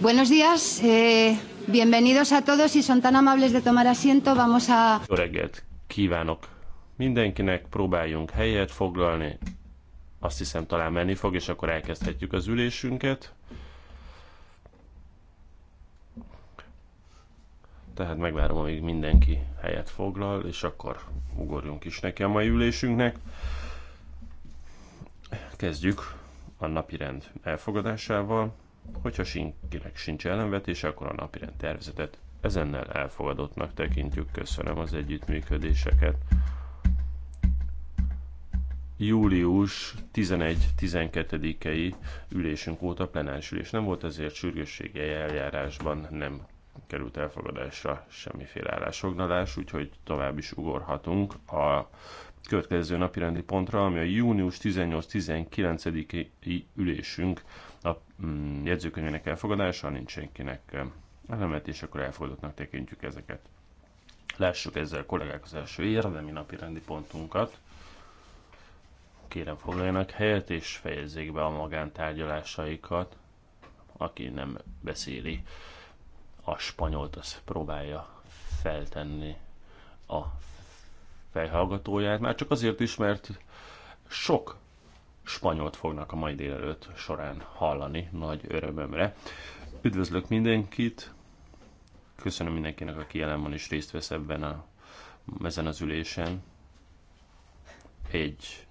Buenos días, eh, bienvenidos a todos, si son tan amables de tomar asiento, vamos a... Jó reggelt kívánok mindenkinek, próbáljunk helyet foglalni, azt hiszem talán menni fog, és akkor elkezdhetjük az ülésünket. Tehát megvárom, amíg mindenki helyet foglal, és akkor ugorjunk is neki a mai ülésünknek. Kezdjük a napirend elfogadásával. Hogyha senkinek sincs ellenvetése, akkor a napirend tervezetet ezennel elfogadottnak tekintjük. Köszönöm az együttműködéseket. Július 11-12-i ülésünk óta plenáris ülés nem volt, ezért sürgősségi eljárásban nem került elfogadásra semmiféle állásfoglalás, úgyhogy tovább is ugorhatunk a következő napirendi pontra, ami a június 18-19-i ülésünk a mm, jegyzőkönyvének elfogadása, nincs senkinek elemet, akkor elfogadottnak tekintjük ezeket. Lássuk ezzel kollégák az első érdemi napi rendi pontunkat. Kérem foglaljanak helyet és fejezzék be a magántárgyalásaikat. Aki nem beszéli a spanyolt, az próbálja feltenni a fejhallgatóját. Már csak azért is, mert sok spanyolt fognak a mai délelőtt során hallani nagy örömömre. Üdvözlök mindenkit, köszönöm mindenkinek, aki jelen van és részt vesz ebben a, ezen az ülésen. Egy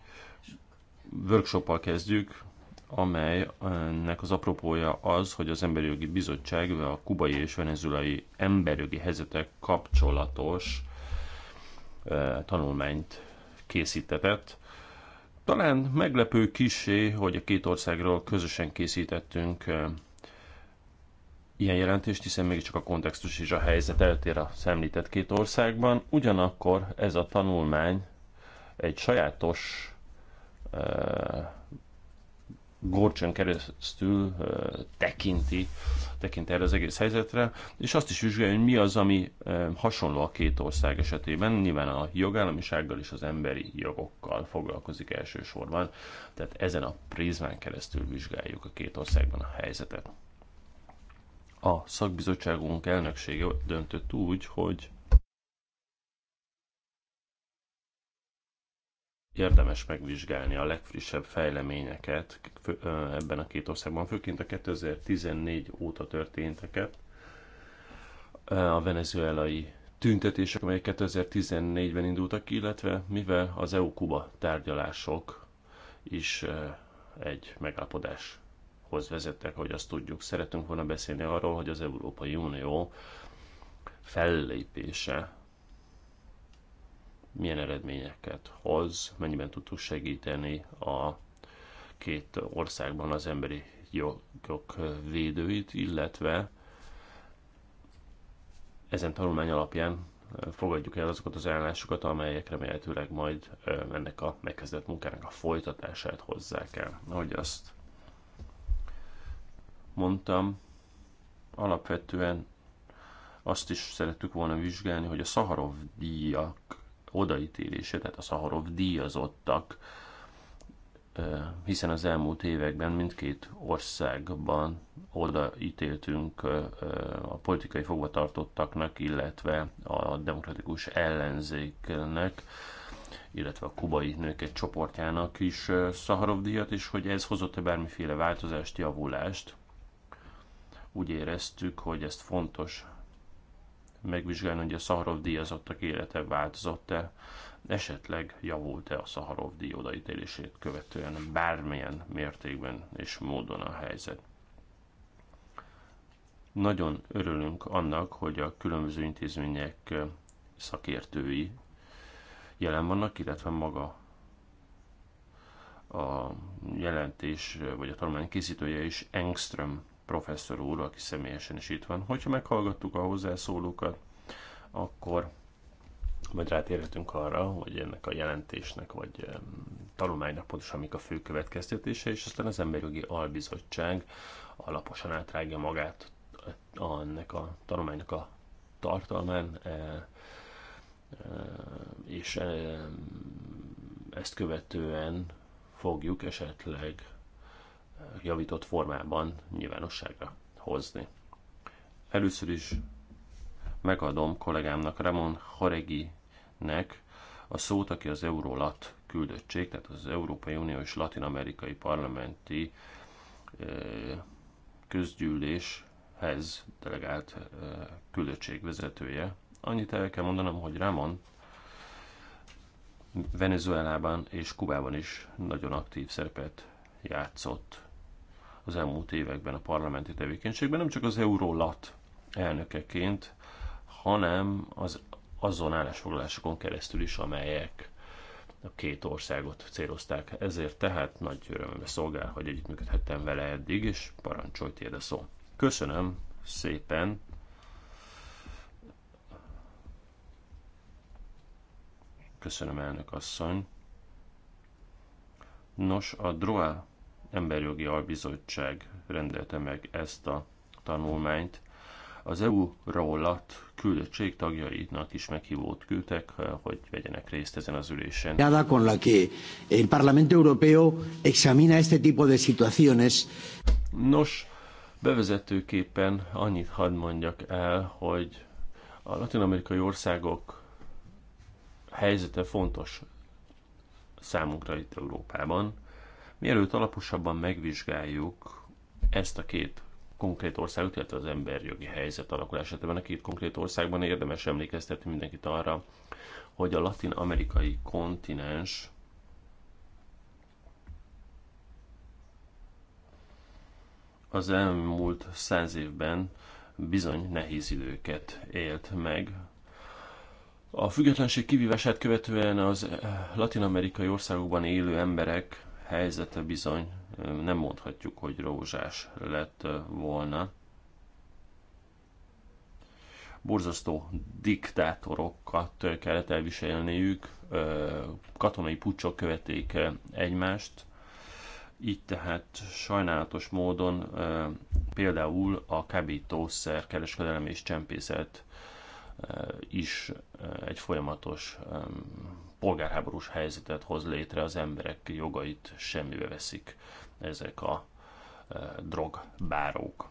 workshoppal kezdjük, amelynek az apropója az, hogy az Emberi Jogi Bizottság a kubai és venezuelai emberjogi helyzetek kapcsolatos eh, tanulmányt készítetett. Talán meglepő kisé, hogy a két országról közösen készítettünk ilyen jelentést, hiszen mégiscsak a kontextus és a helyzet eltér a szemlített két országban. Ugyanakkor ez a tanulmány egy sajátos uh, gorcsön keresztül uh, tekinti tekint erre az egész helyzetre, és azt is vizsgálja, hogy mi az, ami eh, hasonló a két ország esetében. Nyilván a jogállamisággal és az emberi jogokkal foglalkozik elsősorban, tehát ezen a prizmán keresztül vizsgáljuk a két országban a helyzetet. A szakbizottságunk elnöksége döntött úgy, hogy érdemes megvizsgálni a legfrissebb fejleményeket ebben a két országban, főként a 2014 óta történteket, a venezuelai tüntetések, amelyek 2014-ben indultak, illetve mivel az EU-Kuba tárgyalások is egy megállapodáshoz vezettek, hogy azt tudjuk. Szeretünk volna beszélni arról, hogy az Európai Unió fellépése milyen eredményeket hoz, mennyiben tudtuk segíteni a két országban az emberi jogok védőit, illetve ezen tanulmány alapján fogadjuk el azokat az állásokat, amelyek remélhetőleg majd ennek a megkezdett munkának a folytatását hozzák el. Ahogy azt mondtam, alapvetően azt is szerettük volna vizsgálni, hogy a Szaharov díjak odaítélése, tehát a Szaharov díjazottak, hiszen az elmúlt években mindkét országban odaítéltünk a politikai fogvatartottaknak, illetve a demokratikus ellenzéknek, illetve a kubai nők egy csoportjának is Szaharov díjat, és hogy ez hozott-e bármiféle változást, javulást. Úgy éreztük, hogy ezt fontos megvizsgálni, hogy a Szaharov díjazottak élete változott-e, esetleg javult-e a Szaharov díj odaítélését követően bármilyen mértékben és módon a helyzet. Nagyon örülünk annak, hogy a különböző intézmények eh, szakértői jelen vannak, illetve maga a jelentés eh, vagy a tanulmány készítője is Engström professzor úr, aki személyesen is itt van. Hogyha meghallgattuk a hozzászólókat, akkor majd rátérhetünk arra, hogy ennek a jelentésnek vagy tanulmánynak pontosan mik a fő következtetése, és aztán az Emberjogi Albizottság alaposan átrágja magát annak a tanulmánynak a tartalmán, e, e, és ezt követően fogjuk esetleg javított formában nyilvánosságra hozni. Először is megadom kollégámnak Ramon Charegi-nek, a szót, aki az Eurolat küldöttség, tehát az Európai Unió és Latin Amerikai Parlamenti közgyűléshez delegált küldöttség vezetője. Annyit el kell mondanom, hogy Ramon Venezuelában és Kubában is nagyon aktív szerepet játszott az elmúlt években a parlamenti tevékenységben, nem csak az Eurolat elnökeként, hanem az azon állásfoglalásokon keresztül is, amelyek a két országot célozták. Ezért tehát nagy örömömre szolgál, hogy együttműködhettem vele eddig, és parancsolj tiéd a szó. Köszönöm szépen. Köszönöm, elnök asszony. Nos, a DROA Emberjogi Albizottság rendelte meg ezt a tanulmányt. Az EU rólat küldöttség tagjainak is meghívót küldtek, eh, hogy vegyenek részt ezen az ülésen. con la que el Parlamento Europeo examina este tipo de situaciones. Nos, bevezetőképpen annyit hadd mondjak el, hogy a latin-amerikai országok helyzete fontos számunkra itt Európában. Mielőtt alaposabban megvizsgáljuk ezt a két konkrét országot, illetve az emberjogi helyzet alakulását ebben a két konkrét országban érdemes emlékeztetni mindenkit arra, hogy a latin amerikai kontinens az elmúlt száz évben bizony nehéz időket élt meg. A függetlenség kivívását követően az latin-amerikai országokban élő emberek helyzete bizony nem mondhatjuk, hogy rózsás lett volna. Borzasztó diktátorokat kellett elviselniük, katonai pucsok követték egymást, így tehát sajnálatos módon például a kábítószer kereskedelem és csempészet is egy folyamatos polgárháborús helyzetet hoz létre, az emberek jogait semmibe veszik ezek a e, drogbárók.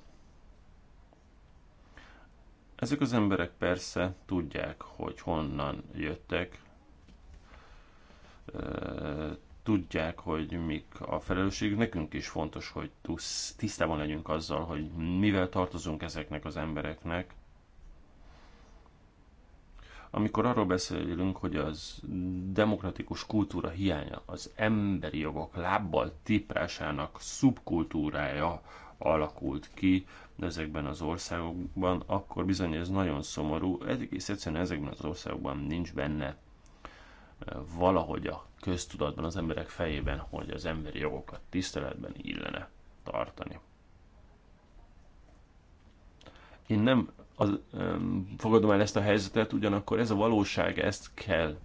Ezek az emberek persze tudják, hogy honnan jöttek, e, tudják, hogy mik a felelősség. Nekünk is fontos, hogy tisztában legyünk azzal, hogy mivel tartozunk ezeknek az embereknek, amikor arról beszélünk, hogy az demokratikus kultúra hiánya, az emberi jogok lábbal típrásának szubkultúrája alakult ki ezekben az országokban, akkor bizony ez nagyon szomorú. Egész egyszerűen ezekben az országokban nincs benne eh, valahogy a köztudatban, az emberek fejében, hogy az emberi jogokat tiszteletben illene tartani. Én nem az, fogadom el ezt a helyzetet, ugyanakkor ez a valóság, ezt kell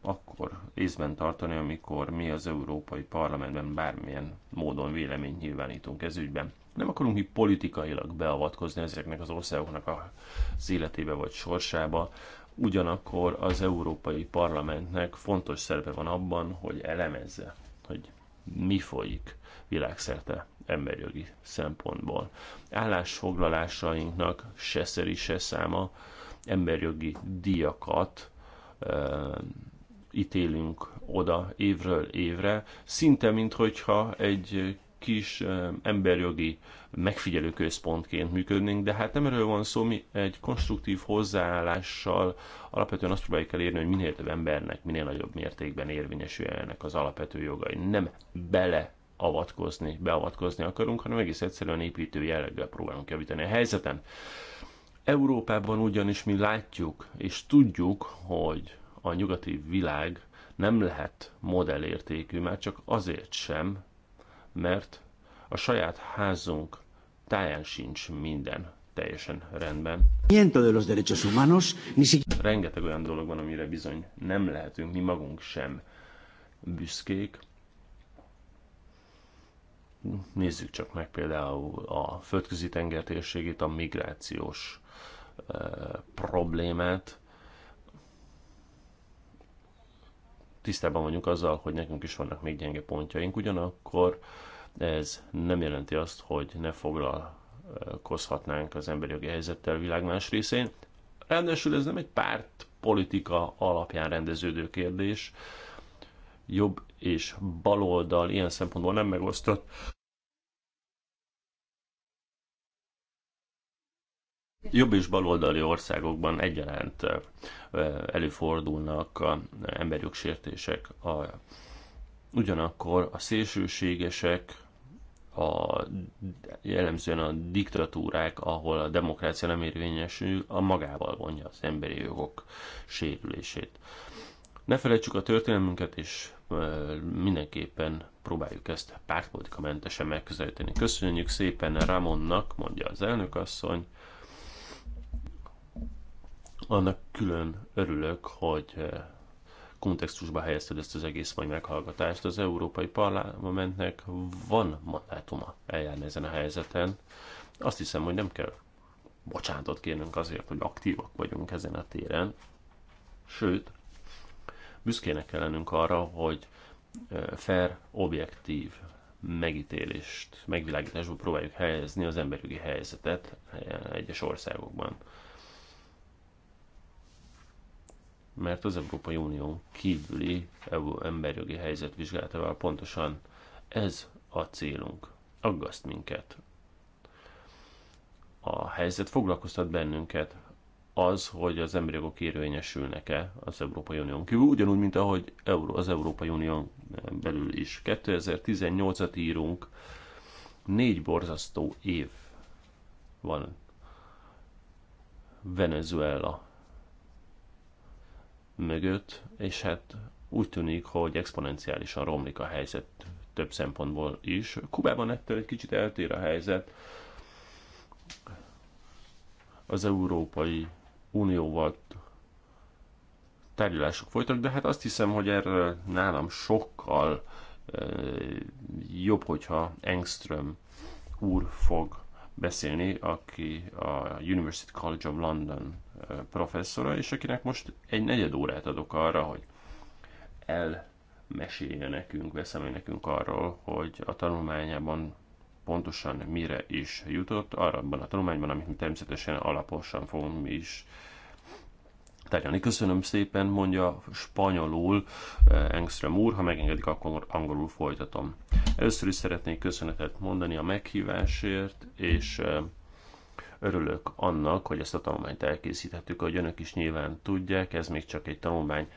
akkor észben tartani, amikor mi az Európai Parlamentben bármilyen módon véleményt nyilvánítunk ez ügyben. Nem akarunk mi politikailag beavatkozni ezeknek az országoknak az életébe vagy sorsába, ugyanakkor az Európai Parlamentnek fontos szerepe van abban, hogy elemezze, hogy mi folyik világszerte emberjogi szempontból. Állásfoglalásainknak se szeri, se száma emberjogi díjakat ítélünk oda évről évre, szinte minthogyha egy kis emberjogi megfigyelőközpontként működnénk, de hát nem erről van szó, mi egy konstruktív hozzáállással alapvetően azt próbáljuk elérni, hogy minél több embernek minél nagyobb mértékben érvényesüljenek az alapvető jogai. Nem bele avatkozni, beavatkozni akarunk, hanem egész egyszerűen építő jelleggel próbálunk javítani a helyzeten. Európában ugyanis mi látjuk és tudjuk, hogy a nyugati világ nem lehet modellértékű, már csak azért sem, mert a saját házunk táján sincs minden teljesen rendben. Rengeteg olyan dolog van, amire bizony nem lehetünk mi magunk sem büszkék, Nézzük csak meg például a földközi tenger térségét, a migrációs problémát. Tisztában vagyunk azzal, hogy nekünk is vannak még gyenge pontjaink, ugyanakkor ez nem jelenti azt, hogy ne foglalkozhatnánk az emberi jogi helyzettel a világ más részén. Rendesül ez nem egy párt politika alapján rendeződő kérdés. Jobb és baloldal ilyen szempontból nem megosztott. jobb és baloldali országokban egyaránt előfordulnak a emberjogsértések. ugyanakkor a szélsőségesek, a, jellemzően a diktatúrák, ahol a demokrácia nem érvényesül, a magával vonja az emberi jogok sérülését. Ne felejtsük a történelmünket, és mindenképpen próbáljuk ezt pártpolitikamentesen megközelíteni. Köszönjük szépen Ramonnak, mondja az elnökasszony. Annak külön örülök, hogy eh, kontextusba helyezted ezt az egész mai meghallgatást. Az Európai Parlamentnek van mandátuma eljárni ezen a helyzeten. Azt hiszem, hogy nem kell bocsánatot kérnünk azért, hogy aktívak vagyunk ezen a téren. Sőt, büszkének kell lennünk arra, hogy eh, fair, objektív megítélést, megvilágításba próbáljuk helyezni az emberügyi helyzetet eh, egyes országokban. mert az Európai Unió kívüli emberjogi helyzet vizsgálatával pontosan ez a célunk. Aggaszt minket. A helyzet foglalkoztat bennünket az, hogy az emberi jogok érvényesülnek-e az Európai Unión kívül, ugyanúgy, mint ahogy az Európai Unión belül is. 2018-at írunk, négy borzasztó év van Venezuela mögött, és hát úgy tűnik, hogy exponenciálisan romlik a helyzet több szempontból is. Kubában ettől egy kicsit eltér a helyzet. Az Európai Unióval tárgyalások folytak, de hát azt hiszem, hogy erről nálam sokkal jobb, hogyha Engström úr fog beszélni, aki a University College of London professzora, és akinek most egy negyed órát adok arra, hogy elmesélje nekünk, veszem nekünk arról, hogy a tanulmányában pontosan mire is jutott, arra abban a tanulmányban, amit mi természetesen alaposan fogunk mi is tárgyalni. Köszönöm szépen, mondja spanyolul eh, Engström úr, ha megengedik, akkor angolul folytatom. Először is szeretnék köszönetet mondani a meghívásért, és eh, örülök annak, hogy ezt a tanulmányt elkészítettük, hogy önök is nyilván tudják, ez még csak egy tanulmány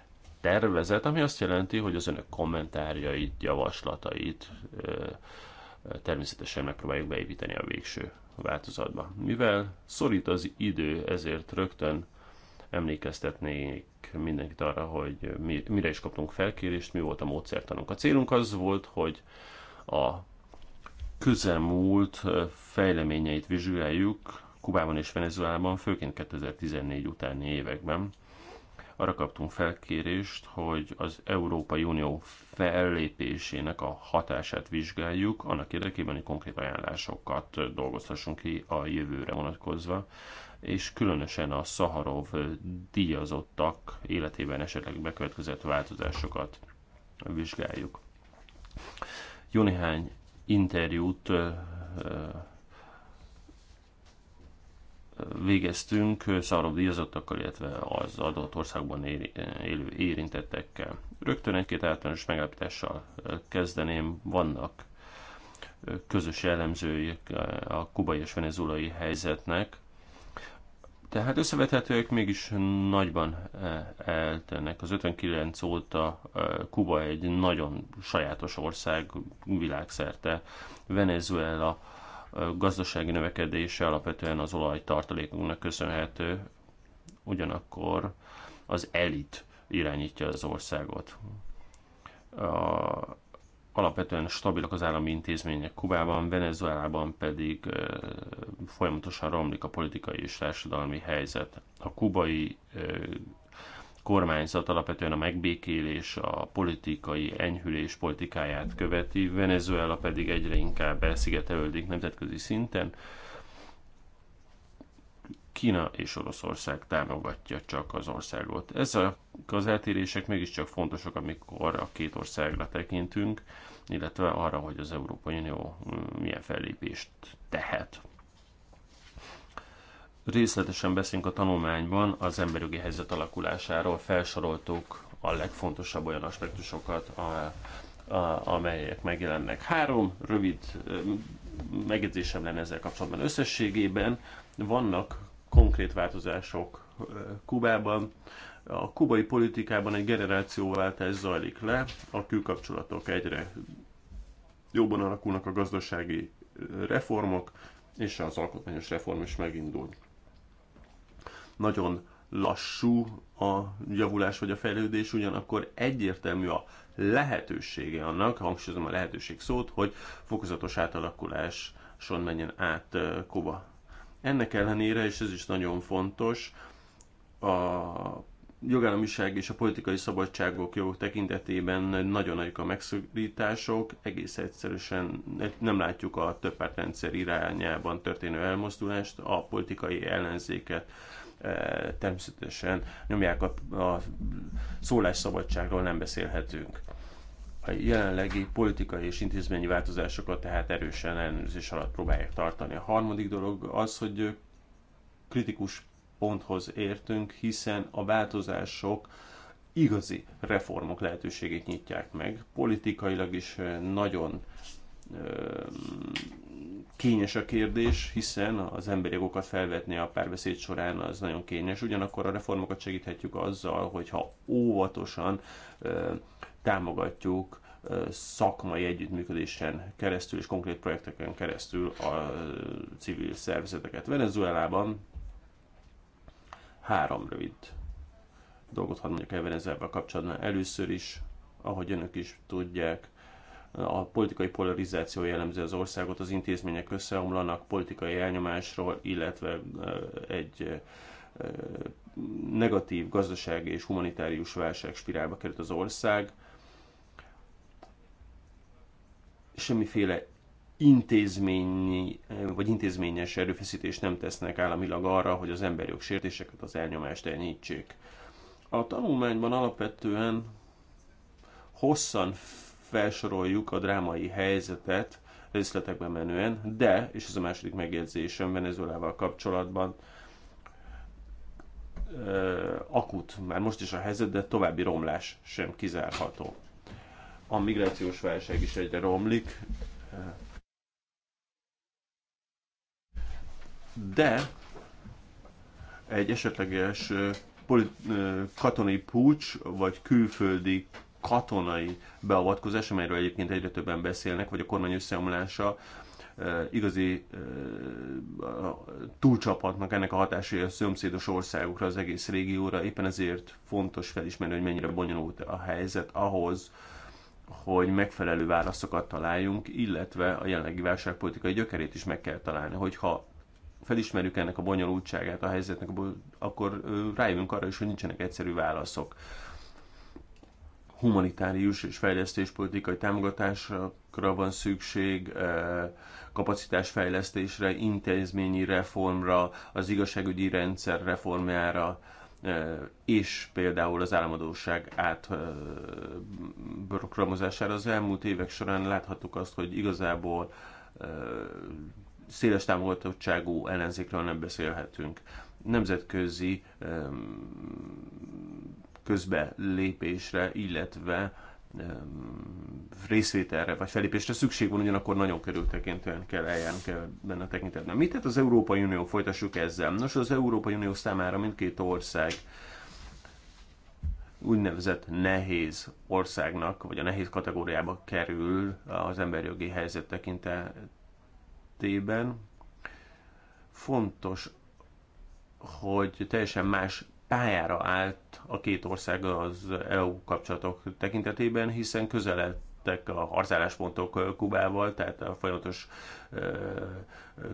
tervezet, ami azt jelenti, hogy az önök kommentárjait, javaslatait eh, természetesen megpróbáljuk beépíteni a végső változatba. Mivel szorít az idő, ezért rögtön emlékeztetnék mindenkit arra, hogy mi, mire is kaptunk felkérést, mi volt a módszertanunk. A célunk az volt, hogy a közelmúlt fejleményeit vizsgáljuk Kubában és Venezuelában, főként 2014 utáni években. Arra kaptunk felkérést, hogy az Európai Unió fellépésének a hatását vizsgáljuk, annak érdekében, hogy konkrét ajánlásokat dolgozhassunk ki a jövőre vonatkozva és különösen a Szaharov díjazottak életében esetleg bekövetkezett változásokat vizsgáljuk. Jó néhány interjút végeztünk Szaharov díjazottakkal, illetve az adott országban élő érintettekkel. Rögtön egy-két általános megállapítással kezdeném. Vannak közös jellemzői a kubai és venezuelai helyzetnek. Tehát összevethetőek mégis nagyban eh, eltennek. Az 59 óta eh, Kuba egy nagyon sajátos ország világszerte. Venezuela eh, gazdasági növekedése alapvetően az olajtartalékunknak köszönhető, ugyanakkor az elit irányítja az országot. A alapvetően stabilak az állami intézmények Kubában, Venezuelában pedig uh, folyamatosan romlik a politikai és társadalmi helyzet. A kubai uh, kormányzat alapvetően a megbékélés, a politikai enyhülés politikáját követi, Venezuela pedig egyre inkább elszigetelődik nemzetközi szinten, Kína és Oroszország támogatja csak az országot. Ezek az eltérések mégiscsak fontosak, amikor a két országra tekintünk, illetve arra, hogy az Európai Unió mm, milyen fellépést tehet. Részletesen beszélünk a tanulmányban az emberjogi helyzet alakulásáról, felsoroltuk a legfontosabb olyan aspektusokat, a, a, amelyek megjelennek. Három rövid mm, megjegyzésem lenne ezzel kapcsolatban összességében. Vannak konkrét változások Kubában. A kubai politikában egy generációváltás zajlik le, a külkapcsolatok egyre jobban alakulnak a gazdasági reformok, és az alkotmányos reform is megindul. Nagyon lassú a javulás vagy a fejlődés, ugyanakkor egyértelmű a lehetősége annak, hangsúlyozom a lehetőség szót, hogy fokozatos átalakuláson menjen át Kuba ennek ellenére, és ez is nagyon fontos, a jogállamiság és a politikai szabadságok jó tekintetében nagyon nagyok a megszorítások, egész egyszerűen nem látjuk a többpártrendszer irányában történő elmozdulást, a politikai ellenzéket e, természetesen nyomják a, a szólásszabadságról nem beszélhetünk jelenlegi politikai és intézményi változásokat tehát erősen ellenőrzés alatt próbálják tartani. A harmadik dolog az, hogy kritikus ponthoz értünk, hiszen a változások igazi reformok lehetőségét nyitják meg. Politikailag is nagyon kényes a kérdés, hiszen az emberi jogokat felvetni a párbeszéd során az nagyon kényes. Ugyanakkor a reformokat segíthetjük azzal, hogyha óvatosan támogatjuk szakmai együttműködésen keresztül és konkrét projekteken keresztül a civil szervezeteket. Venezuelában három rövid dolgot hadd mondjak el Venezuelával kapcsolatban. Először is, ahogy önök is tudják, a politikai polarizáció jellemzi az országot, az intézmények összeomlanak politikai elnyomásról, illetve egy negatív gazdasági és humanitárius válság spirálba került az ország. semmiféle intézményi vagy intézményes erőfeszítést nem tesznek államilag arra, hogy az emberjog sértéseket, az elnyomást elnyítsék. A tanulmányban alapvetően hosszan felsoroljuk a drámai helyzetet részletekben menően, de, és ez a második megjegyzésem Venezuelával kapcsolatban, akut már most is a helyzet, de további romlás sem kizárható. A migrációs válság is egyre romlik, de egy esetleges katonai púcs vagy külföldi katonai beavatkozás, amelyről egyébként egyre többen beszélnek, vagy a kormány összeomlása igazi túlcsapatnak ennek a hatásai a szomszédos országokra, az egész régióra. Éppen ezért fontos felismerni, hogy mennyire bonyolult a helyzet ahhoz, hogy megfelelő válaszokat találjunk, illetve a jelenlegi válságpolitikai gyökerét is meg kell találni, hogyha felismerjük ennek a bonyolultságát a helyzetnek, akkor rájövünk arra is, hogy nincsenek egyszerű válaszok. Humanitárius és fejlesztéspolitikai támogatásra van szükség, kapacitásfejlesztésre, intézményi reformra, az igazságügyi rendszer reformjára, és például az államadóság átprogramozására. Az elmúlt évek során láthattuk azt, hogy igazából széles támogatottságú ellenzékről nem beszélhetünk. Nemzetközi közbelépésre, illetve részvételre vagy felépésre szükség van, ugyanakkor nagyon körültekintően kell eljárni kell benne tekintetben. Mit tett az Európai Unió? Folytassuk ezzel. Nos, az Európai Unió számára mindkét ország úgynevezett nehéz országnak, vagy a nehéz kategóriába kerül az emberjogi helyzet tekintetében. Fontos, hogy teljesen más pályára állt a két ország az EU kapcsolatok tekintetében, hiszen közeledtek a harcálláspontok Kubával, tehát a folyamatos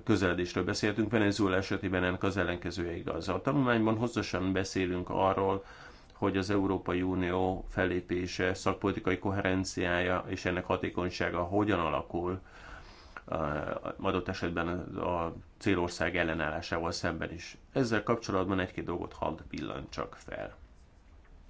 közeledésről beszéltünk. Venezuela esetében ennek az ellenkezője igaz. A tanulmányban hosszasan beszélünk arról, hogy az Európai Unió fellépése, szakpolitikai koherenciája és ennek hatékonysága hogyan alakul adott esetben a célország ellenállásával szemben is. Ezzel kapcsolatban egy-két dolgot hadd pillan csak fel.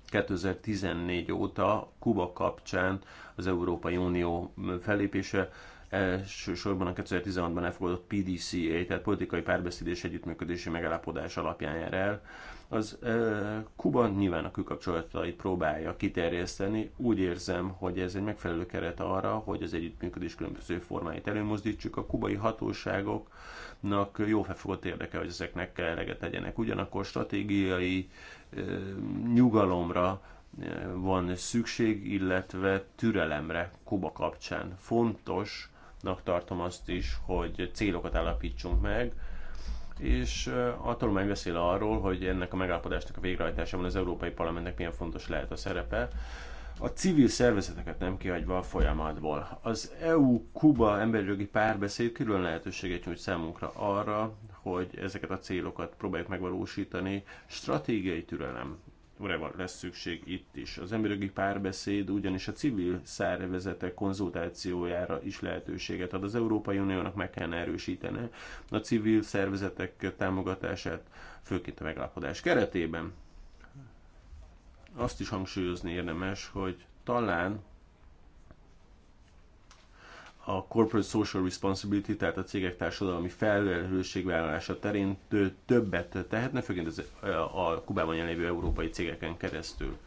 2014 óta Kuba kapcsán az Európai Unió felépése, elsősorban a 2016-ban elfogadott PDCA, tehát politikai párbeszéd és együttműködési megállapodás alapján jár el az Kuba nyilván a külkapcsolatait próbálja kiterjeszteni. Úgy érzem, hogy ez egy megfelelő keret arra, hogy az együttműködés különböző formáit előmozdítsuk. A kubai hatóságoknak jó felfogott érdeke, hogy ezeknek kell eleget tegyenek. Ugyanakkor stratégiai nyugalomra van szükség, illetve türelemre Kuba kapcsán. Fontosnak tartom azt is, hogy célokat állapítsunk meg, és a tanulmány beszél arról, hogy ennek a megállapodásnak a végrehajtásában az Európai Parlamentnek milyen fontos lehet a szerepe, a civil szervezeteket nem kihagyva a folyamatból. Az EU-Kuba emberjogi párbeszéd külön lehetőséget nyújt számunkra arra, hogy ezeket a célokat próbáljuk megvalósítani stratégiai türelem van lesz szükség itt is. Az emberi párbeszéd ugyanis a civil szervezetek konzultációjára is lehetőséget ad. Az Európai Uniónak meg kell erősítene a civil szervezetek támogatását, főként a megállapodás keretében. Azt is hangsúlyozni érdemes, hogy talán a corporate social responsibility, tehát a cégek társadalmi felelősségvállalása terén többet tehetne, főként az, a Kubában jelenlévő európai cégeken keresztül.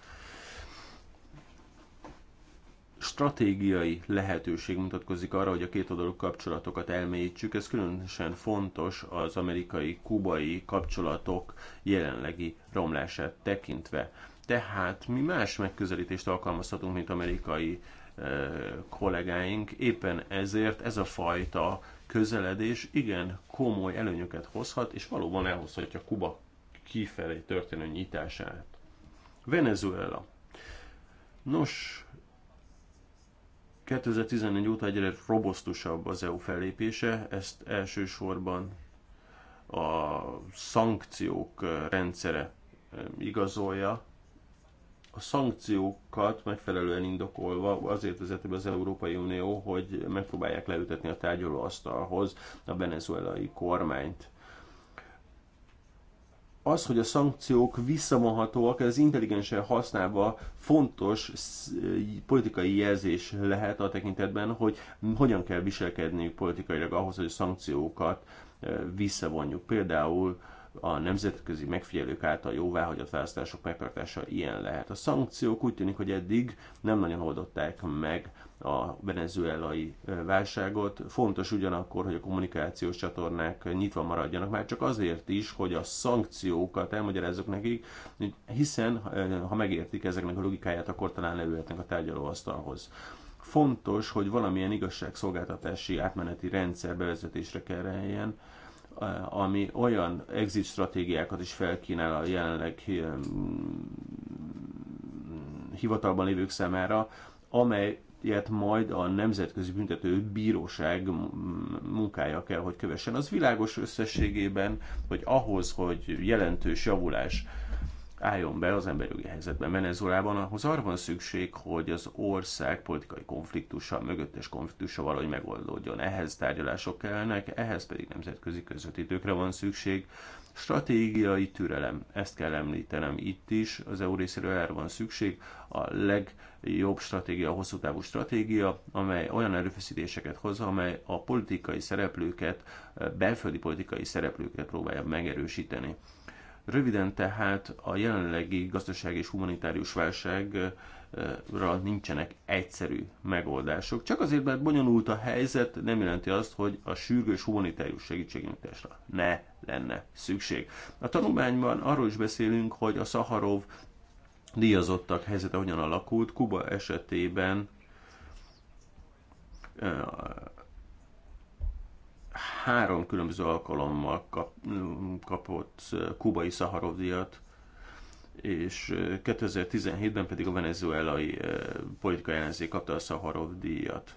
Stratégiai lehetőség mutatkozik arra, hogy a két oldalú kapcsolatokat elmélyítsük. Ez különösen fontos az amerikai-kubai kapcsolatok jelenlegi romlását tekintve. Tehát mi más megközelítést alkalmazhatunk, mint amerikai kollégáink. Éppen ezért ez a fajta közeledés igen komoly előnyöket hozhat, és valóban elhozhatja Kuba kifelé történő nyitását. Venezuela. Nos, 2014 óta egyre robosztusabb az EU fellépése, ezt elsősorban a szankciók rendszere igazolja, a szankciókat megfelelően indokolva azért vezeti be az Európai Unió, hogy megpróbálják leütetni a tárgyalóasztalhoz a venezuelai kormányt. Az, hogy a szankciók visszavonhatóak, ez intelligensen használva fontos politikai jelzés lehet a tekintetben, hogy hogyan kell viselkedniük politikailag ahhoz, hogy a szankciókat eh, visszavonjuk. Például a nemzetközi megfigyelők által jóváhagyott választások megtartása ilyen lehet. A szankciók úgy tűnik, hogy eddig nem nagyon oldották meg a venezuelai válságot. Fontos ugyanakkor, hogy a kommunikációs csatornák nyitva maradjanak, már csak azért is, hogy a szankciókat elmagyarázzuk nekik, hiszen ha megértik ezeknek a logikáját, akkor talán leülhetnek a tárgyalóasztalhoz fontos, hogy valamilyen igazságszolgáltatási átmeneti rendszer bevezetésre kerüljen, ami olyan exit stratégiákat is felkínál a jelenleg hivatalban lévők számára, amelyet majd a Nemzetközi Büntető Bíróság munkája kell, hogy kövessen. Az világos összességében, hogy ahhoz, hogy jelentős javulás álljon be az emberi helyzetben Venezuelában, ahhoz arra van szükség, hogy az ország politikai konfliktusa, mögöttes konfliktusa valahogy megoldódjon. Ehhez tárgyalások kellnek, ehhez pedig nemzetközi közvetítőkre van szükség. Stratégiai türelem, ezt kell említenem itt is, az EU részéről erre van szükség. A legjobb stratégia, a hosszú távú stratégia, amely olyan erőfeszítéseket hoz, amely a politikai szereplőket, belföldi politikai szereplőket próbálja megerősíteni Röviden tehát a jelenlegi gazdaság és humanitárius válságra nincsenek egyszerű megoldások. Csak azért, mert bonyolult a helyzet, nem jelenti azt, hogy a sürgős humanitárius segítségnyújtásra ne lenne szükség. A tanulmányban arról is beszélünk, hogy a Szaharov díjazottak helyzete hogyan alakult. Kuba esetében három különböző alkalommal kap, kapott kubai Szaharov díjat, és 2017-ben pedig a venezuelai politikai ellenzék kapta a Szaharov díjat.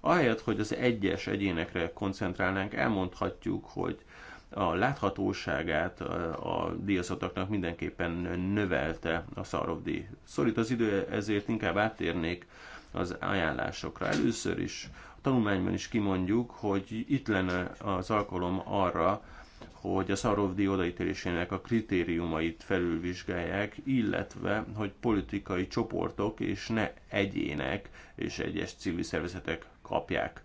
Ahelyett, hogy az egyes egyénekre koncentrálnánk, elmondhatjuk, hogy a láthatóságát a díjazatoknak mindenképpen növelte a Szaharov díj. Szorít az idő, ezért inkább áttérnék az ajánlásokra. Először is tanulmányban is kimondjuk, hogy itt lenne az alkalom arra, hogy a Szarovdi odaítélésének a kritériumait felülvizsgálják, illetve, hogy politikai csoportok és ne egyének és egyes civil szervezetek kapják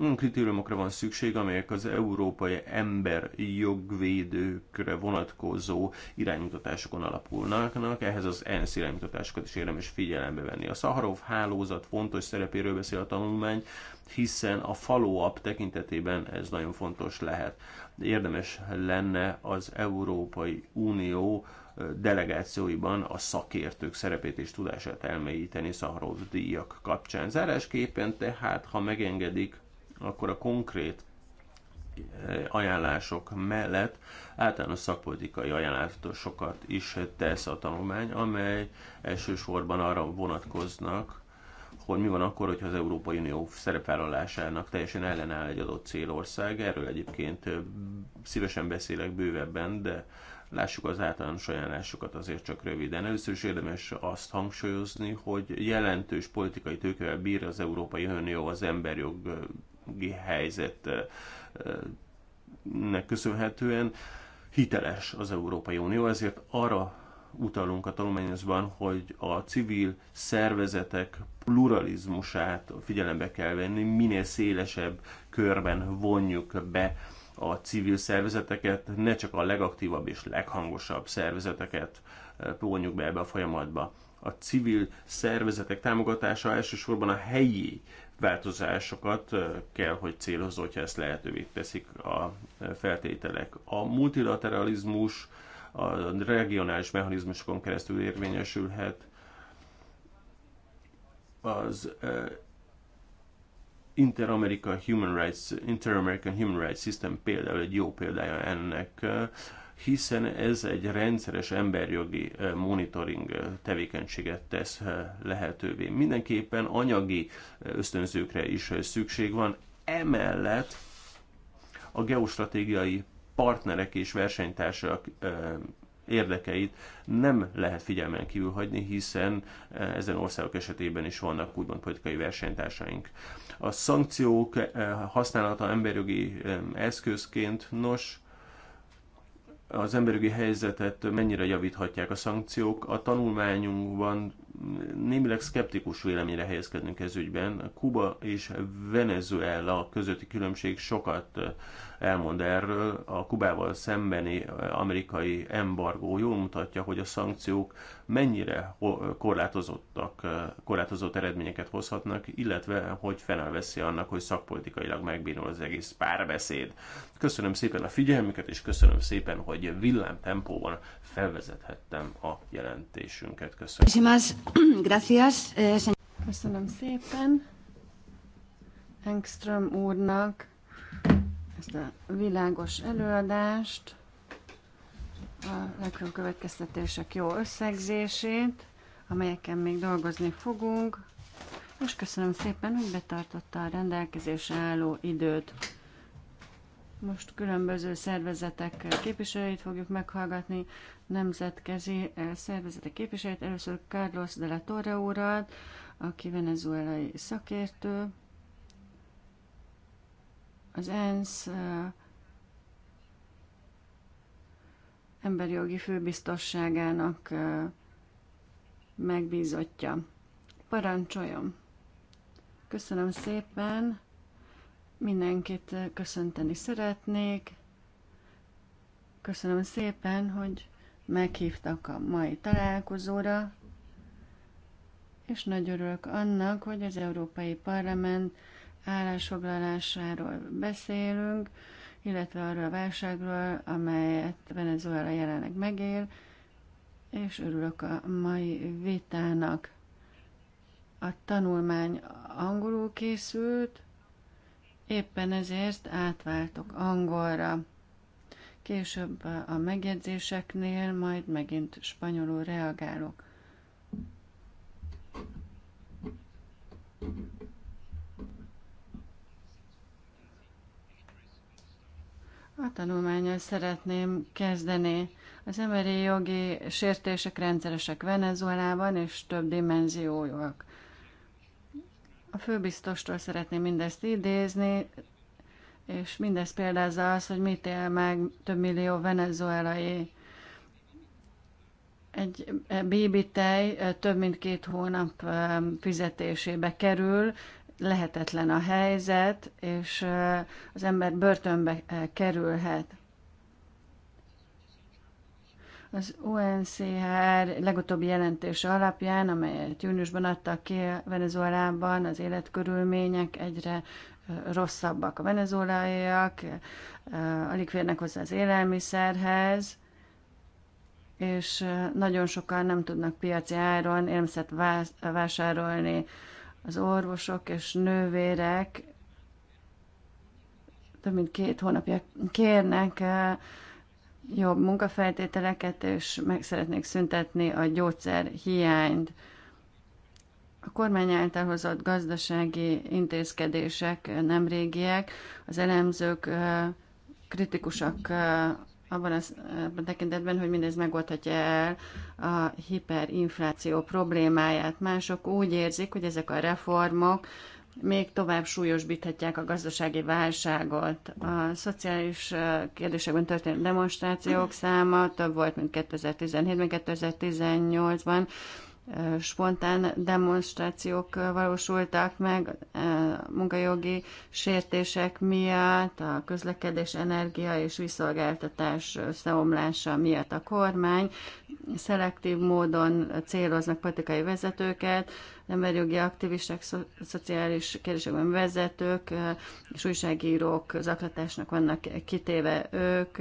olyan mm, kritériumokra van szükség, amelyek az európai ember jogvédőkre vonatkozó iránymutatásokon alapulnak. Ehhez az ENSZ iránymutatásokat is érdemes figyelembe venni. A Szaharov hálózat fontos szerepéről beszél a tanulmány, hiszen a follow-up tekintetében ez nagyon fontos lehet. Érdemes lenne az Európai Unió delegációiban a szakértők szerepét és tudását elmélyíteni Szaharov díjak kapcsán. Zárásképpen tehát, ha megengedik, akkor a konkrét eh, ajánlások mellett általános szakpolitikai ajánlásokat is tesz a tanulmány, amely elsősorban arra vonatkoznak, hogy mi van akkor, hogyha az Európai Unió szerepvállalásának teljesen ellenáll egy adott célország. Erről egyébként eh, szívesen beszélek bővebben, de lássuk az általános ajánlásokat azért csak röviden. Először is érdemes azt hangsúlyozni, hogy jelentős politikai tőkevel bír az Európai Unió az emberjog eh, jogi helyzetnek köszönhetően hiteles az Európai Unió, ezért arra utalunk a tanulmányozban, hogy a civil szervezetek pluralizmusát figyelembe kell venni, minél szélesebb körben vonjuk be a civil szervezeteket, ne csak a legaktívabb és leghangosabb szervezeteket eh, vonjuk be ebbe a folyamatba. A civil szervezetek támogatása elsősorban a helyi változásokat kell, hogy célozó, hogyha ezt lehetővé teszik a feltételek. A multilateralizmus a regionális mechanizmusokon keresztül érvényesülhet, az inter american Human Rights, Inter-American Human Rights System például egy jó példája ennek, hiszen ez egy rendszeres emberjogi eh, monitoring eh, tevékenységet tesz eh, lehetővé. Mindenképpen anyagi ösztönzőkre is szükség van, emellett a geostratégiai partnerek és versenytársak érdekeit nem lehet figyelmen kívül hagyni, hiszen ezen országok esetében is vannak úgymond politikai versenytársaink. A szankciók használata emberjogi eszközként, nos, az emberügyi helyzetet mennyire javíthatják a szankciók. A tanulmányunkban némileg szkeptikus véleményre helyezkedünk ez ügyben. Kuba és Venezuela közötti különbség sokat elmond erről. A Kubával szembeni eh, amerikai embargó jól mutatja, hogy a szankciók mennyire korlátozottak, eh, korlátozott eredményeket hozhatnak, illetve hogy fenelveszi annak, hogy szakpolitikailag megbírul az egész párbeszéd. Köszönöm szépen a figyelmüket, és köszönöm szépen, hogy villám tempóban felvezethettem a jelentésünket. Köszönöm. Eh, köszönöm szépen. Engström úrnak, ezt a világos előadást, a legfőbb következtetések jó összegzését, amelyeken még dolgozni fogunk, és köszönöm szépen, hogy betartotta a rendelkezésre álló időt. Most különböző szervezetek képviselőit fogjuk meghallgatni, nemzetközi eh, szervezetek képviselőit. Először Carlos de la Torre urat, aki venezuelai szakértő, az ENSZ emberi jogi főbiztosságának megbízottja. Parancsoljon! Köszönöm szépen! Mindenkit köszönteni szeretnék. Köszönöm szépen, hogy meghívtak a mai találkozóra, és nagy örülök annak, hogy az Európai Parlament állásfoglalásáról beszélünk, illetve arról a válságról, amelyet Venezuela jelenleg megél, és örülök a mai vitának. A tanulmány angolul készült, éppen ezért átváltok angolra. Később a megjegyzéseknél majd megint spanyolul reagálok. Thank you. A tanulmányal szeretném kezdeni. Az emberi jogi sértések rendszeresek Venezuelában, és több dimenziójúak. A főbiztostól szeretném mindezt idézni, és mindez példázza az, hogy mit él meg több millió venezuelai. Egy bébitej több mint két hónap fizetésébe kerül, lehetetlen a helyzet, és az ember börtönbe kerülhet. Az UNCHR legutóbbi jelentése alapján, amelyet júniusban adtak ki Venezuelában, az életkörülmények egyre rosszabbak. A venezuelaiak alig férnek hozzá az élelmiszerhez, és nagyon sokan nem tudnak piaci áron élmiszert vásárolni az orvosok és nővérek több mint két hónapja kérnek eh, jobb munkafeltételeket, és meg szeretnék szüntetni a gyógyszer hiányt. A kormány által hozott gazdasági intézkedések nem régiek, az elemzők eh, kritikusak eh, abban a tekintetben, hogy mindez megoldhatja el a hiperinfláció problémáját. Mások úgy érzik, hogy ezek a reformok még tovább súlyosbíthatják a gazdasági válságot. A szociális kérdésekben történő demonstrációk száma több volt, mint 2017-ben, 2018-ban spontán demonstrációk valósultak meg munkajogi sértések miatt, a közlekedés, energia és visszolgáltatás összeomlása miatt a kormány szelektív módon céloznak politikai vezetőket, emberjogi aktivisták, szo szociális kérdésekben vezetők és újságírók zaklatásnak vannak kitéve ők,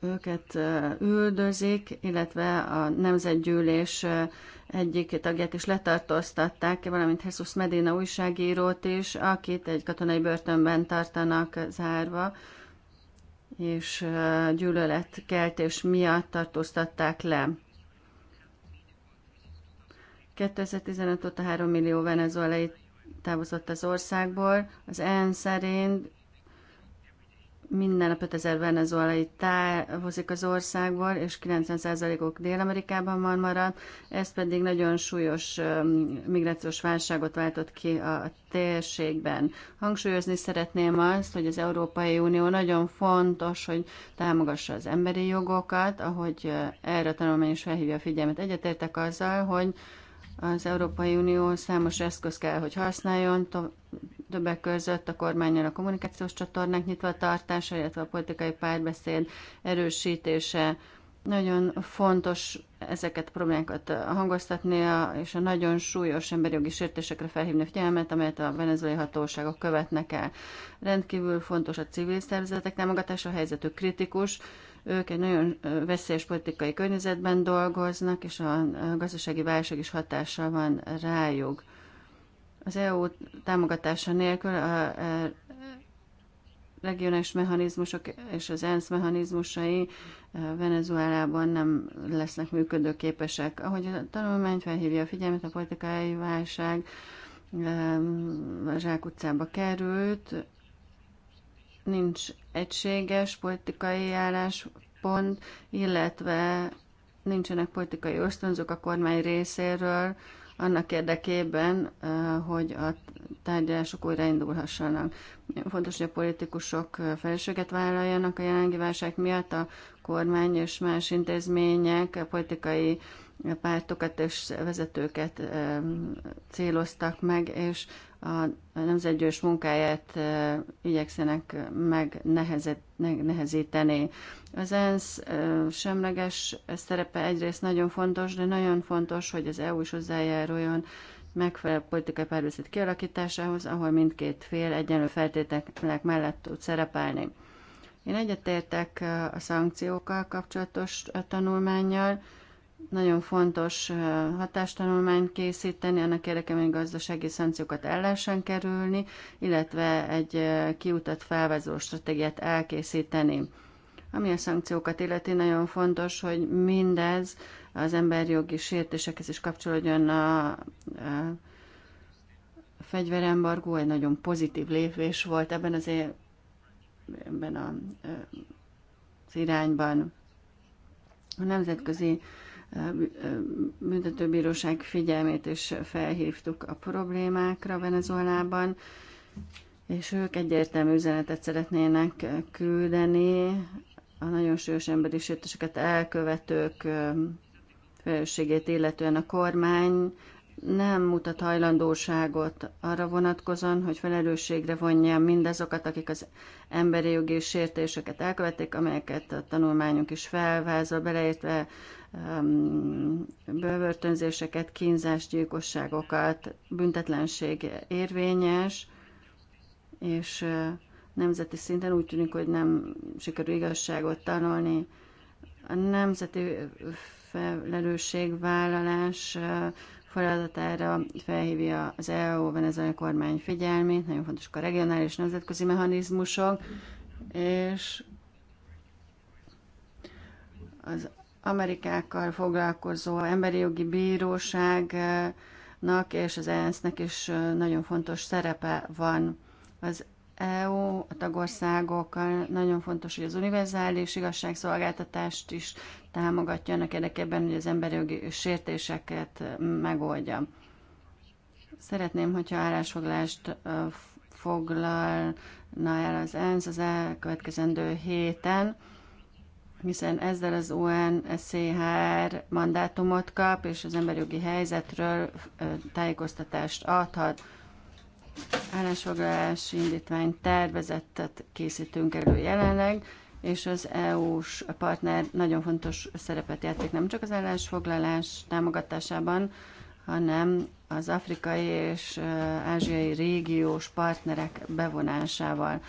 őket üldözik, illetve a nemzetgyűlés egyik tagját is letartóztatták, valamint Jesus Medina újságírót is, akit egy katonai börtönben tartanak zárva, és gyűlöletkeltés miatt tartóztatták le. 2015 óta 3 millió venezuelai távozott az országból. Az EN szerint minden nap 5000 venezuelai távozik az országból, és 90%-ok Dél-Amerikában van maradt, ez pedig nagyon súlyos migrációs válságot váltott ki a térségben. Hangsúlyozni szeretném azt, hogy az Európai Unió nagyon fontos, hogy támogassa az emberi jogokat, ahogy erre a tanulmány is felhívja a figyelmet. Egyetértek azzal, hogy az Európai Unió számos eszköz kell, hogy használjon, többek között a kormányon a kommunikációs csatornák nyitva tartása, illetve a politikai párbeszéd erősítése. Nagyon fontos ezeket a problémákat hangoztatni, és a nagyon súlyos jogi sértésekre felhívni a figyelmet, amelyet a venezuelai hatóságok követnek el. Rendkívül fontos a civil szervezetek támogatása, a helyzetük kritikus, ők egy nagyon veszélyes politikai környezetben dolgoznak, és a gazdasági válság is hatással van rájuk. Az EU támogatása nélkül a regionális mechanizmusok és az ENSZ mechanizmusai Venezuelában nem lesznek működőképesek. Ahogy a tanulmány felhívja a figyelmet, a politikai válság utcába került, nincs egységes politikai álláspont, illetve nincsenek politikai ösztönzők a kormány részéről, annak érdekében, hogy a tárgyalások újraindulhassanak. Fontos, hogy a politikusok felelősséget vállaljanak a jelenlegi válság miatt, a kormány és más intézmények, a politikai pártokat és vezetőket céloztak meg, és a nemzetgyős munkáját igyekszenek megnehezíteni. Az ENSZ semleges szerepe egyrészt nagyon fontos, de nagyon fontos, hogy az EU is hozzájáruljon megfelelő politikai párbeszéd kialakításához, ahol mindkét fél egyenlő feltételek mellett tud szerepelni. Én egyetértek a szankciókkal kapcsolatos tanulmányjal, nagyon fontos hatástanulmányt készíteni, annak érdekében, hogy gazdasági szankciókat el lehessen kerülni, illetve egy kiutat felvázoló stratégiát elkészíteni. Ami a szankciókat illeti, nagyon fontos, hogy mindez az emberjogi sértésekhez is kapcsolódjon a, a fegyverembargó, egy nagyon pozitív lépés volt ebben az, ebben a, az irányban. A nemzetközi büntetőbíróság figyelmét is felhívtuk a problémákra Venezuelában, és ők egyértelmű üzenetet szeretnének küldeni a nagyon súlyos emberi sértéseket elkövetők felelősségét illetően a kormány nem mutat hajlandóságot arra vonatkozóan, hogy felelősségre vonja mindazokat, akik az emberi jogi sértéseket elkövették, amelyeket a tanulmányunk is felvázol, beleértve bővörtönzéseket, kínzást, gyilkosságokat, büntetlenség érvényes, és nemzeti szinten úgy tűnik, hogy nem sikerül igazságot tanulni. A nemzeti felelősségvállalás feladatára felhívja az EU a kormány figyelmét, nagyon fontosak a regionális nemzetközi mechanizmusok, és az Amerikákkal foglalkozó emberi jogi bíróságnak és az ENSZ-nek is nagyon fontos szerepe van. Az EU, a tagországokkal nagyon fontos, hogy az univerzális igazságszolgáltatást is támogatja annak érdekében, hogy az emberi jogi sértéseket megoldja. Szeretném, hogyha állásfoglást foglalna el az ENSZ az elkövetkezendő héten, hiszen ezzel az UNSCHR mandátumot kap, és az emberi jogi helyzetről tájékoztatást adhat. Állásfoglalási indítvány tervezettet készítünk elő jelenleg, és az EU-s partner nagyon fontos szerepet játszik nem csak az állásfoglalás támogatásában, hanem az afrikai és ázsiai régiós partnerek bevonásával.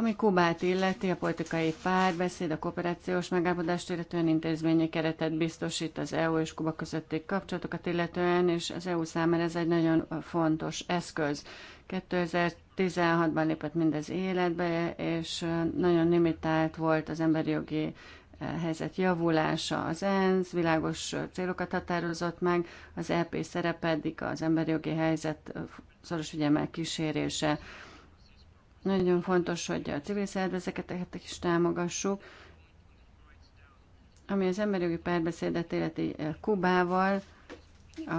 Ami Kubát illeti, a politikai párbeszéd, a kooperációs megállapodást illetően intézményi keretet biztosít az EU és Kuba közötti kapcsolatokat illetően, és az EU számára ez egy nagyon fontos eszköz. 2016-ban lépett mindez életbe, és nagyon limitált volt az emberi jogi eh, helyzet javulása. Az ENSZ világos célokat határozott meg, az EP szerepedik az emberi jogi helyzet eh, szoros figyelmel kísérése. Nagyon fontos, hogy a civil szervezeteket is támogassuk. Ami az emberi jogi párbeszédet életi eh, Kubával, a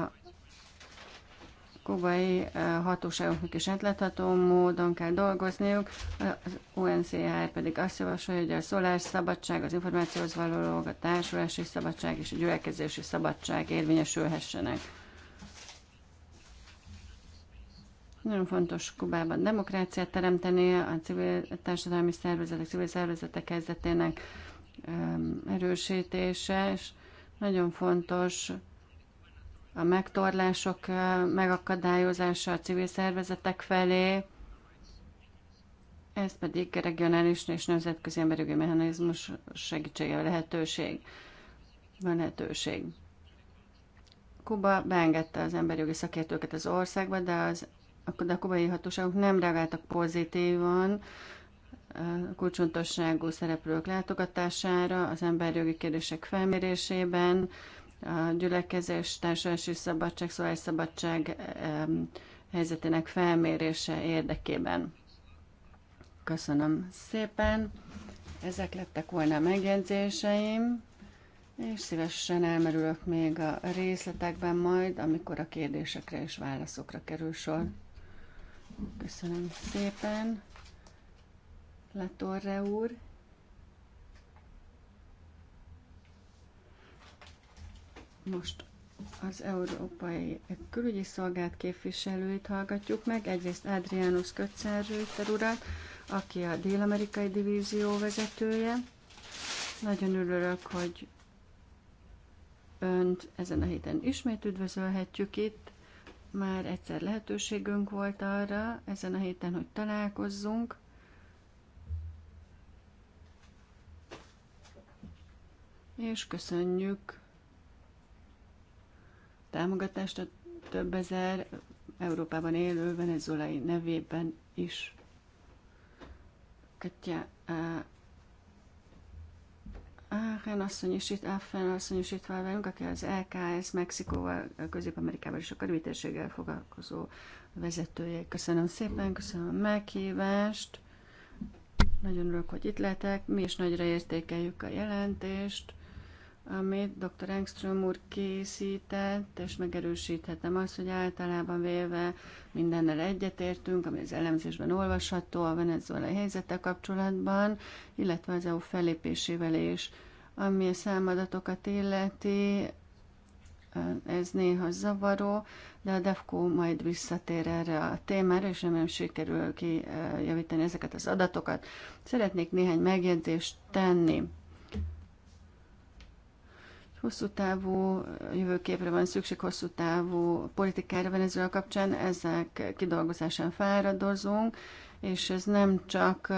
kubai eh, hatóságoknak is átlátható módon kell dolgozniuk, az UNCR pedig azt javasolja, hogy a szólás szabadság, az információhoz való a társulási szabadság és a gyülekezési szabadság érvényesülhessenek. Nagyon fontos Kubában demokráciát teremteni, a civil a társadalmi szervezetek, civil szervezetek kezdetének erősítése, és nagyon fontos a megtorlások megakadályozása a civil szervezetek felé, ez pedig regionális és nemzetközi emberjogi mechanizmus segítsége lehetőség. Van lehetőség. Kuba beengedte az emberjogi szakértőket az országba, de az a kubai hatóságok nem reagáltak pozitívan a kulcsontosságú szereplők látogatására, az emberjogi kérdések felmérésében, a gyülekezés, társadalmi szabadság, szabadság helyzetének felmérése érdekében. Köszönöm szépen. Ezek lettek volna a megjegyzéseim, és szívesen elmerülök még a részletekben majd, amikor a kérdésekre és válaszokra kerül sor. Köszönöm szépen, Latorre úr. Most az Európai Külügyi Szolgált képviselőit hallgatjuk meg. Egyrészt Adrianus Kötszerrőter urat, aki a Dél-Amerikai Divízió vezetője. Nagyon örülök, hogy önt ezen a héten ismét üdvözölhetjük itt. Már egyszer lehetőségünk volt arra ezen a héten, hogy találkozzunk. És köszönjük támogatást a több ezer Európában élő venezuelai nevében is. Katya Áhen asszony is itt, velünk, aki az LKS Mexikóval, Közép-Amerikával és a karibi foglalkozó vezetője. Köszönöm szépen, köszönöm a meghívást. Nagyon örülök, hogy itt lehetek. Mi is nagyra értékeljük a jelentést amit dr. Engström úr készített, és megerősíthetem azt, hogy általában véve mindennel egyetértünk, ami az elemzésben olvasható a venezuelai helyzetek kapcsolatban, illetve az EU felépésével is. Ami a számadatokat illeti, ez néha zavaró, de a DEFCO majd visszatér erre a témára, és remélem sikerül kijavítani ezeket az adatokat. Szeretnék néhány megjegyzést tenni Hosszú távú jövőképre van szükség, hosszú távú politikára Venezuela kapcsán, ezek kidolgozásán fáradozunk, és ez nem csak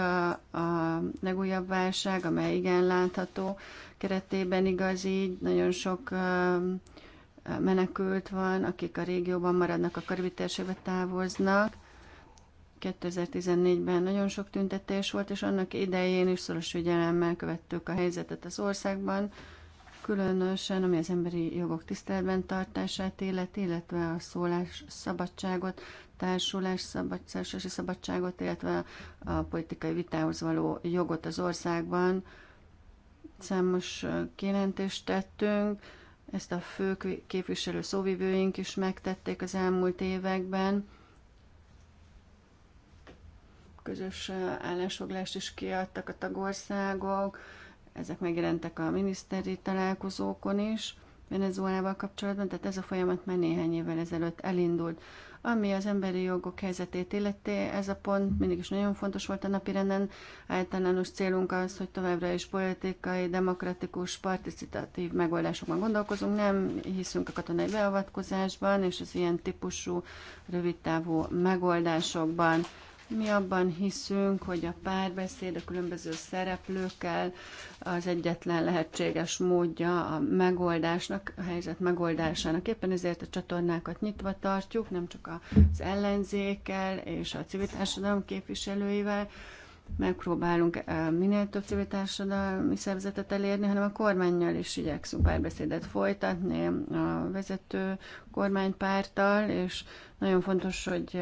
a legújabb válság, amely igen látható keretében igaz így, nagyon sok menekült van, akik a régióban maradnak, a karibi térségbe távoznak. 2014-ben nagyon sok tüntetés volt, és annak idején is szoros figyelemmel követtük a helyzetet az országban különösen ami az emberi jogok tiszteletben tartását élet, illetve a szólás szabadságot, társulás szabadság, szabadságot, illetve a politikai vitához való jogot az országban. Számos kijelentést tettünk, ezt a fő képviselő szóvivőink is megtették az elmúlt években. Közös állásfoglást is kiadtak a tagországok, ezek megjelentek a miniszteri találkozókon is, Venezuelával kapcsolatban, tehát ez a folyamat már néhány évvel ezelőtt elindult. Ami az emberi jogok helyzetét illeti, ez a pont mindig is nagyon fontos volt a napirenden. Általános célunk az, hogy továbbra is politikai, demokratikus, participatív megoldásokban gondolkozunk, nem hiszünk a katonai beavatkozásban és az ilyen típusú rövidtávú megoldásokban. Mi abban hiszünk, hogy a párbeszéd a különböző szereplőkkel az egyetlen lehetséges módja a megoldásnak, a helyzet megoldásának. Éppen ezért a csatornákat nyitva tartjuk, nem csak az ellenzékkel és a civil társadalom képviselőivel, megpróbálunk minél több civil társadalmi szervezetet elérni, hanem a kormányjal is igyekszünk párbeszédet folytatni, a vezető kormánypárttal, és nagyon fontos, hogy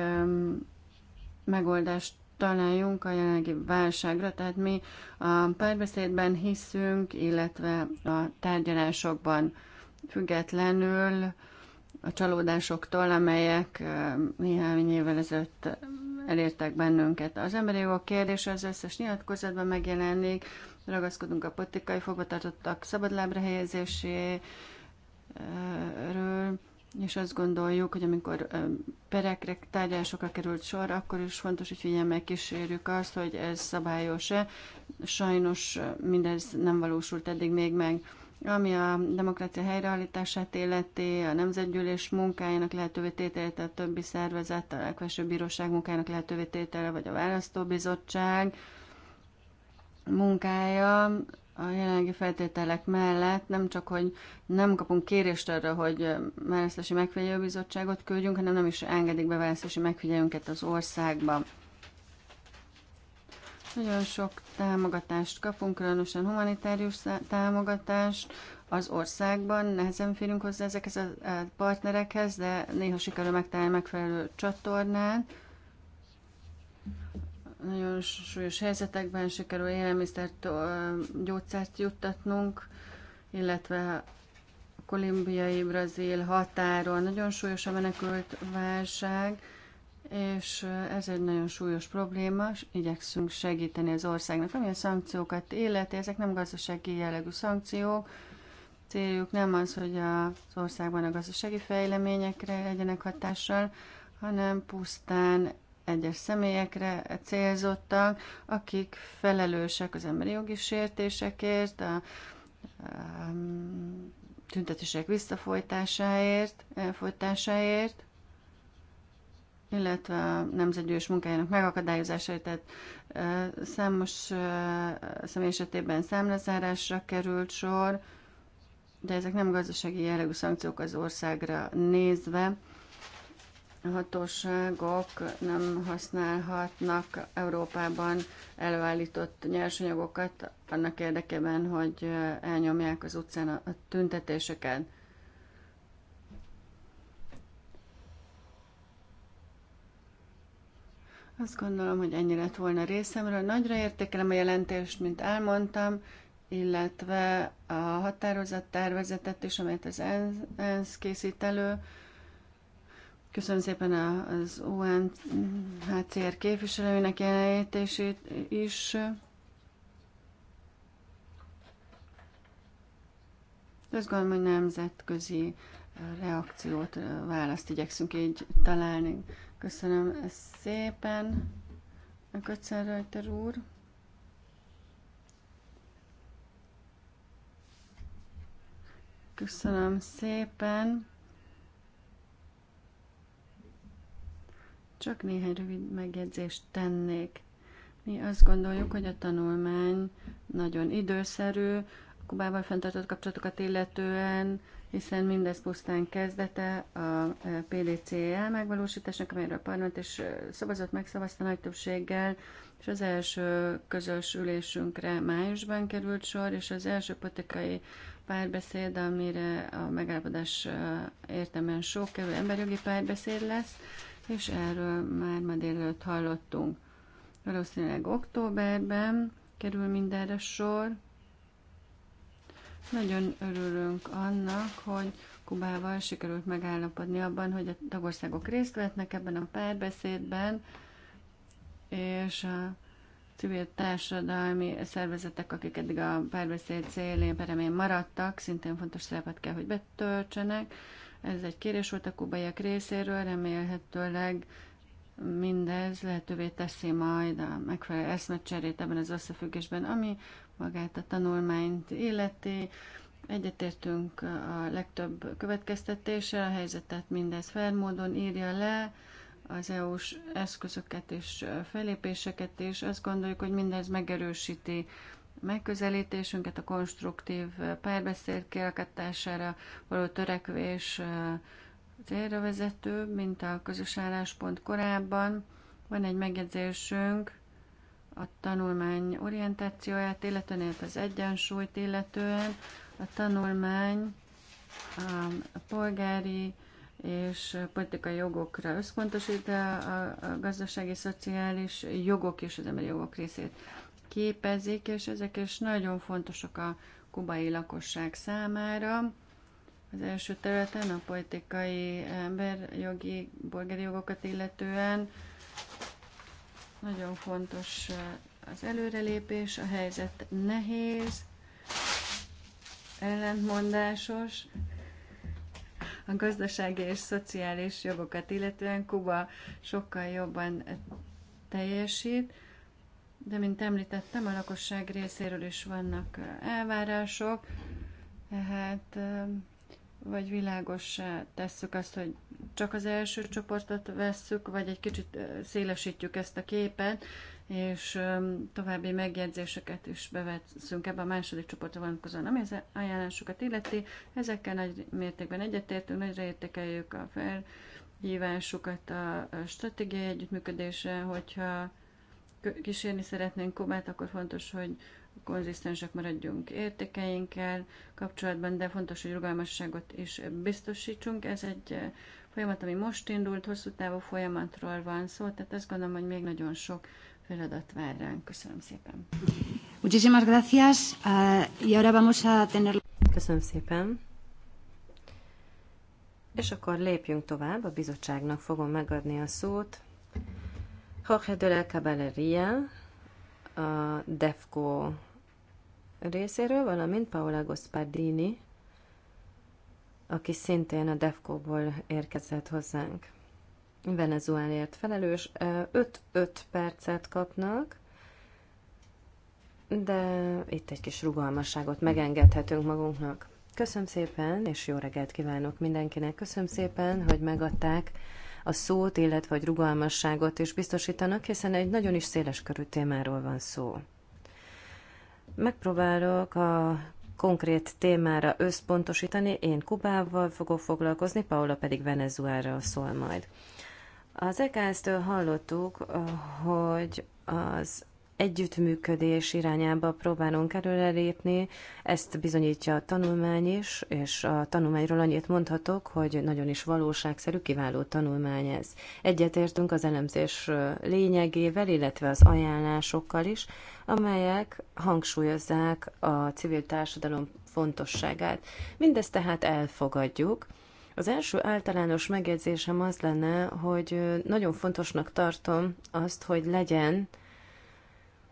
megoldást találjunk a jelenlegi válságra, tehát mi a párbeszédben hiszünk, illetve a tárgyalásokban függetlenül a csalódásoktól, amelyek néhány évvel ezelőtt elértek bennünket. Az emberi jogok kérdése az összes nyilatkozatban megjelenik, ragaszkodunk a politikai fogvatartottak szabadlábra helyezéséről, és azt gondoljuk, hogy amikor perekre, tárgyalásokra került sor, akkor is fontos, hogy figyelemmel kísérjük azt, hogy ez szabályos-e. Sajnos mindez nem valósult eddig még meg. Ami a demokrácia helyreállítását illeti, a nemzetgyűlés munkájának lehetővé tételét, a többi szervezet, a legfelsőbb bíróság munkájának lehetővé tétele, vagy a választóbizottság munkája, a jelenlegi feltételek mellett nem csak, hogy nem kapunk kérést arra, hogy választási megfigyelőbizottságot küldjünk, hanem nem is engedik be választási megfigyelőnket az országba. Nagyon sok támogatást kapunk, különösen humanitárius támogatást az országban. Nehezen férünk hozzá ezekhez a partnerekhez, de néha sikerül megtalálni megfelelő csatornát nagyon súlyos helyzetekben sikerül élelmiszert, gyógyszert juttatnunk, illetve a kolumbiai, brazil határon nagyon súlyos a menekült válság, és ez egy nagyon súlyos probléma, és igyekszünk segíteni az országnak, ami a szankciókat illeti, ezek nem gazdasági jellegű szankciók, céljuk nem az, hogy az országban a gazdasági fejleményekre legyenek hatással, hanem pusztán egyes személyekre célzottak, akik felelősek az emberi jogi sértésekért, a, a um, tüntetések visszafolytásáért, folytásáért, illetve a nemzetgyűlés munkájának megakadályozásáért, tehát számos személy esetében számlazárásra került sor, de ezek nem gazdasági jellegű szankciók az országra nézve, hatóságok nem használhatnak Európában előállított nyersanyagokat annak érdekében, hogy elnyomják az utcán a tüntetéseket. Azt gondolom, hogy ennyi lett volna részemről. Nagyra értékelem a jelentést, mint elmondtam, illetve a határozat is, amelyet az ENSZ készít elő. Köszönöm szépen az UNHCR képviselőnek jelenlétését is. Azt gondolom, hogy nemzetközi reakciót, választ igyekszünk így találni. Köszönöm szépen, Kötszer Rajter úr. Köszönöm szépen. Csak néhány rövid megjegyzést tennék. Mi azt gondoljuk, hogy a tanulmány nagyon időszerű, a Kubával fenntartott kapcsolatokat illetően, hiszen mindez pusztán kezdete a e, PDCL e megvalósításnak, amelyről a parlament és e, szavazott megszavazta nagy többséggel, és az első közös ülésünkre májusban került sor, és az első politikai párbeszéd, amire a megállapodás értemen sok kerül emberjogi párbeszéd lesz, és erről már ma délelőtt hallottunk. Valószínűleg októberben kerül mindenre sor. Nagyon örülünk annak, hogy Kubával sikerült megállapodni abban, hogy a tagországok részt vetnek ebben a párbeszédben, és a civil társadalmi szervezetek, akik eddig a párbeszéd célén peremén maradtak, szintén fontos szerepet kell, hogy betöltsenek, ez egy kérés volt a kubaiak részéről, remélhetőleg mindez lehetővé teszi majd a megfelelő eszmecserét ebben az összefüggésben, ami magát a tanulmányt illeti. Egyetértünk a legtöbb következtetéssel, a helyzetet mindez felmódon írja le, az EU-s eszközöket és felépéseket, és azt gondoljuk, hogy mindez megerősíti megközelítésünket, a konstruktív párbeszéd kialakítására való törekvés célra vezető, mint a közös álláspont korábban. Van egy megjegyzésünk a tanulmány orientációját, illetően, illetve az egyensúlyt illetően. A tanulmány a polgári és politikai jogokra összpontosít, de a gazdasági, szociális jogok és az emberi jogok részét képezik, és ezek is nagyon fontosak a kubai lakosság számára. Az első területen a politikai emberjogi, bolgári jogokat illetően nagyon fontos eh, az előrelépés, a helyzet nehéz, ellentmondásos, a gazdasági és szociális jogokat illetően Kuba sokkal jobban eh, teljesít, de mint említettem, a lakosság részéről is vannak elvárások, tehát vagy világossá tesszük azt, hogy csak az első csoportot vesszük, vagy egy kicsit szélesítjük ezt a képet, és további megjegyzéseket is bevetszünk ebbe a második csoportra vonatkozóan, ami az ajánlásokat illeti. Ezekkel nagy mértékben egyetértünk, nagyra értékeljük a felhívásukat a stratégiai együttműködésre, hogyha kísérni szeretnénk Kubát, akkor fontos, hogy konzisztensek maradjunk értékeinkkel kapcsolatban, de fontos, hogy rugalmasságot is biztosítsunk. Ez egy eh, folyamat, ami most indult, hosszú távú folyamatról van szó, tehát azt gondolom, hogy még nagyon sok feladat vár ránk. Köszönöm szépen. Muchísimas gracias. Uh, y ahora vamos a tener... Köszönöm szépen. És akkor lépjünk tovább, a bizottságnak fogom megadni a szót. Jorge de la Caballeria a DEFCO részéről, valamint Paola Gospardini, aki szintén a DEFCO-ból érkezett hozzánk. Venezuelért felelős. 5-5 percet kapnak, de itt egy kis rugalmasságot megengedhetünk magunknak. Köszönöm szépen, és jó reggelt kívánok mindenkinek. Köszönöm szépen, hogy megadták a szót, illetve vagy rugalmasságot is biztosítanak, hiszen egy nagyon is széles körű témáról van szó. Megpróbálok a konkrét témára összpontosítani, én Kubával fogok foglalkozni, Paula pedig Venezuelára szól majd. Az EKS-től hallottuk, hogy az együttműködés irányába próbálunk előrelépni. Ezt bizonyítja a tanulmány is, és a tanulmányról annyit mondhatok, hogy nagyon is valóságszerű, kiváló tanulmány ez. Egyetértünk az elemzés lényegével, illetve az ajánlásokkal is, amelyek hangsúlyozzák a civil társadalom fontosságát. Mindezt tehát elfogadjuk, az első általános megjegyzésem az lenne, hogy nagyon fontosnak tartom azt, hogy legyen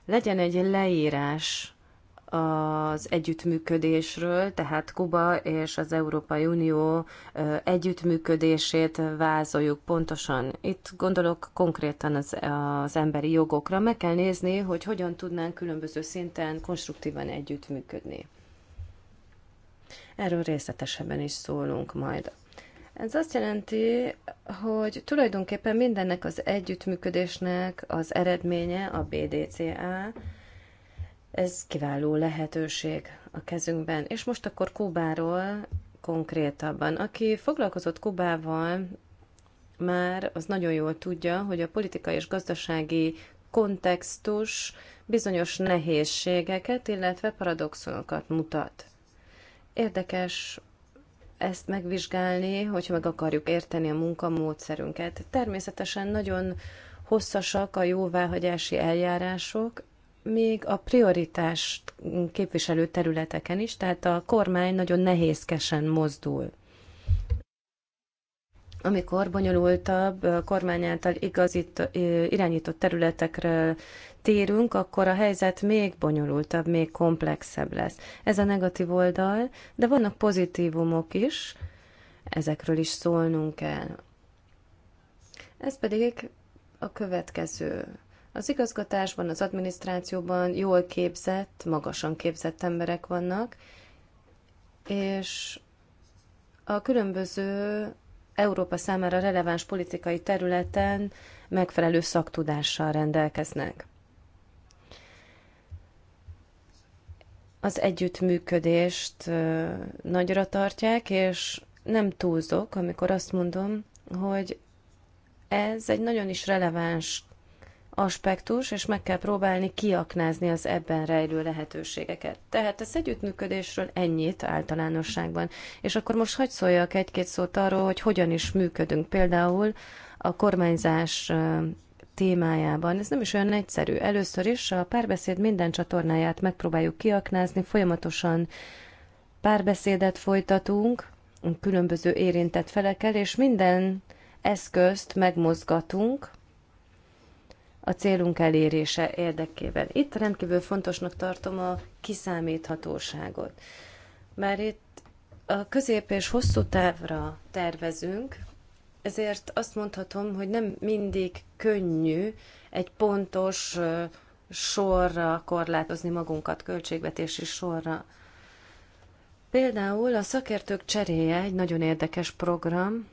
legyen egy leírás az együttműködésről, tehát Kuba és az Európai Unió együttműködését vázoljuk pontosan. Itt gondolok konkrétan az, az emberi jogokra. Meg kell nézni, hogy hogyan tudnánk különböző szinten konstruktívan együttműködni. Erről részletesebben is szólunk majd. Ez azt jelenti, hogy tulajdonképpen mindennek az együttműködésnek az eredménye a BDCA, ez kiváló lehetőség a kezünkben. És most akkor Kubáról konkrétabban. Aki foglalkozott Kubával, már az nagyon jól tudja, hogy a politikai és gazdasági kontextus bizonyos nehézségeket, illetve paradoxonokat mutat. Érdekes ezt megvizsgálni, hogyha meg akarjuk érteni a munkamódszerünket. Természetesen nagyon hosszasak a jóváhagyási eljárások, még a prioritást képviselő területeken is, tehát a kormány nagyon nehézkesen mozdul amikor bonyolultabb kormány által igazít, irányított területekre térünk, akkor a helyzet még bonyolultabb, még komplexebb lesz. Ez a negatív oldal, de vannak pozitívumok is, ezekről is szólnunk kell. Ez pedig a következő. Az igazgatásban, az adminisztrációban jól képzett, magasan képzett emberek vannak, és a különböző Európa számára releváns politikai területen megfelelő szaktudással rendelkeznek. Az együttműködést nagyra tartják, és nem túlzok, amikor azt mondom, hogy ez egy nagyon is releváns aspektus, és meg kell próbálni kiaknázni az ebben rejlő lehetőségeket. Tehát a együttműködésről ennyit általánosságban. És akkor most hagyd szóljak egy-két szót arról, hogy hogyan is működünk például a kormányzás témájában. Ez nem is olyan egyszerű. Először is a párbeszéd minden csatornáját megpróbáljuk kiaknázni, folyamatosan párbeszédet folytatunk különböző érintett felekkel, és minden eszközt megmozgatunk, a célunk elérése érdekében. Itt rendkívül fontosnak tartom a kiszámíthatóságot. mert itt a közép és hosszú távra tervezünk, ezért azt mondhatom, hogy nem mindig könnyű egy pontos sorra korlátozni magunkat, költségvetési sorra. Például a szakértők cseréje egy nagyon érdekes program,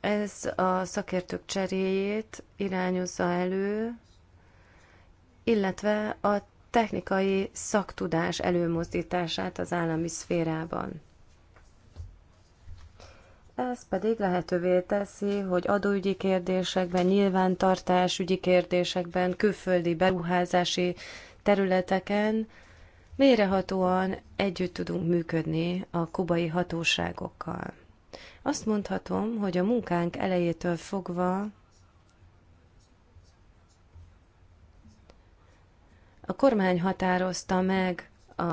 ez a szakértők cseréjét irányozza elő, illetve a technikai szaktudás előmozdítását az állami szférában. Ez pedig lehetővé teszi, hogy adóügyi kérdésekben, nyilvántartásügyi kérdésekben, külföldi beruházási területeken mérehatóan együtt tudunk működni a kubai hatóságokkal. Azt mondhatom, hogy a munkánk elejétől fogva a kormány határozta meg a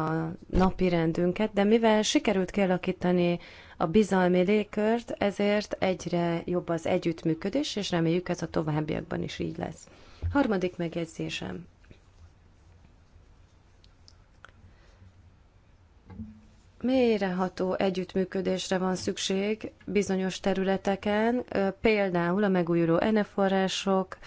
napi rendünket, de mivel sikerült kialakítani a bizalmi légkört, ezért egyre jobb az együttműködés, és reméljük ez a továbbiakban is így lesz. Harmadik megjegyzésem. mélyreható együttműködésre van szükség bizonyos területeken, például a megújuló eneforrások,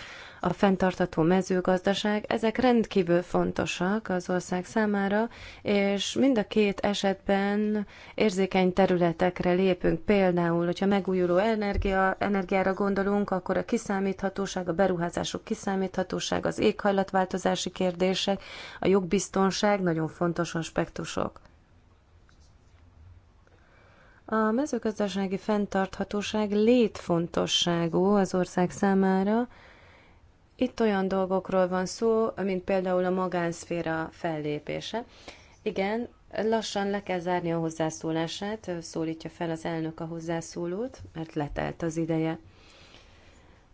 a fenntartató mezőgazdaság, ezek rendkívül fontosak az ország számára, és mind a két esetben érzékeny területekre lépünk. Például, hogyha megújuló energia, energiára gondolunk, akkor a kiszámíthatóság, a beruházások kiszámíthatóság, az éghajlatváltozási kérdések, a jogbiztonság nagyon fontos aspektusok. A mezőgazdasági fenntarthatóság létfontosságú az ország számára. Itt olyan dolgokról van szó, mint például a magánszféra fellépése. Igen, lassan le kell zárni a hozzászólását, szólítja fel az elnök a hozzászólót, mert letelt az ideje.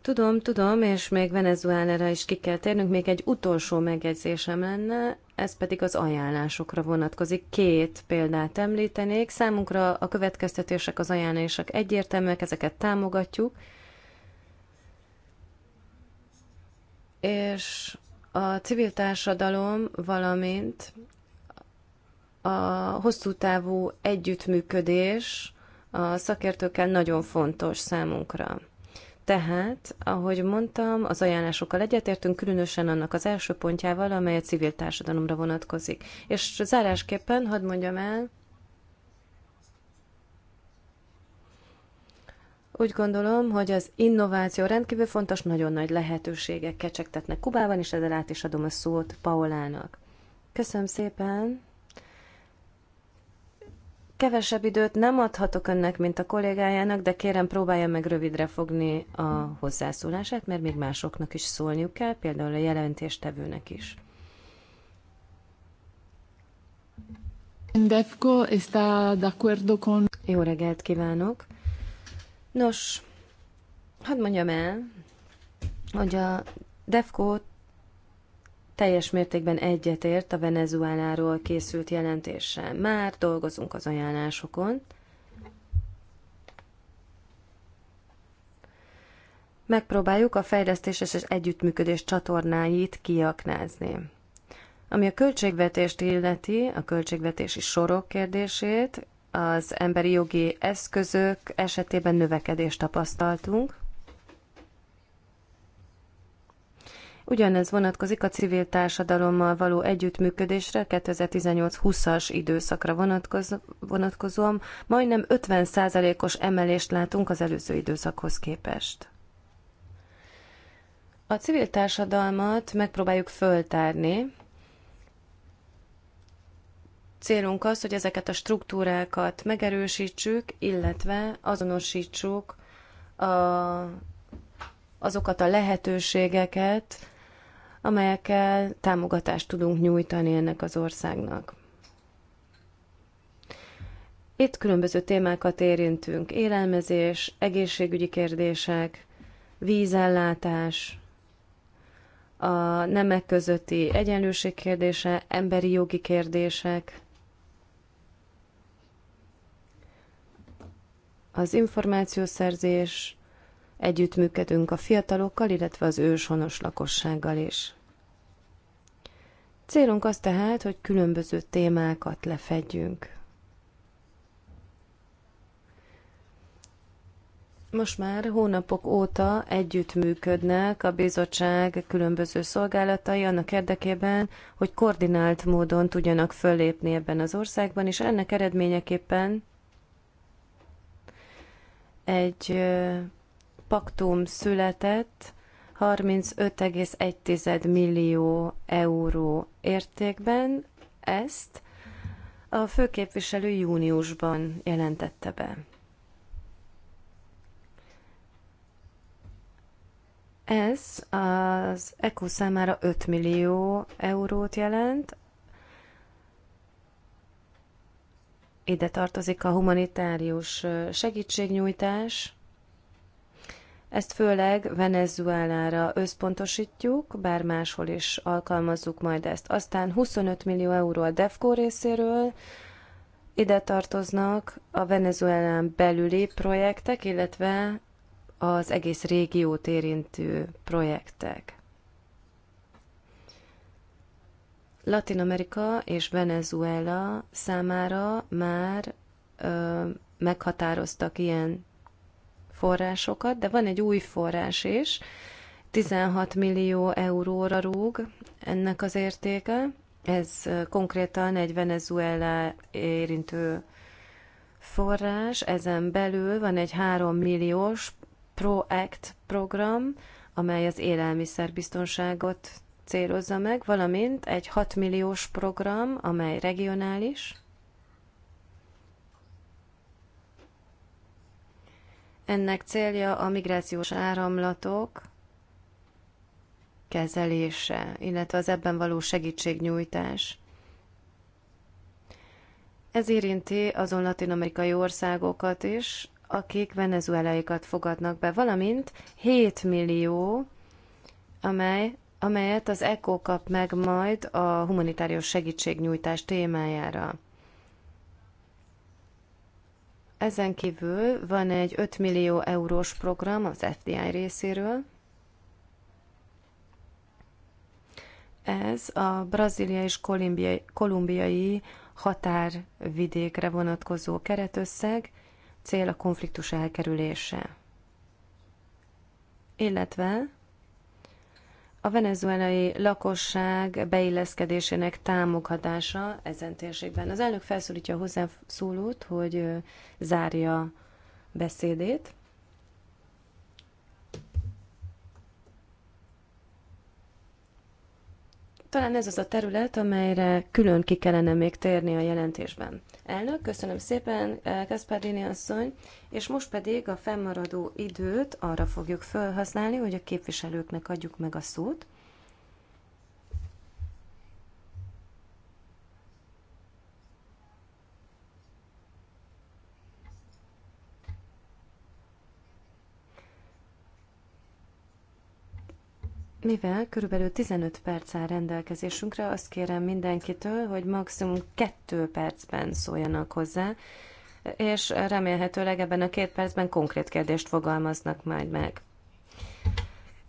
Tudom, tudom, és még Venezuelára is ki kell térnünk. Még egy utolsó megjegyzésem lenne ez pedig az ajánlásokra vonatkozik. Két példát említenék. Számunkra a következtetések, az ajánlások egyértelműek, ezeket támogatjuk. És a civil társadalom, valamint a hosszú távú együttműködés a szakértőkkel nagyon fontos számunkra. Tehát, ahogy mondtam, az ajánlásokkal egyetértünk, különösen annak az első pontjával, amely a civil társadalomra vonatkozik. És zárásképpen hadd mondjam el, Úgy gondolom, hogy az innováció rendkívül fontos, nagyon nagy lehetőségek kecsegtetnek Kubában, és ezzel át is adom a szót Paolának. Köszönöm szépen! Kevesebb időt nem adhatok önnek, mint a kollégájának, de kérem próbálja meg rövidre fogni a hozzászólását, mert még másoknak is szólniuk kell, például a jelentéstevőnek is. Defco está de acuerdo con... Jó reggelt kívánok! Nos, hadd mondjam el, hogy a Defco teljes mértékben egyetért a Venezueláról készült jelentéssel. Már dolgozunk az ajánlásokon. Megpróbáljuk a fejlesztés és együttműködés csatornáit kiaknázni. Ami a költségvetést illeti, a költségvetési sorok kérdését, az emberi jogi eszközök esetében növekedést tapasztaltunk. Ugyanez vonatkozik a civil társadalommal való együttműködésre 2018-20-as időszakra vonatkoz, vonatkozóan majdnem 50%-os emelést látunk az előző időszakhoz képest. A civil társadalmat megpróbáljuk föltárni. Célunk az, hogy ezeket a struktúrákat megerősítsük, illetve azonosítsuk a, azokat a lehetőségeket, amelyekkel támogatást tudunk nyújtani ennek az országnak. Itt különböző témákat érintünk, élelmezés, egészségügyi kérdések, vízellátás, a nemek közötti egyenlőség kérdése, emberi jogi kérdések, az információszerzés, Együttműködünk a fiatalokkal, illetve az őshonos lakossággal is. Célunk az tehát, hogy különböző témákat lefedjünk. Most már hónapok óta együttműködnek a bizottság különböző szolgálatai annak érdekében, hogy koordinált módon tudjanak föllépni ebben az országban, és ennek eredményeképpen egy paktum született 35,1 millió euró értékben, ezt a főképviselő júniusban jelentette be. Ez az ECO számára 5 millió eurót jelent. Ide tartozik a humanitárius segítségnyújtás, ezt főleg Venezuelára összpontosítjuk, bár máshol is alkalmazzuk majd ezt. Aztán 25 millió euró a DEFCO részéről, ide tartoznak a Venezuelán belüli projektek, illetve az egész régiót érintő projektek. Latin Amerika és Venezuela számára már ö, meghatároztak ilyen forrásokat, de van egy új forrás is, 16 millió euróra rúg ennek az értéke. Ez konkrétan egy Venezuela érintő forrás, ezen belül van egy 3 milliós ProAct program, amely az élelmiszerbiztonságot célozza meg, valamint egy 6 milliós program, amely regionális, Ennek célja a migrációs áramlatok kezelése, illetve az ebben való segítségnyújtás. Ez érinti azon latinamerikai országokat is, akik venezuelaikat fogadnak be, valamint 7 millió, amely, amelyet az ECO kap meg majd a humanitárius segítségnyújtás témájára. Ezen kívül van egy 5 millió eurós program az FDI részéről. Ez a brazília és kolumbiai, kolumbiai határvidékre vonatkozó keretösszeg, cél a konfliktus elkerülése. Illetve a venezuelai lakosság beilleszkedésének támogatása ezen térségben. Az elnök felszólítja a hozzászólót, hogy zárja beszédét. Talán ez az a terület, amelyre külön ki kellene még térni a jelentésben. Elnök, köszönöm szépen, eh, Kaspardini asszony, és most pedig a fennmaradó időt arra fogjuk felhasználni, hogy a képviselőknek adjuk meg a szót. Mivel körülbelül 15 perc áll rendelkezésünkre, azt kérem mindenkitől, hogy maximum 2 percben szóljanak hozzá, és remélhetőleg ebben a két percben konkrét kérdést fogalmaznak majd meg.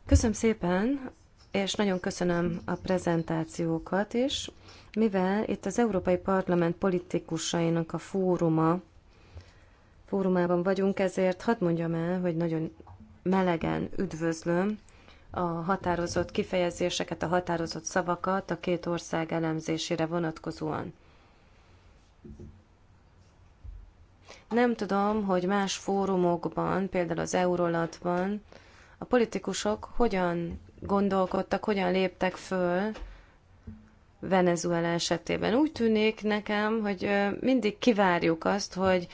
Köszönöm szépen, és nagyon köszönöm a prezentációkat is, mivel itt az Európai Parlament politikusainak a fóruma, fórumában vagyunk, ezért hadd mondjam el, hogy nagyon melegen üdvözlöm a határozott kifejezéseket, a határozott szavakat a két ország elemzésére vonatkozóan. Nem tudom, hogy más fórumokban, például az Eurolatban, a politikusok hogyan gondolkodtak, hogyan léptek föl Venezuela esetében. Úgy tűnik nekem, hogy mindig kivárjuk azt, hogy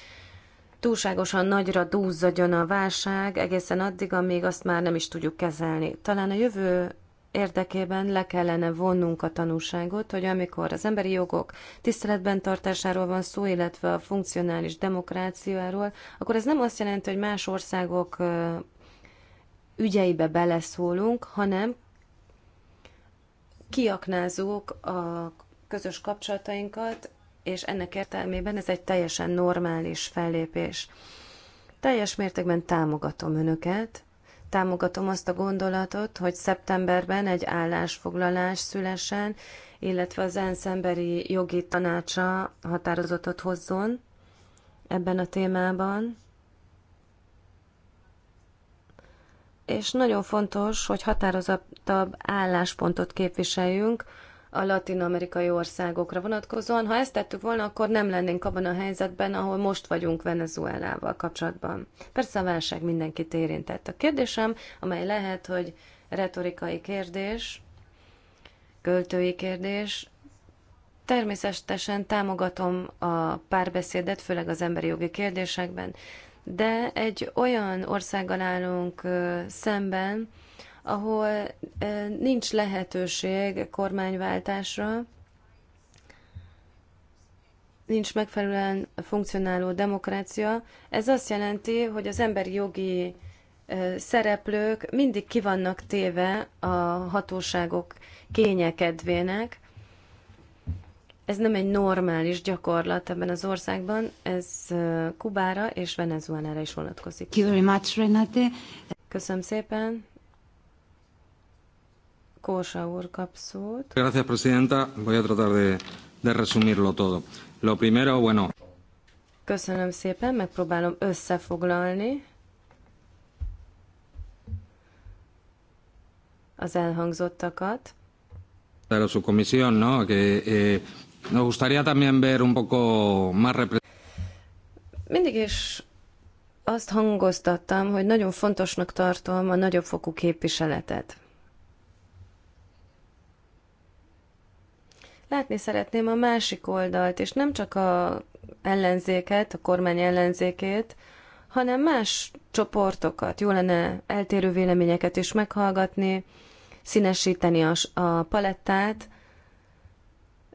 túlságosan nagyra dúzzadjon a válság egészen addig, amíg azt már nem is tudjuk kezelni. Talán a jövő érdekében le kellene vonnunk a tanúságot, hogy amikor az emberi jogok tiszteletben tartásáról van szó, illetve a funkcionális demokráciáról, akkor ez nem azt jelenti, hogy más országok ügyeibe beleszólunk, hanem kiaknázunk a közös kapcsolatainkat és ennek értelmében ez egy teljesen normális fellépés. Teljes mértékben támogatom önöket, támogatom azt a gondolatot, hogy szeptemberben egy állásfoglalás szülesen, illetve az ENSZ emberi jogi tanácsa határozatot hozzon ebben a témában. És nagyon fontos, hogy határozottabb álláspontot képviseljünk, a latin-amerikai országokra vonatkozóan. Ha ezt tettük volna, akkor nem lennénk abban a helyzetben, ahol most vagyunk Venezuelával kapcsolatban. Persze a válság mindenkit érintett. A kérdésem, amely lehet, hogy retorikai kérdés, költői kérdés, természetesen támogatom a párbeszédet, főleg az emberi jogi kérdésekben, de egy olyan országgal állunk szemben, ahol nincs lehetőség kormányváltásra, nincs megfelelően funkcionáló demokrácia. Ez azt jelenti, hogy az emberi jogi szereplők mindig kivannak téve a hatóságok kényekedvének. Ez nem egy normális gyakorlat ebben az országban, ez Kubára és Venezuelára is vonatkozik. Köszönöm szépen. Kósa úr kap szót. Gracias, presidenta. Voy a tratar de, de resumirlo todo. Lo primero, bueno... Köszönöm szépen, megpróbálom összefoglalni. az elhangzottakat. Pero su comisión, ¿no? Que eh, nos gustaría también ver un poco más Mindig is azt hangoztattam, hogy nagyon fontosnak tartom a nagyobb fokú képviseletet. Látni szeretném a másik oldalt, és nem csak a ellenzéket, a kormány ellenzékét, hanem más csoportokat. Jó lenne eltérő véleményeket is meghallgatni, színesíteni a, a palettát.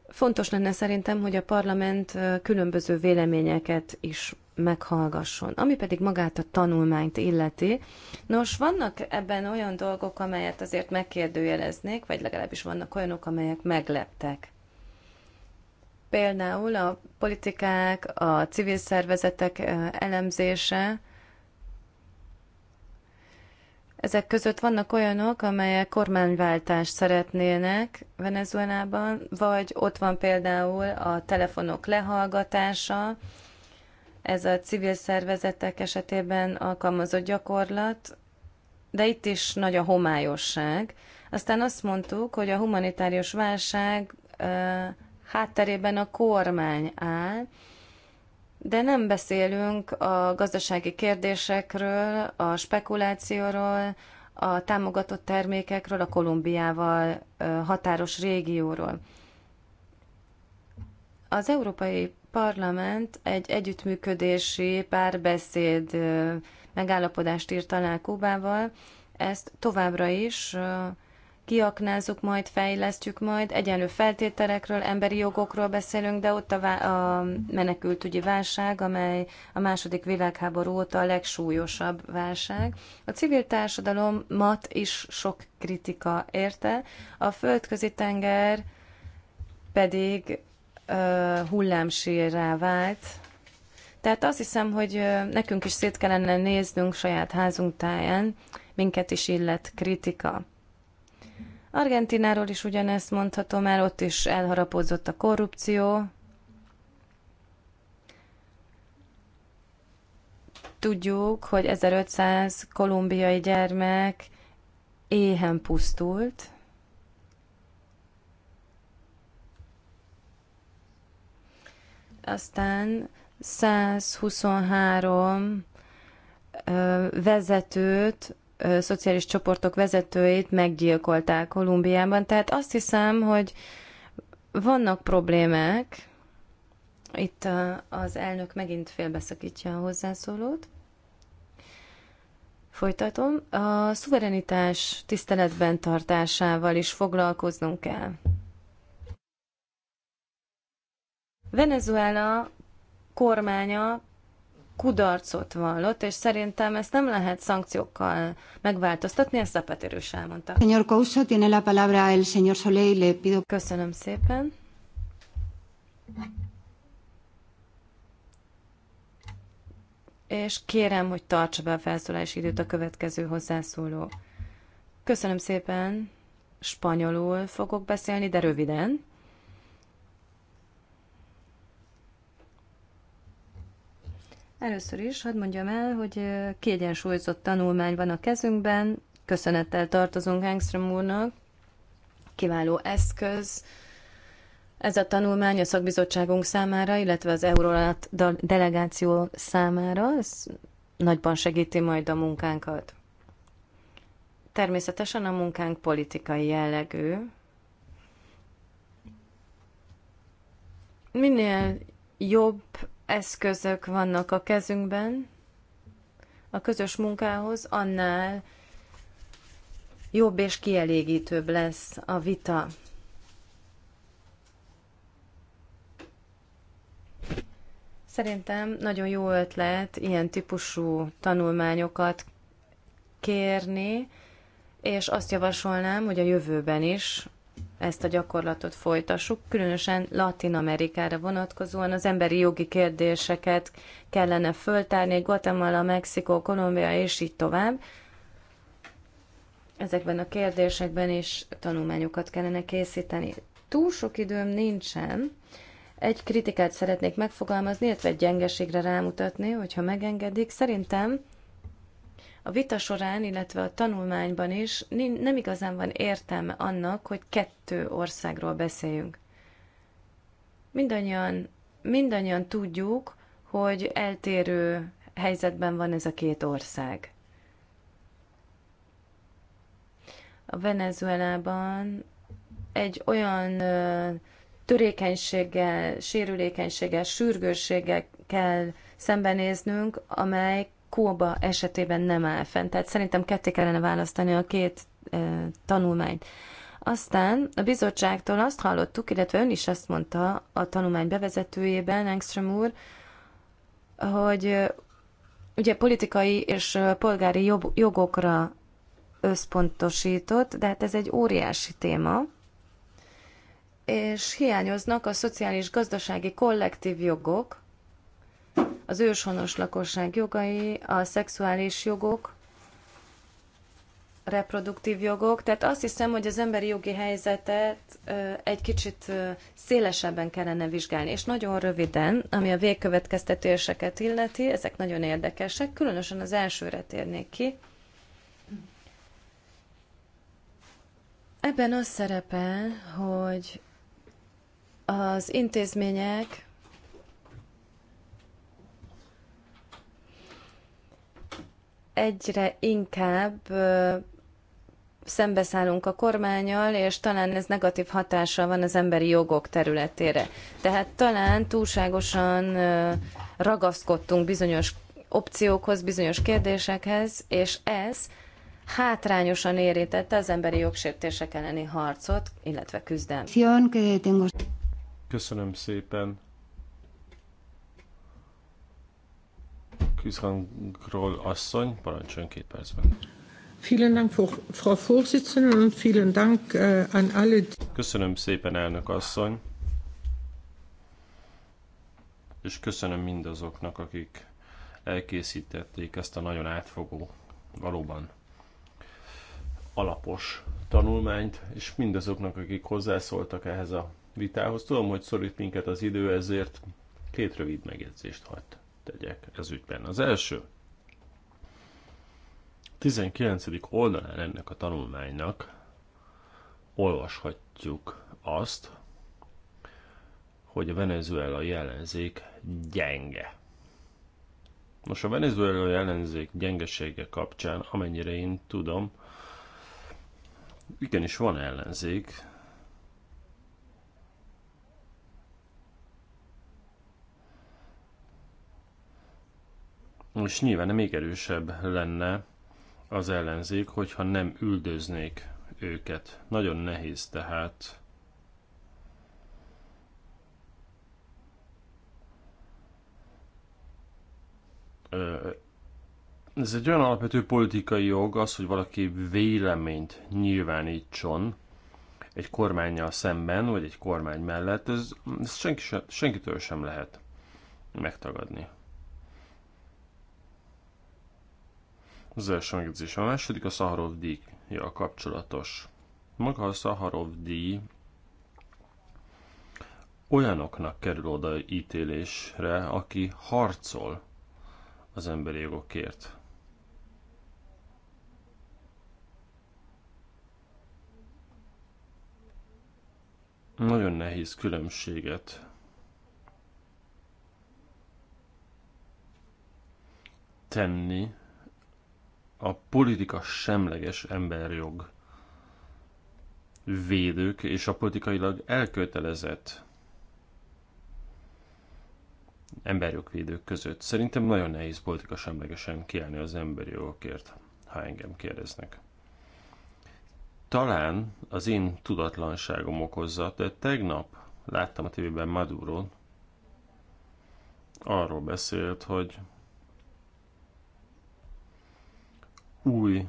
Fontos lenne szerintem, hogy a parlament különböző véleményeket is meghallgasson. Ami pedig magát a tanulmányt illeti, nos, vannak ebben olyan dolgok, amelyet azért megkérdőjeleznék, vagy legalábbis vannak olyanok, amelyek megleptek. Például a politikák, a civil szervezetek elemzése, ezek között vannak olyanok, amelyek kormányváltást szeretnének Venezuelában, vagy ott van például a telefonok lehallgatása, ez a civil szervezetek esetében alkalmazott gyakorlat, de itt is nagy a homályosság. Aztán azt mondtuk, hogy a humanitárius válság hátterében a kormány áll, de nem beszélünk a gazdasági kérdésekről, a spekulációról, a támogatott termékekről, a Kolumbiával határos régióról. Az Európai Parlament egy együttműködési párbeszéd megállapodást írt alá Kubával, ezt továbbra is kiaknázzuk majd, fejlesztjük majd, egyenlő feltételekről, emberi jogokról beszélünk, de ott a, a menekültügyi válság, amely a második világháború óta a legsúlyosabb válság. A civil társadalomat is sok kritika érte, a földközi tenger pedig ö, hullámsírrá vált, tehát azt hiszem, hogy nekünk is szét kellene néznünk saját házunk táján, minket is illet kritika. Argentináról is ugyanezt mondhatom el, ott is elharapozott a korrupció. Tudjuk, hogy 1500 kolumbiai gyermek éhen pusztult. Aztán 123 vezetőt szociális csoportok vezetőit meggyilkolták Kolumbiában. Tehát azt hiszem, hogy vannak problémák. Itt az elnök megint félbeszakítja a hozzászólót. Folytatom. A szuverenitás tiszteletben tartásával is foglalkoznunk kell. Venezuela kormánya kudarcot vallott, és szerintem ezt nem lehet szankciókkal megváltoztatni, ezt Zapatero is elmondta. Señor Couso, tiene la palabra el señor Soleil, le pido... Köszönöm szépen. És kérem, hogy tartsa be a felszólási időt a következő hozzászóló. Köszönöm szépen, spanyolul fogok beszélni, de röviden. Először is hadd mondjam el, hogy kiegyensúlyozott tanulmány van a kezünkben, köszönettel tartozunk Engström úrnak, kiváló eszköz. Ez a tanulmány a szakbizottságunk számára, illetve az Eurolat delegáció számára, ez nagyban segíti majd a munkánkat. Természetesen a munkánk politikai jellegű. Minél jobb eszközök vannak a kezünkben a közös munkához, annál jobb és kielégítőbb lesz a vita. Szerintem nagyon jó ötlet ilyen típusú tanulmányokat kérni, és azt javasolnám, hogy a jövőben is ezt a gyakorlatot folytassuk, különösen Latin Amerikára vonatkozóan az emberi jogi kérdéseket kellene föltárni, Guatemala, Mexikó, Kolumbia és így tovább. Ezekben a kérdésekben is tanulmányokat kellene készíteni. Túl sok időm nincsen. Egy kritikát szeretnék megfogalmazni, illetve egy gyengeségre rámutatni, hogyha megengedik. Szerintem a vita során, illetve a tanulmányban is nem igazán van értelme annak, hogy kettő országról beszéljünk. Mindannyian, mindannyian tudjuk, hogy eltérő helyzetben van ez a két ország. A Venezuelában egy olyan törékenységgel, sérülékenységgel, sürgősséggel kell szembenéznünk, amely Kóba esetében nem áll fent. Tehát szerintem ketté kellene választani a két e, tanulmányt. Aztán a bizottságtól azt hallottuk, illetve ön is azt mondta a tanulmány bevezetőjében, Engström úr, hogy ugye politikai és polgári jog, jogokra összpontosított, de hát ez egy óriási téma, és hiányoznak a szociális-gazdasági kollektív jogok, az őshonos lakosság jogai, a szexuális jogok, reproduktív jogok. Tehát azt hiszem, hogy az emberi jogi helyzetet egy kicsit szélesebben kellene vizsgálni. És nagyon röviden, ami a végkövetkeztetéseket illeti, ezek nagyon érdekesek, különösen az elsőre térnék ki. Ebben az szerepel, hogy az intézmények egyre inkább szembeszállunk a kormányal, és talán ez negatív hatással van az emberi jogok területére. Tehát talán túlságosan ragaszkodtunk bizonyos opciókhoz, bizonyos kérdésekhez, és ez hátrányosan érintette az emberi jogsértések elleni harcot, illetve küzdelmet. Köszönöm szépen. Küzrangról asszony, parancsoljon két percben. Vielen Dank, Frau Vorsitzende, und vielen Dank äh, an alle. Köszönöm szépen, elnök asszony, és köszönöm mindazoknak, akik elkészítették ezt a nagyon átfogó, valóban alapos tanulmányt, és mindazoknak, akik hozzászóltak ehhez a vitához. Tudom, hogy szorít minket az idő, ezért két rövid megjegyzést hagytam tegyek ez ügyben. Az első, 19. oldalán ennek a tanulmánynak olvashatjuk azt, hogy a venezuelai ellenzék gyenge. Most a venezuelai ellenzék gyengesége kapcsán, amennyire én tudom, igenis van ellenzék, és nyilván még erősebb lenne az ellenzék, hogyha nem üldöznék őket. Nagyon nehéz tehát ez egy olyan alapvető politikai jog, az, hogy valaki véleményt nyilvánítson egy kormányjal szemben, vagy egy kormány mellett, ez, ez senki, senkitől sem lehet megtagadni. Az első megjegyzés. A második a Szaharov díjjal kapcsolatos. Maga a Szaharov díj olyanoknak kerül oda ítélésre, aki harcol az emberi jogokért. Nagyon nehéz különbséget tenni a politika semleges emberjog védők és a politikailag elkötelezett emberjogvédők között. Szerintem nagyon nehéz politika semlegesen kiállni az emberi jogokért, ha engem kérdeznek. Talán az én tudatlanságom okozza, de tegnap láttam a tévében Maduro arról beszélt, hogy új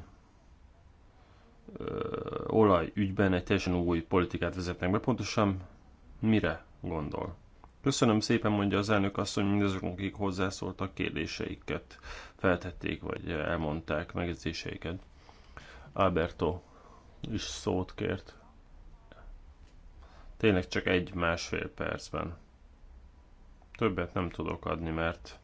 ö, olajügyben egy teljesen új politikát vezetnek be. Pontosan mire gondol? Köszönöm szépen, mondja az elnök asszony mindazoknak, akik hozzászóltak, kérdéseiket feltették, vagy elmondták megjegyzéseiket. Alberto is szót kért. Tényleg csak egy-másfél percben. Többet nem tudok adni, mert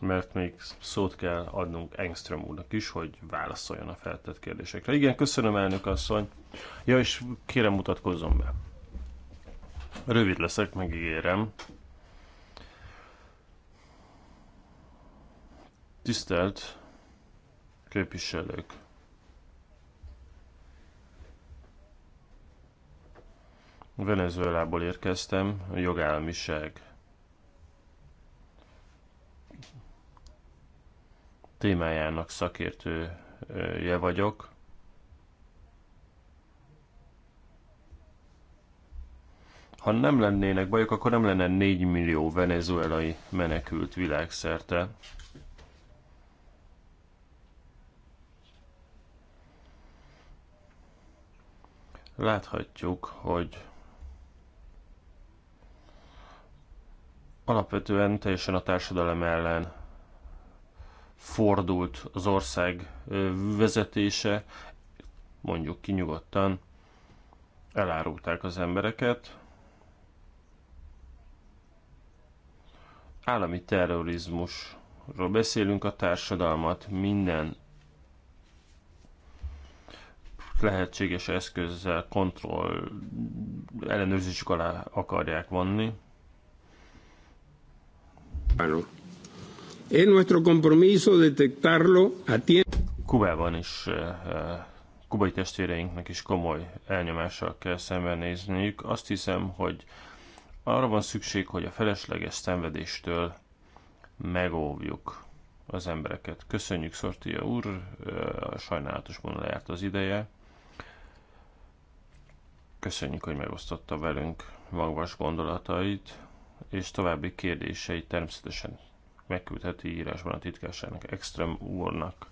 mert még szót kell adnunk Engström úrnak is, hogy válaszoljon a feltett kérdésekre. Igen, köszönöm elnök asszony. Ja, és kérem mutatkozzon be. Rövid leszek, megígérem. Tisztelt képviselők! Venezuelából érkeztem, jogállamiság témájának szakértője vagyok. Ha nem lennének bajok, akkor nem lenne 4 millió venezuelai menekült világszerte. Láthatjuk, hogy alapvetően teljesen a társadalom ellen fordult az ország vezetése, mondjuk ki nyugodtan, elárulták az embereket. Állami terrorizmusról beszélünk, a társadalmat minden lehetséges eszközzel kontroll ellenőrzésük alá akarják vonni. Hello. Es nuestro compromiso detectarlo a tiempo. Kubában is, eh, eh, kubai testvéreinknek is komoly elnyomással kell szembenézniük. Azt hiszem, hogy arra van szükség, hogy a felesleges szenvedéstől megóvjuk az embereket. Köszönjük, Szortia úr, eh, sajnálatos módon lejárt az ideje. Köszönjük, hogy megosztotta velünk magvas gondolatait, és további kérdéseit természetesen megküldheti írásban a titkárságnak, Extrem úrnak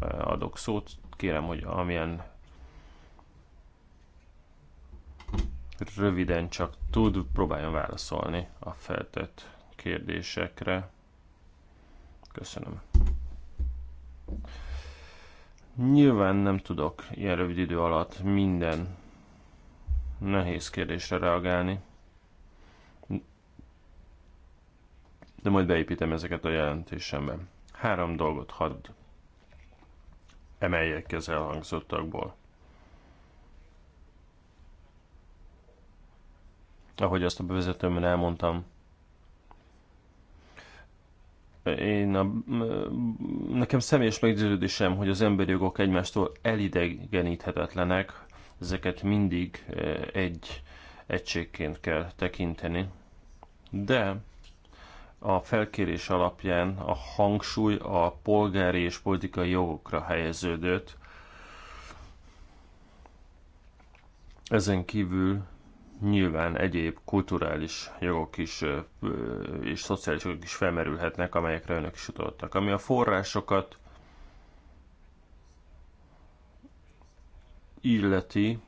e, adok szót. Kérem, hogy amilyen röviden csak tud, próbáljon válaszolni a feltett kérdésekre. Köszönöm. Nyilván nem tudok ilyen rövid idő alatt minden nehéz kérdésre reagálni. de majd beépítem ezeket a jelentésembe. Három dolgot hadd emeljek az elhangzottakból. Ahogy azt a bevezetőmben elmondtam, én a, nekem személyes meggyőződésem, hogy az emberi jogok egymástól elidegeníthetetlenek, ezeket mindig eh, egy egységként kell tekinteni. De a felkérés alapján a hangsúly a polgári és politikai jogokra helyeződött. Ezen kívül nyilván egyéb kulturális jogok is és szociális jogok is felmerülhetnek, amelyekre önök is utaltak. Ami a forrásokat illeti,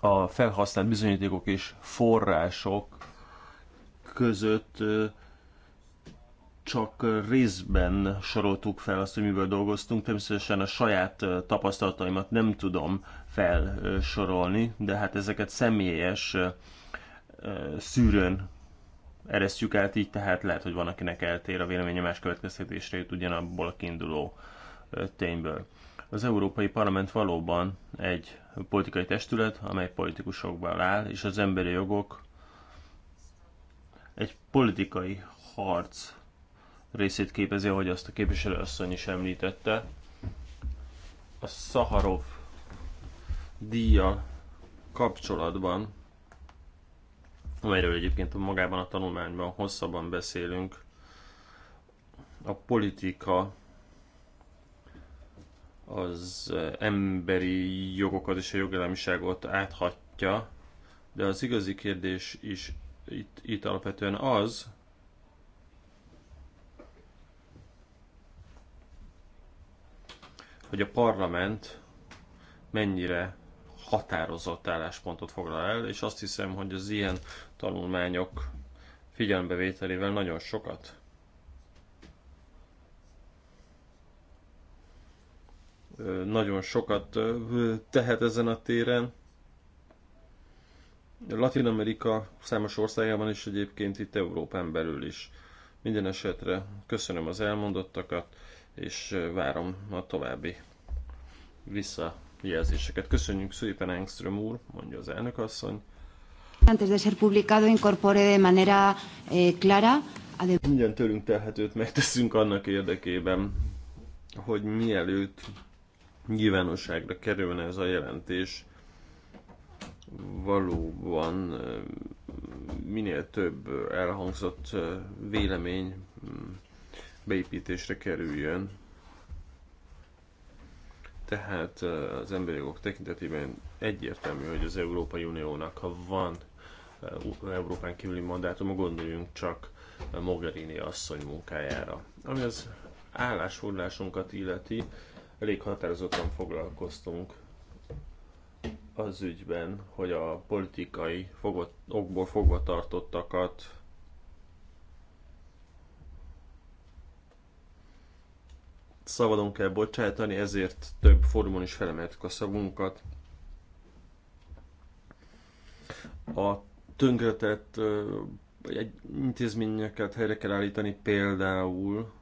a felhasznált bizonyítékok és források között csak részben soroltuk fel azt, hogy miből dolgoztunk. Természetesen a saját tapasztalataimat nem tudom felsorolni, de hát ezeket személyes szűrőn eresztjük át így, tehát lehet, hogy van, akinek eltér a véleménye más következtetésre jut ugyanabból a kiinduló tényből. Az Európai Parlament valóban egy politikai testület, amely politikusokból áll, és az emberi jogok egy politikai harc részét képezi, ahogy azt a képviselőasszony is említette. A Szaharov díja kapcsolatban, amelyről egyébként magában a tanulmányban hosszabban beszélünk, a politika az emberi jogokat és a jogállamiságot áthatja, de az igazi kérdés is itt, itt alapvetően az, hogy a parlament mennyire határozott álláspontot foglal el, és azt hiszem, hogy az ilyen tanulmányok figyelembevételével nagyon sokat nagyon sokat tehet ezen a téren. Latin Amerika számos országában is egyébként itt Európán belül is. Minden esetre köszönöm az elmondottakat, és várom a további visszajelzéseket. Köszönjük szépen, Engström úr, mondja az elnök asszony. Antes de ser publicado, incorpore de manera eh, clara. Minden tőlünk telhetőt megteszünk annak érdekében, hogy mielőtt nyilvánosságra kerülne ez a jelentés, valóban minél több elhangzott vélemény mm, beépítésre kerüljön. Tehát az emberi jogok tekintetében egyértelmű, hogy az Európai Uniónak, ha van Európán kívüli mandátum, gondoljunk csak Mogherini asszony munkájára. Ami az állásfoglalásunkat illeti, elég határozottan foglalkoztunk az ügyben, hogy a politikai fogott, okból fogva tartottakat szabadon kell bocsátani, ezért több fórumon is felemeltük a szavunkat. A tönkretett egy intézményeket helyre kell állítani, például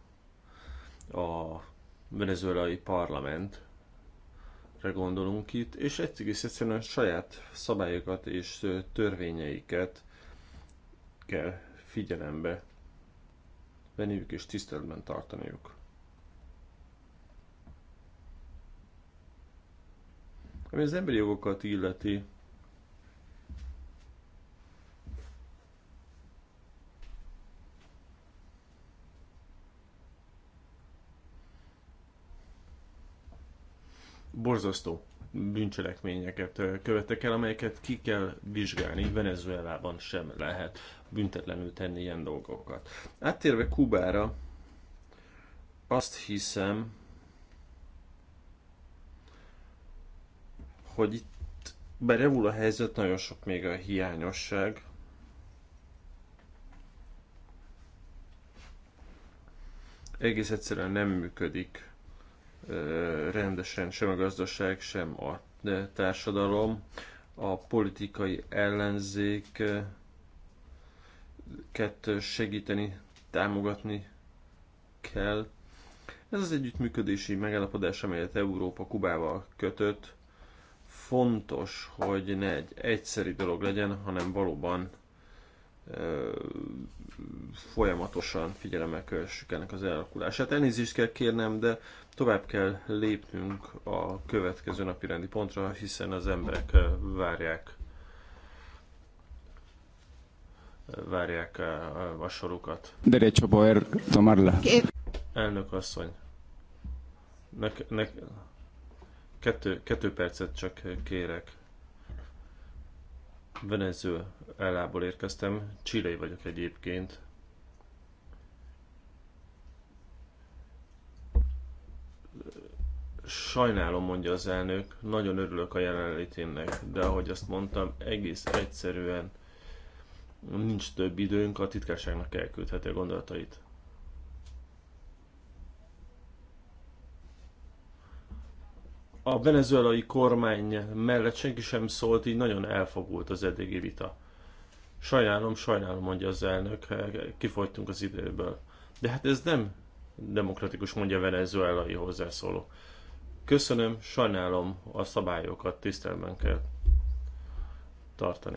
a venezuelai parlamentre gondolunk itt, és egész egyszerűen saját szabályokat és törvényeiket kell figyelembe venniük és tiszteletben tartaniuk. Ami az emberi jogokat illeti, borzasztó bűncselekményeket követtek el, amelyeket ki kell vizsgálni, Venezuelában sem lehet büntetlenül tenni ilyen dolgokat. Áttérve Kubára, azt hiszem, hogy itt berevul a helyzet, nagyon sok még a hiányosság. Egész egyszerűen nem működik rendesen sem a gazdaság, sem a társadalom. A politikai ellenzék segíteni, támogatni kell. Ez az együttműködési megállapodás, amelyet Európa Kubával kötött, fontos, hogy ne egy egyszerű dolog legyen, hanem valóban ö, folyamatosan figyelemmel kövessük ennek az elakulását. Elnézést kell kérnem, de Tovább kell lépnünk a következő napi rendi pontra, hiszen az emberek várják várják a sorukat. Derecho poder tomarla. Elnök asszony. Ne, ne, kettő, kettő percet csak kérek. Venezuelából érkeztem, Chile vagyok egyébként. Sajnálom, mondja az elnök, nagyon örülök a jelenlétének, de ahogy azt mondtam, egész egyszerűen nincs több időnk, a titkárságnak elküldheti a gondolatait. A venezuelai kormány mellett senki sem szólt, így nagyon elfogult az eddigi vita. Sajnálom, sajnálom, mondja az elnök, kifogytunk az időből. De hát ez nem demokratikus, mondja a venezuelai hozzászóló. Köszönöm, sajnálom, a szabályokat tisztelben kell tartani.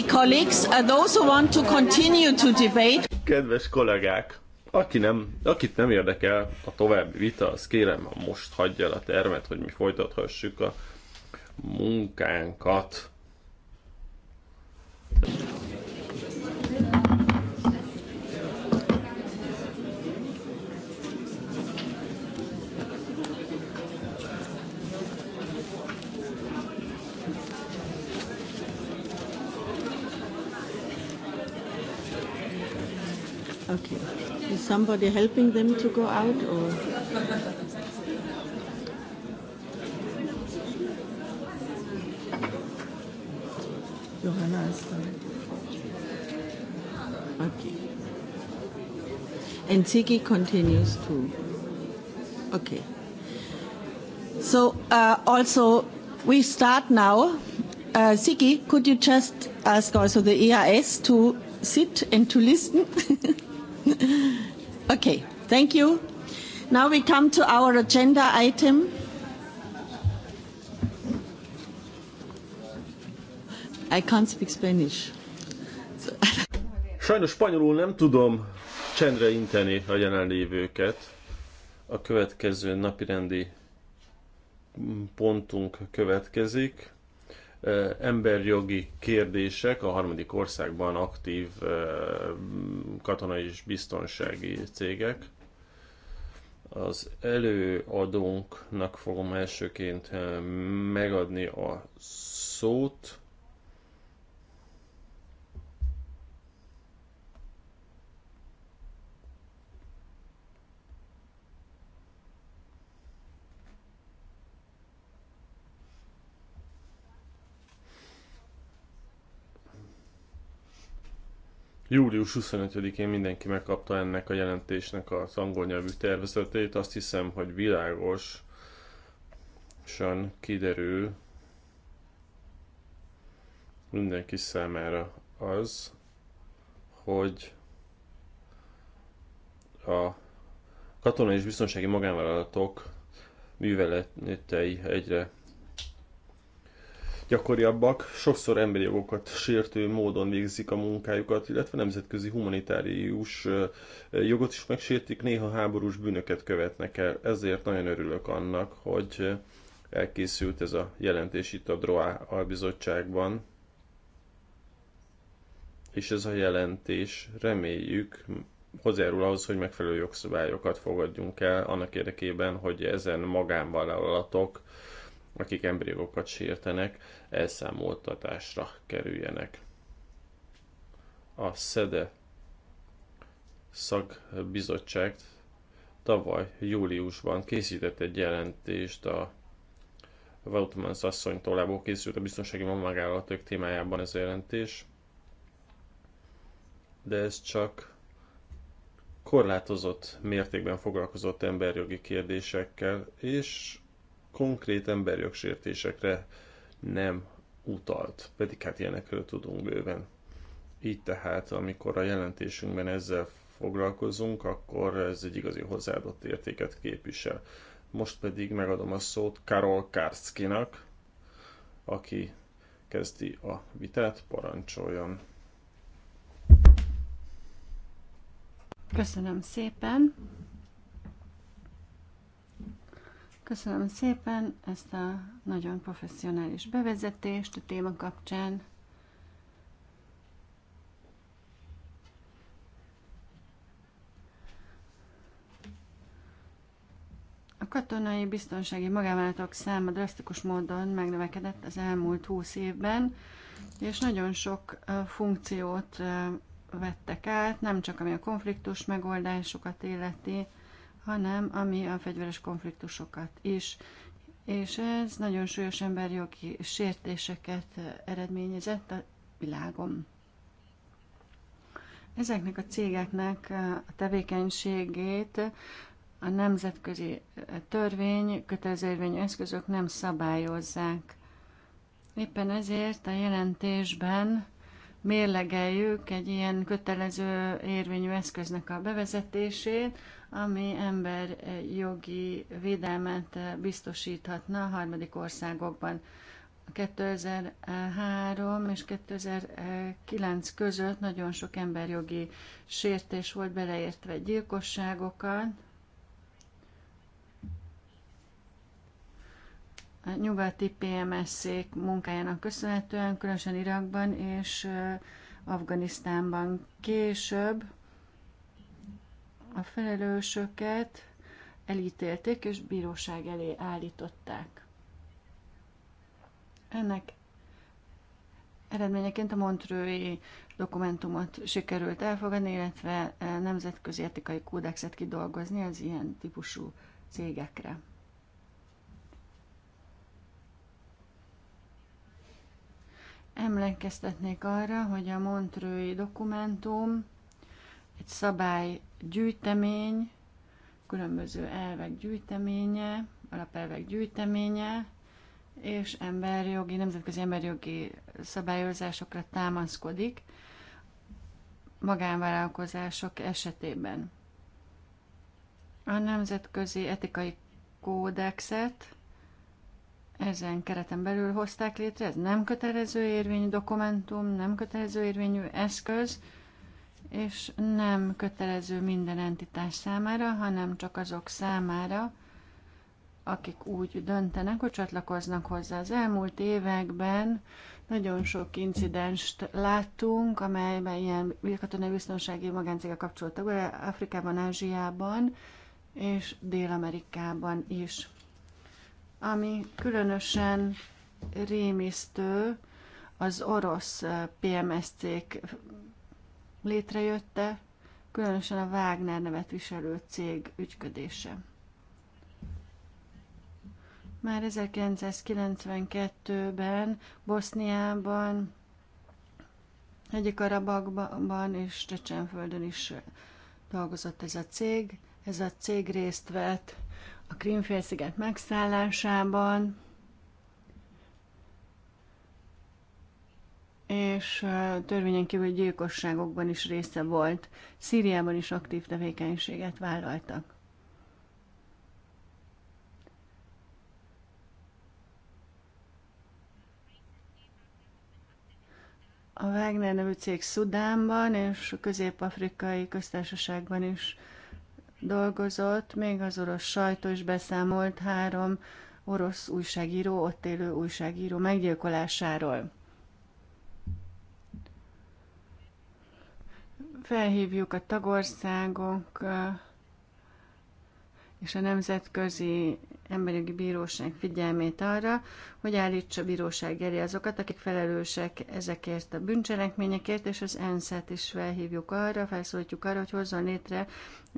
colleagues those who want to continue to debate. Kedves kollégák, aki nem, akit nem érdekel a további vita, az kérem, most hagyja el a termet, hogy mi folytathassuk a munkánkat. Okay. Is somebody helping them to go out or? Johanna is there. Okay. And Ziggy continues to. Okay. So uh, also we start now. Uh, Ziggy, could you just ask also the EIS to sit and to listen? okay, thank you. Now we come to our agenda item. I can't speak Spanish. Sajnos spanyolul nem tudom csendre inteni a jelenlévőket. A következő napirendi pontunk következik emberjogi kérdések a harmadik országban aktív katonai és biztonsági cégek. Az előadónknak fogom elsőként megadni a szót. Július 25-én mindenki megkapta ennek a jelentésnek az angol nyelvű tervezetét. Azt hiszem, hogy világosan kiderül mindenki számára az, hogy a katonai és biztonsági magánvállalatok műveletei egyre gyakoriabbak, sokszor emberi jogokat sértő módon végzik a munkájukat, illetve nemzetközi humanitárius jogot is megsértik, néha háborús bűnöket követnek el. Ezért nagyon örülök annak, hogy elkészült ez a jelentés itt a DROA albizottságban, és ez a jelentés reméljük hozzájárul ahhoz, hogy megfelelő jogszabályokat fogadjunk el annak érdekében, hogy ezen magánvállalatok akik embriókat sértenek, elszámoltatásra kerüljenek. A SZEDE szakbizottság tavaly júliusban készített egy jelentést a Vautmans asszony tollából készült a biztonsági magállalatok témájában ez a jelentés, de ez csak korlátozott mértékben foglalkozott emberjogi kérdésekkel, és konkrét emberjogsértésekre nem utalt, pedig hát ilyenekről tudunk bőven. Így tehát, amikor a jelentésünkben ezzel foglalkozunk, akkor ez egy igazi hozzáadott értéket képvisel. Most pedig megadom a szót Karol Karszkinak, aki kezdi a vitát, parancsoljon. Köszönöm szépen. Köszönöm szépen ezt a nagyon professzionális bevezetést a téma kapcsán. A katonai biztonsági magávállalatok száma drasztikus módon megnövekedett az elmúlt húsz évben, és nagyon sok funkciót vettek át, nem csak ami a konfliktus megoldásokat illeti, hanem ami a fegyveres konfliktusokat is. És ez nagyon súlyos emberjogi sértéseket eredményezett a világon. Ezeknek a cégeknek a tevékenységét a nemzetközi törvény, kötelezővény eszközök nem szabályozzák. Éppen ezért a jelentésben mérlegeljük egy ilyen kötelező érvényű eszköznek a bevezetését, ami ember eh, jogi védelmet eh, biztosíthatna a harmadik országokban. 2003 és 2009 között nagyon sok emberjogi sértés volt, beleértve gyilkosságokat. A nyugati pms ék munkájának köszönhetően, különösen Irakban és eh, Afganisztánban később a felelősöket elítélték és bíróság elé állították. Ennek eredményeként a Montrői dokumentumot sikerült elfogadni, illetve e, nemzetközi etikai kódexet kidolgozni az ilyen típusú cégekre. Emlékeztetnék arra, hogy a Montrői dokumentum egy szabály gyűjtemény, különböző elvek gyűjteménye, alapelvek gyűjteménye, és emberjogi, nemzetközi emberjogi szabályozásokra támaszkodik magánvállalkozások esetében. A nemzetközi etikai kódexet ezen kereten belül hozták létre, ez nem kötelező érvényű dokumentum, nem kötelező érvényű eszköz, és nem kötelező minden entitás számára, hanem csak azok számára, akik úgy döntenek, hogy csatlakoznak hozzá. Az elmúlt években nagyon sok incidenst láttunk, amelyben ilyen katonai biztonsági magáncégek kapcsoltak be, Afrikában, Ázsiában és Dél-Amerikában is. Ami különösen rémisztő, az orosz PMSZ-cég létrejötte, különösen a Wagner nevet viselő cég ügyködése. Már 1992-ben Boszniában, egyik Arabakban és Csecsenföldön is dolgozott ez a cég. Ez a cég részt vett a Krimfélsziget megszállásában, és törvényen kívül gyilkosságokban is része volt. Szíriában is aktív tevékenységet vállaltak. A Wagner nevű cég Szudánban és a Közép-Afrikai Köztársaságban is dolgozott, még az orosz sajtó is beszámolt három orosz újságíró, ott élő újságíró meggyilkolásáról. Felhívjuk a tagországok és a Nemzetközi Emberi Bíróság figyelmét arra, hogy állítsa a bíróság elé azokat, akik felelősek ezekért a bűncselekményekért, és az ENSZ-et is felhívjuk arra, felszólítjuk arra, hogy hozzon létre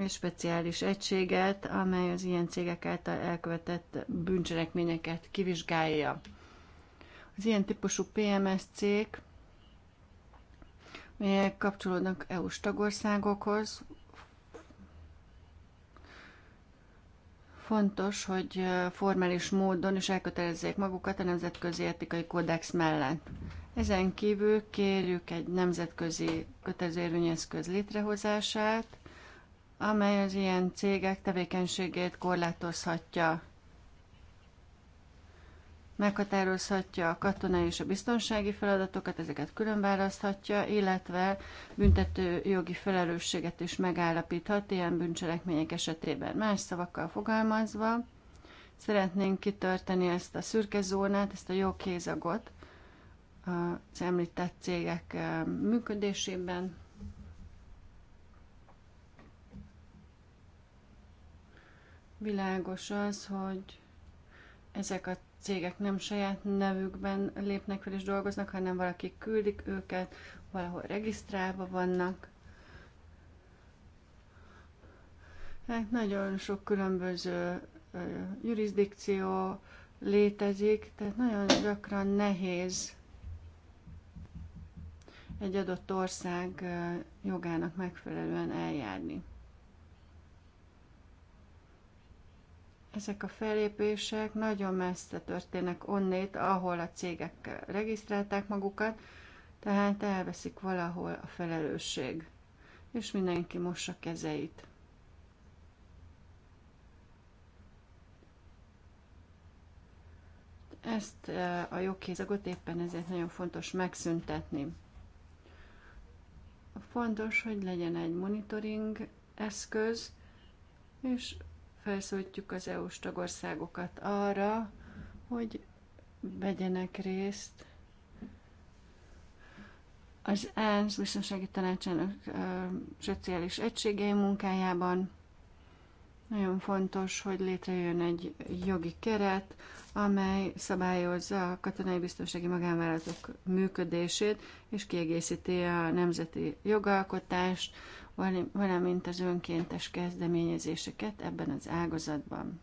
egy speciális egységet, amely az ilyen cégek által elkövetett bűncselekményeket kivizsgálja. Az ilyen típusú PMS cég melyek kapcsolódnak EU-s tagországokhoz. Fontos, hogy formális módon is elkötelezzék magukat a nemzetközi etikai kódex mellett. Ezen kívül kérjük egy nemzetközi kötelező eszköz létrehozását, amely az ilyen cégek tevékenységét korlátozhatja meghatározhatja a katonai és a biztonsági feladatokat, ezeket külön választhatja, illetve büntető jogi felelősséget is megállapíthat ilyen bűncselekmények esetében. Más szavakkal fogalmazva, szeretnénk kitörteni ezt a szürke zónát, ezt a jogkézagot az említett cégek eh, működésében, világos az, hogy ezek a cégek nem saját nevükben lépnek fel és dolgoznak, hanem valaki küldik őket, valahol regisztrálva vannak. Hát nagyon sok különböző jurisdikció létezik, tehát nagyon gyakran nehéz egy adott ország jogának megfelelően eljárni. Ezek a fellépések nagyon messze történnek onnét, ahol a cégek regisztrálták magukat, tehát elveszik valahol a felelősség, és mindenki mossa kezeit. Ezt e, a jogkézagot éppen ezért nagyon fontos megszüntetni. Fontos, hogy legyen egy monitoring eszköz, és felszólítjuk az EU-s tagországokat arra, hogy vegyenek részt az ENSZ biztonsági tanácsának ö, szociális egységei munkájában. Nagyon fontos, hogy létrejön egy jogi keret, amely szabályozza a katonai biztonsági magánvállalatok működését, és kiegészíti a nemzeti jogalkotást, valamint az önkéntes kezdeményezéseket ebben az ágazatban.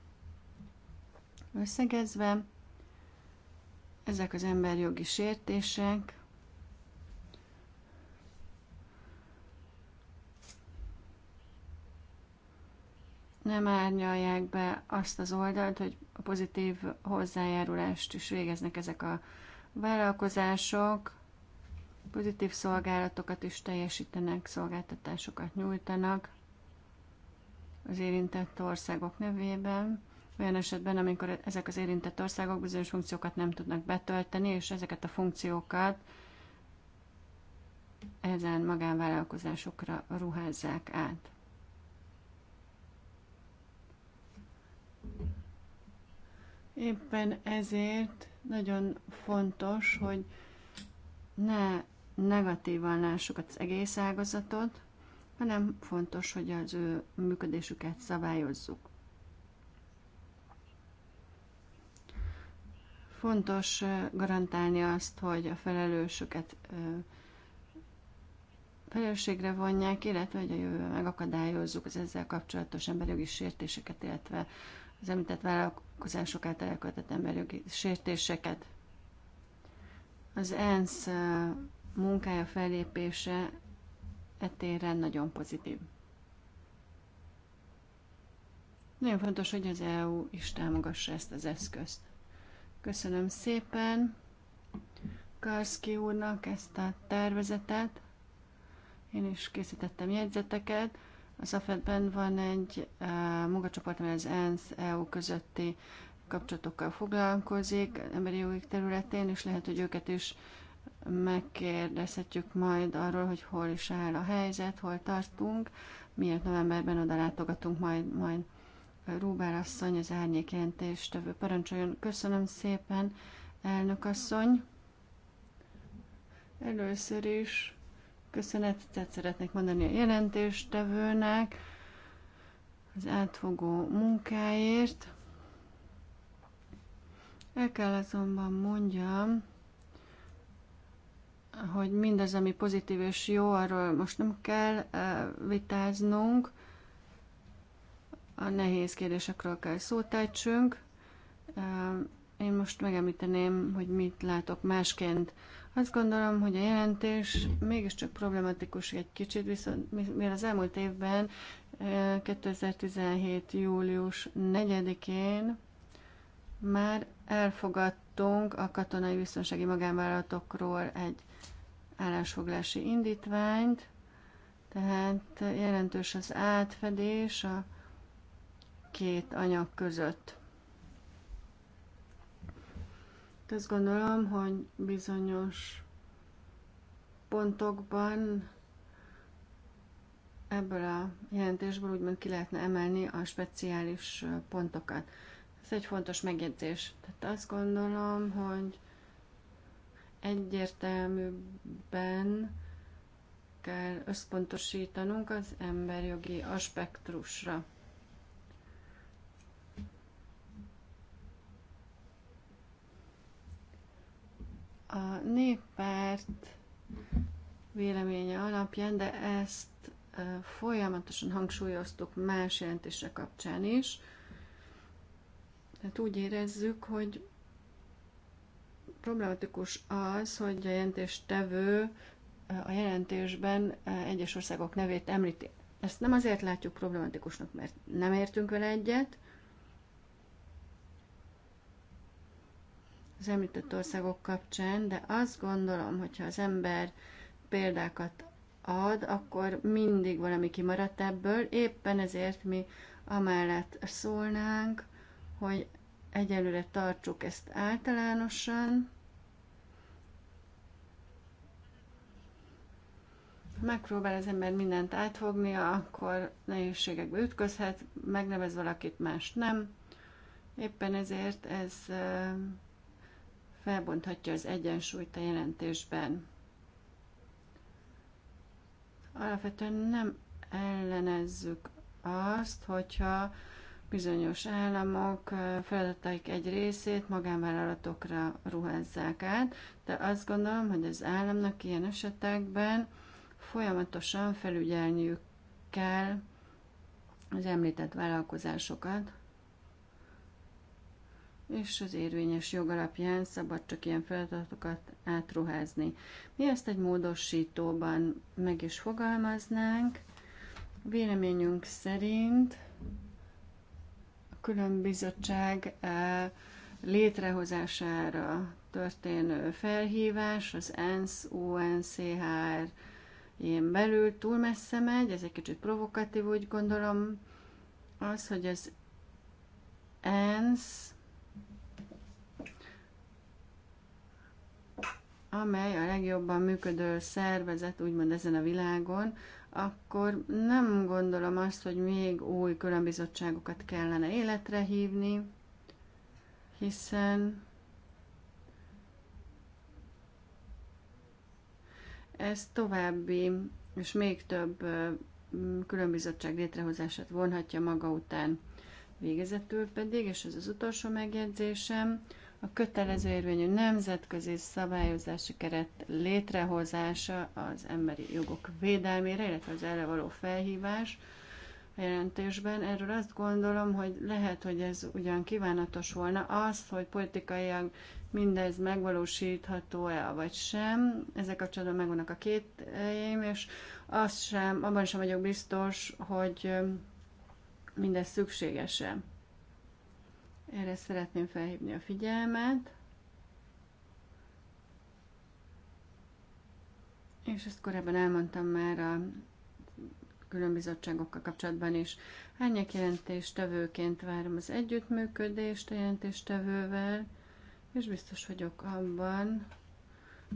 Összegezve, ezek az emberjogi sértések nem árnyalják be azt az oldalt, hogy a pozitív hozzájárulást is végeznek ezek a vállalkozások, pozitív szolgálatokat is teljesítenek, szolgáltatásokat nyújtanak az érintett országok nevében. Olyan esetben, amikor ezek az érintett országok bizonyos funkciókat nem tudnak betölteni, és ezeket a funkciókat ezen magánvállalkozásokra ruházzák át. Éppen ezért nagyon fontos, hogy ne negatívan lássuk az egész ágazatot, hanem fontos, hogy az ő működésüket szabályozzuk. Fontos garantálni azt, hogy a felelősöket felelősségre vonják, illetve hogy a jövőben megakadályozzuk az ezzel kapcsolatos emberjogi sértéseket, illetve az említett vállalkozások által elkövetett emberjogi sértéseket. Az ENSZ munkája, fellépése etéren nagyon pozitív. Nagyon fontos, hogy az EU is támogassa ezt az eszközt. Köszönöm szépen Karszki úrnak ezt a tervezetet. Én is készítettem jegyzeteket. Az afed van egy uh, munkacsoport, amely az ENSZ-EU közötti kapcsolatokkal foglalkozik, emberi jogi területén, és lehet, hogy őket is uh, megkérdezhetjük majd arról, hogy hol is áll a helyzet, hol tartunk, miért novemberben oda látogatunk majd, majd Rúbár asszony, az árnyékjelentés jelentéstevő parancsoljon. Köszönöm szépen, elnök asszony. Először is köszönetet szeretnék mondani a jelentéstevőnek az átfogó munkáért. El kell azonban mondjam, hogy mindaz, ami pozitív és jó, arról most nem kell eh, vitáznunk, a nehéz kérdésekről kell szótájtsünk. Eh, én most megemlíteném, hogy mit látok másként. Azt gondolom, hogy a jelentés mégiscsak problematikus egy kicsit, viszont mivel az elmúlt évben, 2017. Eh, július 4-én már elfogadtunk a katonai biztonsági magánvállalatokról egy állásfoglási indítványt, tehát jelentős az átfedés a két anyag között. Azt gondolom, hogy bizonyos pontokban ebből a jelentésből úgymond ki lehetne emelni a speciális pontokat. Ez egy fontos megjegyzés. Tehát azt gondolom, hogy egyértelműbben kell összpontosítanunk az emberjogi aspektusra. A néppárt véleménye alapján, de ezt folyamatosan hangsúlyoztuk más jelentése kapcsán is. Tehát úgy érezzük, hogy problematikus az, hogy a jelentéstevő a jelentésben eh, egyes országok nevét említi. Ezt nem azért látjuk problematikusnak, mert nem értünk vele egyet. Az említett országok kapcsán, de azt gondolom, hogyha az ember példákat ad, akkor mindig valami kimaradt ebből. Éppen ezért mi amellett szólnánk, hogy Egyelőre tartsuk ezt általánosan. Ha megpróbál az ember mindent átfognia, akkor nehézségekbe ütközhet, megnevez valakit, más nem. Éppen ezért ez felbonthatja az egyensúlyt a jelentésben. Alapvetően nem ellenezzük azt, hogyha bizonyos államok feladataik egy részét magánvállalatokra ruházzák át, de azt gondolom, hogy az államnak ilyen esetekben folyamatosan felügyelniük kell az említett vállalkozásokat, és az érvényes jog alapján szabad csak ilyen feladatokat átruházni. Mi ezt egy módosítóban meg is fogalmaznánk. Véleményünk szerint különbizottság eh, létrehozására történő felhívás az ENSZ, UNCHR én belül túl messze megy, ez egy kicsit provokatív, úgy gondolom, az, hogy az ENSZ, amely a legjobban működő szervezet, úgymond ezen a világon, akkor nem gondolom azt, hogy még új különbizottságokat kellene életre hívni, hiszen ez további és még több különbizottság létrehozását vonhatja maga után. Végezetül pedig, és ez az utolsó megjegyzésem, a kötelező érvényű nemzetközi szabályozási keret létrehozása az emberi jogok védelmére, illetve az erre való felhívás a jelentésben. Erről azt gondolom, hogy lehet, hogy ez ugyan kívánatos volna az, hogy politikaiak mindez megvalósítható-e, vagy sem. Ezek kapcsolatban megvannak a két kételjeim, és azt sem, abban sem vagyok biztos, hogy mindez szükséges-e. Erre szeretném felhívni a figyelmet. És ezt korábban elmondtam már a különbizottságokkal kapcsolatban is. Hányak jelentéstevőként várom az együttműködést a jelentéstevővel, és biztos vagyok abban,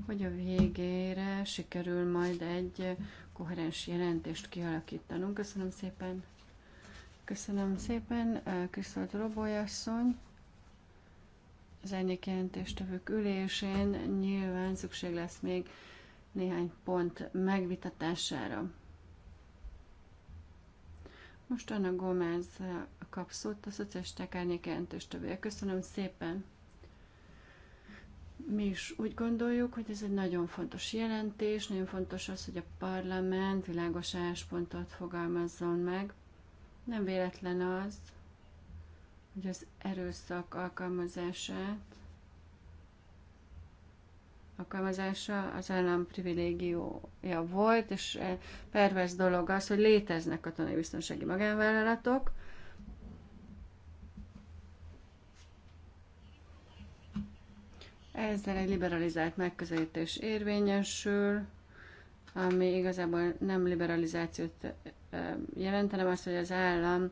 hogy a végére sikerül majd egy koherens jelentést kialakítanunk. Köszönöm szépen! Köszönöm szépen, eh, Krisztolt Robolyasszony. Az ennyi jelentéstevők ülésén nyilván szükség lesz még néhány pont megvitatására. Most Anna Gomez eh, kap szót, a szociálisták árnyék jelentéstevője. Köszönöm szépen! Mi is úgy gondoljuk, hogy ez egy nagyon fontos jelentés, nagyon fontos az, hogy a parlament világos álláspontot fogalmazzon meg nem véletlen az, hogy az erőszak alkalmazását alkalmazása az állam privilégiója volt, és eh, pervers dolog az, hogy léteznek katonai biztonsági magánvállalatok, Ezzel egy liberalizált megközelítés érvényesül, ami igazából nem liberalizációt jelentenem azt, hogy az állam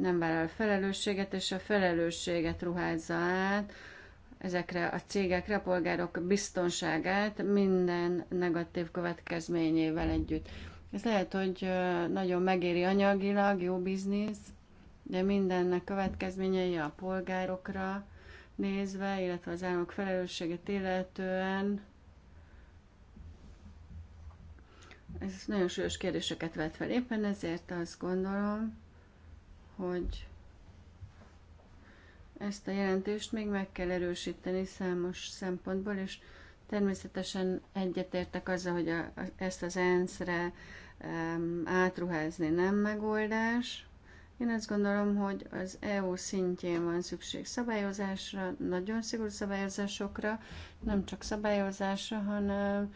nem vállal felelősséget, és a felelősséget ruházza át ezekre a cégekre, a polgárok biztonságát minden negatív következményével együtt. Ez lehet, hogy nagyon megéri anyagilag, jó biznisz, de mindennek következményei a polgárokra nézve, illetve az államok felelősséget illetően Ez nagyon súlyos kérdéseket vet fel. Éppen ezért azt gondolom, hogy ezt a jelentést még meg kell erősíteni számos szempontból, és természetesen egyetértek azzal, hogy a, a, ezt az ENSZ-re um, átruházni nem megoldás. Én azt gondolom, hogy az EU szintjén van szükség szabályozásra, nagyon szigorú szabályozásokra, nem csak szabályozásra, hanem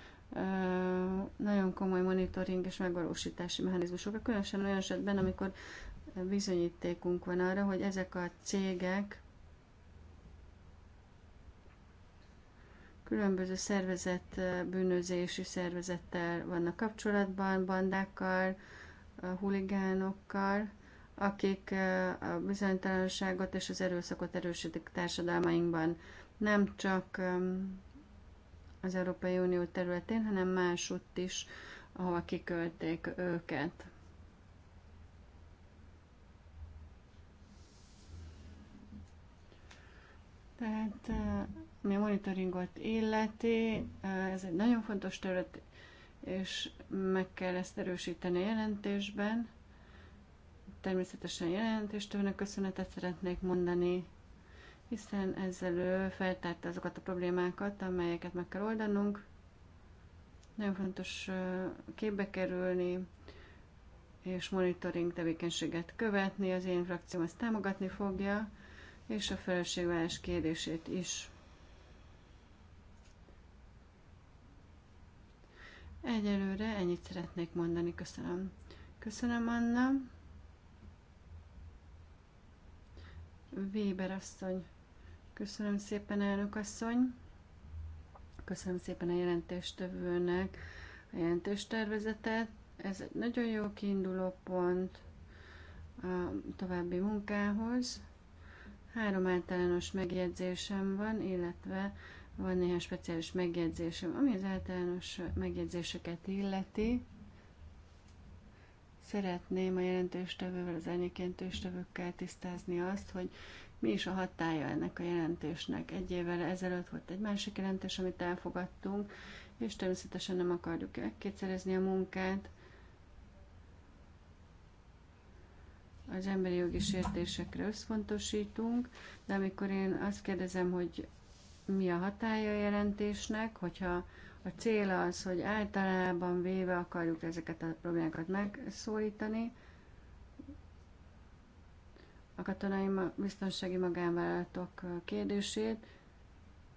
nagyon komoly monitoring és megvalósítási mechanizmusokra, különösen olyan esetben, amikor bizonyítékunk van arra, hogy ezek a cégek különböző szervezet bűnözési szervezettel vannak kapcsolatban, bandákkal, huligánokkal, akik a bizonytalanságot és az erőszakot erősítik társadalmainkban. Nem csak az Európai Unió területén, hanem másutt is, ahova kikölték őket. Tehát mi a monitoringot illeti, ez egy nagyon fontos terület, és meg kell ezt erősíteni a jelentésben. Természetesen jelentéstőnek köszönetet szeretnék mondani hiszen ezzel ő feltárta azokat a problémákat, amelyeket meg kell oldanunk. Nagyon fontos képbe kerülni, és monitoring tevékenységet követni. Az én frakcióm ezt támogatni fogja, és a felelősségvállás kérdését is. Egyelőre ennyit szeretnék mondani. Köszönöm. Köszönöm, Anna. Weber asszony. Köszönöm szépen, elnök asszony. Köszönöm szépen a jelentéstevőnek a jelentéstervezetet. Ez egy nagyon jó kiinduló pont a további munkához. Három általános megjegyzésem van, illetve van néhány speciális megjegyzésem, ami az általános megjegyzéseket illeti. Szeretném a jelentéstevővel, az elnyékjelentéstevőkkel tisztázni azt, hogy mi is a hatája ennek a jelentésnek? Egy évvel ezelőtt volt egy másik jelentés, amit elfogadtunk, és természetesen nem akarjuk elkétszerezni a munkát. Az emberi jogi sértésekre összpontosítunk, de amikor én azt kérdezem, hogy mi a hatája a jelentésnek, hogyha a cél az, hogy általában véve akarjuk ezeket a problémákat megszólítani, a katonai biztonsági magánvállalatok kérdését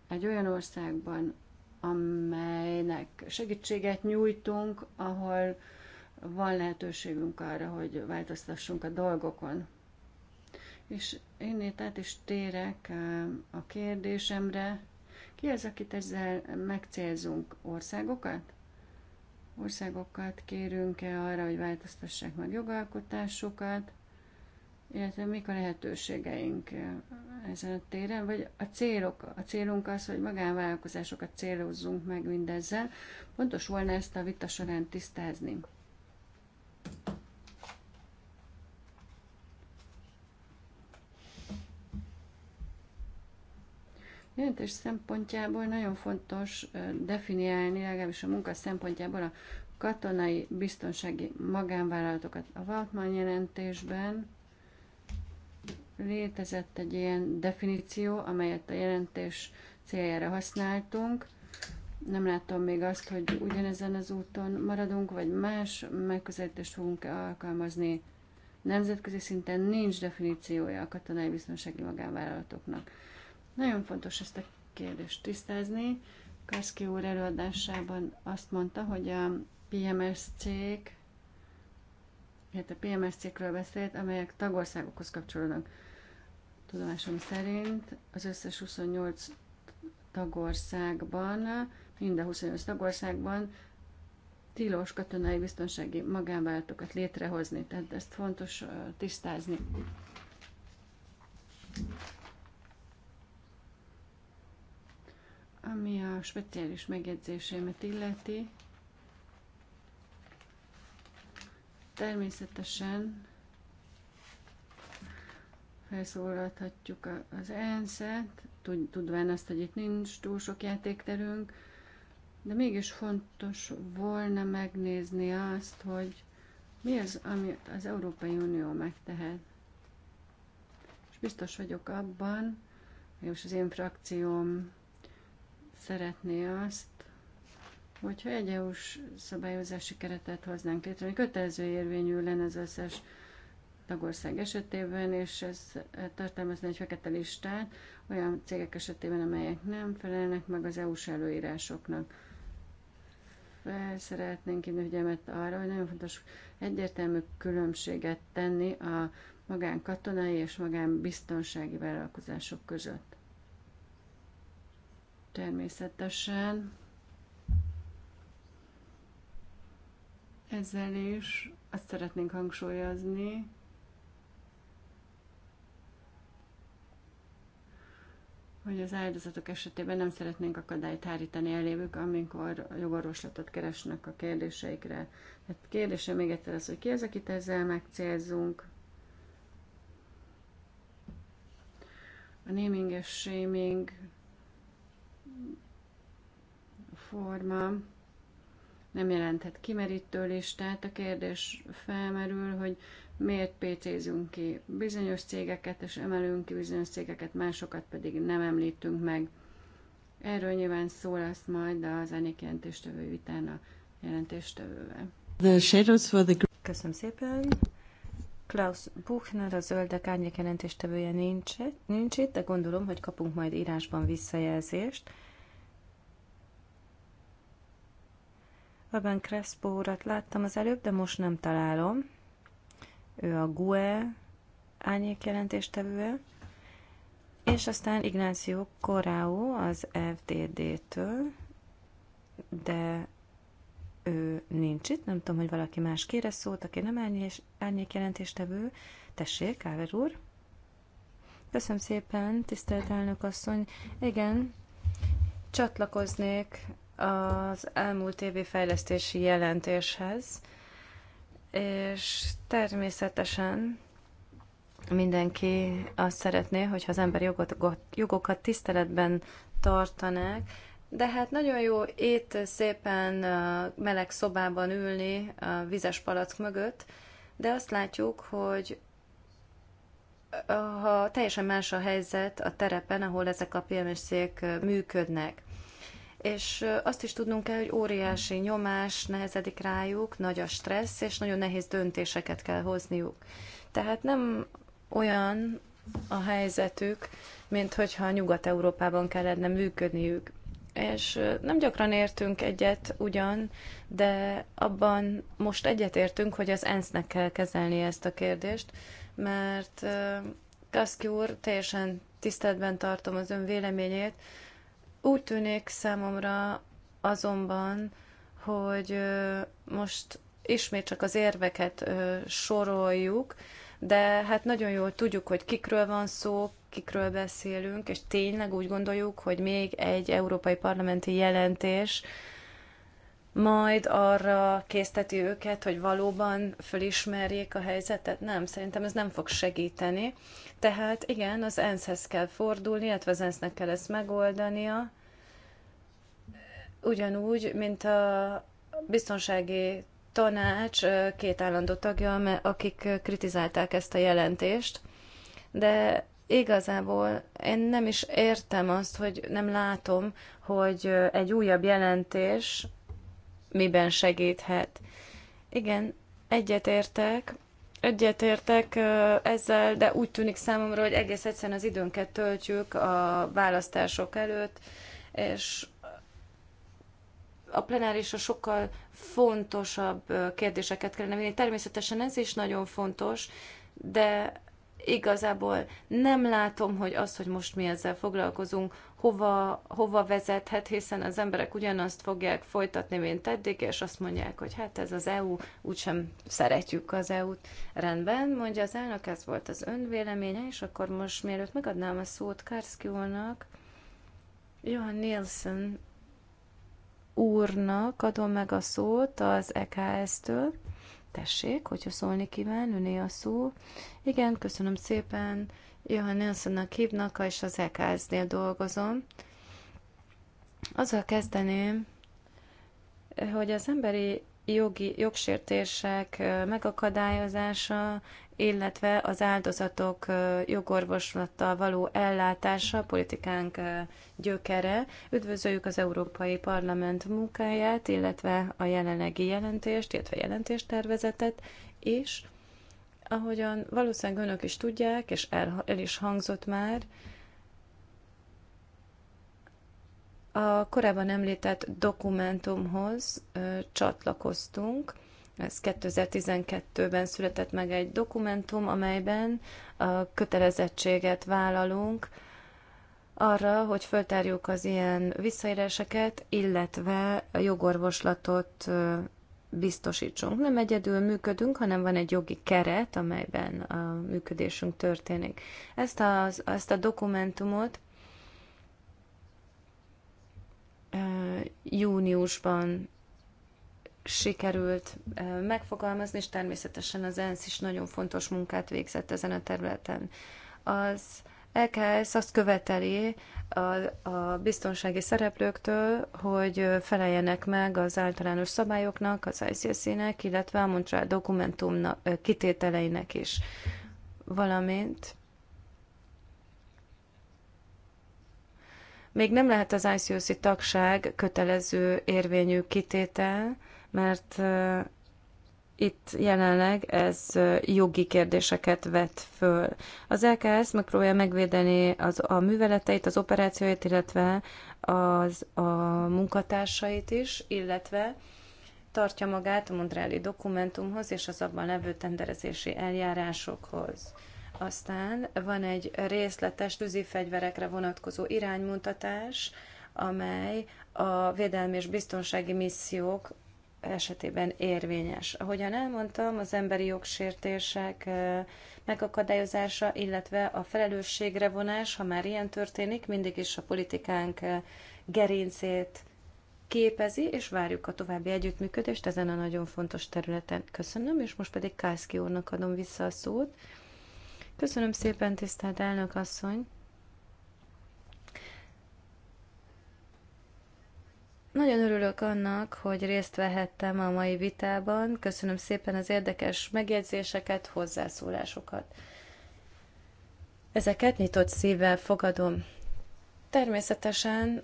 egy olyan országban, amelynek segítséget nyújtunk, ahol van lehetőségünk arra, hogy változtassunk a dolgokon. És én át is térek a kérdésemre, ki az, akit ezzel megcélzunk? Országokat? Országokat kérünk-e arra, hogy változtassák meg jogalkotásukat? illetve mik a lehetőségeink eh, ezen a téren, vagy a célok, a célunk az, hogy magánvállalkozásokat célozzunk meg mindezzel. Pontos volna ezt a vita során tisztázni. Jelentés szempontjából nagyon fontos eh, definiálni, legalábbis a munka szempontjából a katonai biztonsági magánvállalatokat. A Waltman jelentésben létezett egy ilyen definíció, amelyet a jelentés céljára használtunk. Nem látom még azt, hogy ugyanezen az úton maradunk, vagy más megközelítést fogunk alkalmazni. Nemzetközi szinten nincs definíciója a katonai biztonsági magánvállalatoknak. Nagyon fontos ezt a kérdést tisztázni. Kaszki úr előadásában azt mondta, hogy a PMS cég, hát a PMS cégről beszélt, amelyek tagországokhoz kapcsolódnak tudomásom szerint az összes 28 tagországban, minden 28 tagországban tilos katonai biztonsági magánvállalatokat létrehozni. Tehát ezt fontos tisztázni. Ami a speciális megjegyzésémet illeti, természetesen felszólalhatjuk az ENSZ-et, tudván azt, hogy itt nincs túl sok játékterünk, de mégis fontos volna megnézni azt, hogy mi az, amit az Európai Unió megtehet. És biztos vagyok abban, hogy most az én frakcióm szeretné azt, hogyha egy EU-s szabályozási keretet hoznánk létre, hogy kötelező érvényű lenne az összes tagország esetében, és ez eh, tartalmazna egy fekete listát olyan cégek esetében, amelyek nem felelnek meg az EU-s előírásoknak. Fel szeretnénk hívni figyelmet arra, hogy nagyon fontos egyértelmű különbséget tenni a magán katonai és magán biztonsági vállalkozások között. Természetesen ezzel is azt szeretnénk hangsúlyozni, hogy az áldozatok esetében nem szeretnénk akadályt hárítani elévük, amikor jogorvoslatot keresnek a kérdéseikre. Hát kérdése még egyszer az, hogy ki az, akit ezzel megcélzunk. A naming és shaming forma nem jelenthet kimerítő listát. A kérdés felmerül, hogy miért PC-zünk ki bizonyos cégeket, és emelünk ki bizonyos cégeket, másokat pedig nem említünk meg. Erről nyilván szó lesz majd az ennek jelentéstevő vitán a jelentéstevővel. The Köszönöm szépen. Klaus Buchner, a zöldek árnyék jelentéstevője nincs, e- nincs itt, de gondolom, hogy kapunk majd írásban visszajelzést. Abban Crespo urat láttam az előbb, de most nem találom ő a GUE árnyék jelentéstevője, és aztán Ignácio Corrao az FDD-től, de ő nincs itt, nem tudom, hogy valaki más kére szót, aki nem árnyék jelentéstevő. Tessék, Áver úr! Köszönöm szépen, tisztelt elnök asszony. Igen, csatlakoznék az elmúlt évi fejlesztési jelentéshez és természetesen mindenki azt szeretné, hogyha az ember jogot, jogokat tiszteletben tartanák, de hát nagyon jó itt szépen meleg szobában ülni a vizes palack mögött, de azt látjuk, hogy ha teljesen más a helyzet a terepen, ahol ezek a pms működnek és azt is tudnunk kell, hogy óriási nyomás nehezedik rájuk, nagy a stressz, és nagyon nehéz döntéseket kell hozniuk. Tehát nem olyan a helyzetük, mint hogyha Nyugat-Európában kellene működniük. És nem gyakran értünk egyet ugyan, de abban most egyetértünk, hogy az ENSZ-nek kell kezelni ezt a kérdést, mert Kaszki úr, teljesen tiszteletben tartom az ön véleményét, úgy tűnik számomra azonban, hogy most ismét csak az érveket soroljuk, de hát nagyon jól tudjuk, hogy kikről van szó, kikről beszélünk, és tényleg úgy gondoljuk, hogy még egy európai parlamenti jelentés majd arra készteti őket, hogy valóban fölismerjék a helyzetet? Nem, szerintem ez nem fog segíteni. Tehát igen, az ENSZ-hez kell fordulni, illetve az ensz kell ezt megoldania, ugyanúgy, mint a biztonsági tanács két állandó tagja, akik kritizálták ezt a jelentést, de igazából én nem is értem azt, hogy nem látom, hogy egy újabb jelentés miben segíthet. Igen, egyetértek, egyetértek ezzel, de úgy tűnik számomra, hogy egész egyszerűen az időnket töltjük a választások előtt, és a plenáris a sokkal fontosabb kérdéseket kellene vinni. Természetesen ez is nagyon fontos, de igazából nem látom, hogy az, hogy most mi ezzel foglalkozunk, hova, hova vezethet, hiszen az emberek ugyanazt fogják folytatni, mint eddig, és azt mondják, hogy hát ez az EU, úgysem szeretjük az EU-t. Rendben, mondja az elnök, ez volt az önvéleménye, és akkor most mielőtt megadnám a szót Karski úrnak, Johan Nielsen úrnak adom meg a szót az EKS-től. Tessék, hogyha szólni kíván, öné a szó. Igen, köszönöm szépen. Johannelsonnak hívnak, és az EKS-nél dolgozom. Azzal kezdeném, hogy az emberi jogi jogsértések megakadályozása, illetve az áldozatok jogorvoslattal való ellátása a politikánk gyökere. Üdvözöljük az Európai Parlament munkáját, illetve a jelenlegi jelentést, illetve jelentéstervezetet, és Ahogyan valószínűleg önök is tudják, és el, el is hangzott már, a korábban említett dokumentumhoz ö, csatlakoztunk. Ez 2012-ben született meg egy dokumentum, amelyben a kötelezettséget vállalunk arra, hogy föltárjuk az ilyen visszaéréseket, illetve a jogorvoslatot biztosítsunk. Nem egyedül működünk, hanem van egy jogi keret, amelyben a működésünk történik. Ezt, az, ezt a dokumentumot júniusban sikerült megfogalmazni, és természetesen az ENSZ is nagyon fontos munkát végzett ezen a területen. Az LKS azt követeli, a, a biztonsági szereplőktől, hogy feleljenek meg az általános szabályoknak, az ICSZ-nek, illetve a Montreal dokumentum kitételeinek is, valamint Még nem lehet az ICOC tagság kötelező érvényű kitétel, mert itt jelenleg ez jogi kérdéseket vet föl. Az LKS megpróbálja megvédeni az, a műveleteit, az operációit, illetve az, a munkatársait is, illetve tartja magát a Montreali dokumentumhoz és az abban levő tenderezési eljárásokhoz. Aztán van egy részletes tűzifegyverekre vonatkozó iránymutatás, amely a védelmi és biztonsági missziók esetében érvényes. Ahogyan elmondtam, az emberi jogsértések megakadályozása, illetve a felelősségre vonás, ha már ilyen történik, mindig is a politikánk gerincét képezi, és várjuk a további együttműködést ezen a nagyon fontos területen. Köszönöm, és most pedig Kászki úrnak adom vissza a szót. Köszönöm szépen, tisztelt elnök asszony! Nagyon örülök annak, hogy részt vehettem a mai vitában. Köszönöm szépen az érdekes megjegyzéseket, hozzászólásokat. Ezeket nyitott szívvel fogadom. Természetesen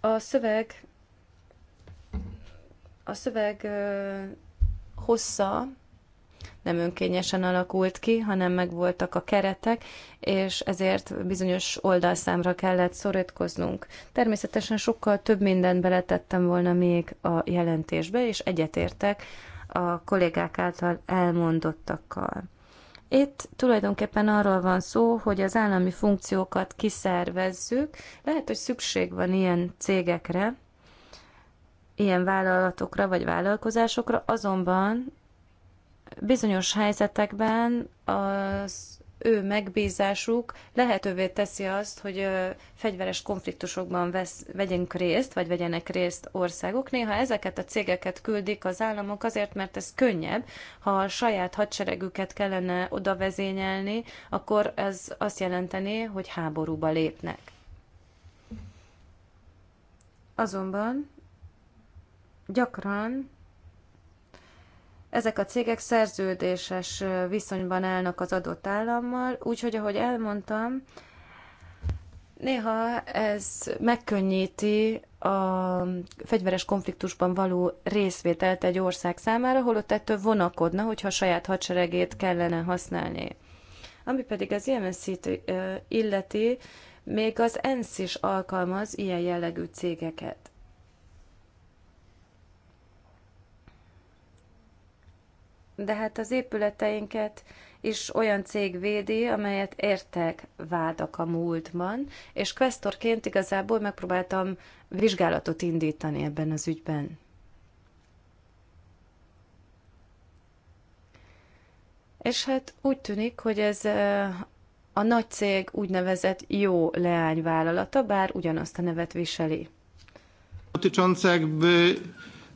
a szöveg a szöveg hossza nem önkényesen alakult ki, hanem megvoltak a keretek, és ezért bizonyos oldalszámra kellett szorítkoznunk. Természetesen sokkal több mindent beletettem volna még a jelentésbe, és egyetértek a kollégák által elmondottakkal. Itt tulajdonképpen arról van szó, hogy az állami funkciókat kiszervezzük. Lehet, hogy szükség van ilyen cégekre, ilyen vállalatokra vagy vállalkozásokra, azonban Bizonyos helyzetekben az ő megbízásuk lehetővé teszi azt, hogy fegyveres konfliktusokban vesz, vegyünk részt, vagy vegyenek részt országok. Néha ezeket a cégeket küldik az államok azért, mert ez könnyebb. Ha a saját hadseregüket kellene oda vezényelni, akkor ez azt jelenteni, hogy háborúba lépnek. Azonban gyakran ezek a cégek szerződéses viszonyban állnak az adott állammal, úgyhogy, ahogy elmondtam, néha ez megkönnyíti a fegyveres konfliktusban való részvételt egy ország számára, holott ettől vonakodna, hogyha a saját hadseregét kellene használni. Ami pedig az IMSZ-t illeti, még az ENSZ is alkalmaz ilyen jellegű cégeket. de hát az épületeinket is olyan cég védi, amelyet értek vádak a múltban, és questorként igazából megpróbáltam vizsgálatot indítani ebben az ügyben. És hát úgy tűnik, hogy ez a nagy cég úgynevezett jó leányvállalata, bár ugyanazt a nevet viseli. Dotyczące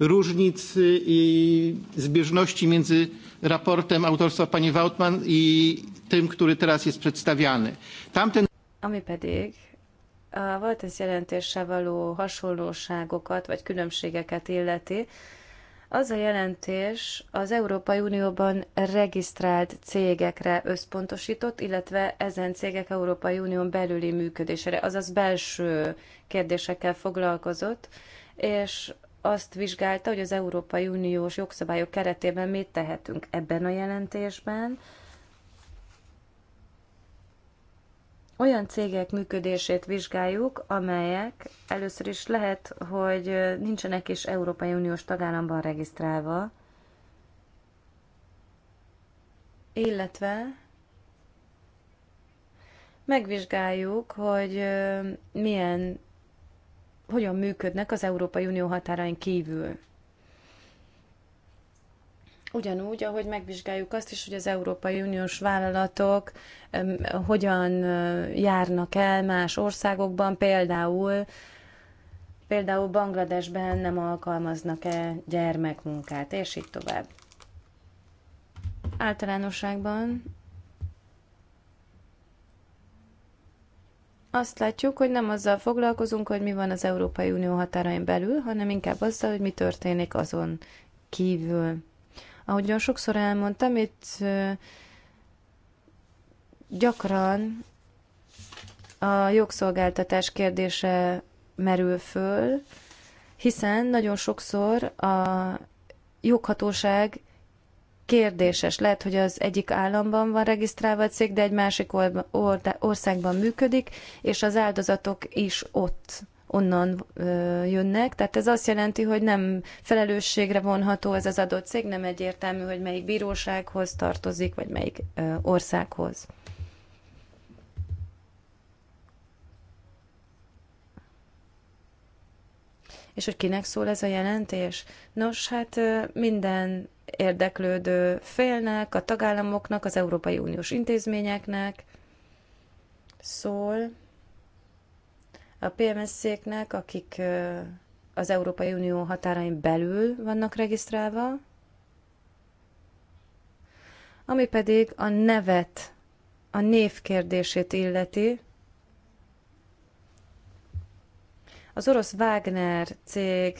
różnic i zbieżności między raportem autorstwa pani Wautman i tym, który teraz jest przedstawiany. Tamten... Ami pedig a Walters jelentéssel való hasonlóságokat vagy különbségeket illeti, az a jelentés az Európai Unióban regisztrált cégekre összpontosított, illetve ezen cégek Európai Unión belüli működésére, azaz belső kérdésekkel foglalkozott, és azt vizsgálta, hogy az Európai Uniós jogszabályok keretében mit tehetünk ebben a jelentésben. Olyan cégek működését vizsgáljuk, amelyek először is lehet, hogy nincsenek is Európai Uniós tagállamban regisztrálva, illetve megvizsgáljuk, hogy milyen hogyan működnek az Európai Unió határain kívül. Ugyanúgy, ahogy megvizsgáljuk azt is, hogy az Európai Uniós vállalatok hogyan járnak el más országokban, például például Bangladesben nem alkalmaznak-e gyermekmunkát, és így tovább. Általánosságban azt látjuk, hogy nem azzal foglalkozunk, hogy mi van az Európai Unió határain belül, hanem inkább azzal, hogy mi történik azon kívül. Ahogyan sokszor elmondtam, itt gyakran a jogszolgáltatás kérdése merül föl, hiszen nagyon sokszor a joghatóság kérdéses. Lehet, hogy az egyik államban van regisztrálva a cég, de egy másik or- or- országban működik, és az áldozatok is ott onnan ö, jönnek. Tehát ez azt jelenti, hogy nem felelősségre vonható ez az adott cég, nem egyértelmű, hogy melyik bírósághoz tartozik, vagy melyik ö, országhoz. És hogy kinek szól ez a jelentés? Nos, hát minden érdeklődő félnek, a tagállamoknak, az Európai Uniós intézményeknek szól, a PMS-széknek, akik az Európai Unió határain belül vannak regisztrálva, ami pedig a nevet, a név kérdését illeti. Az orosz Wagner cég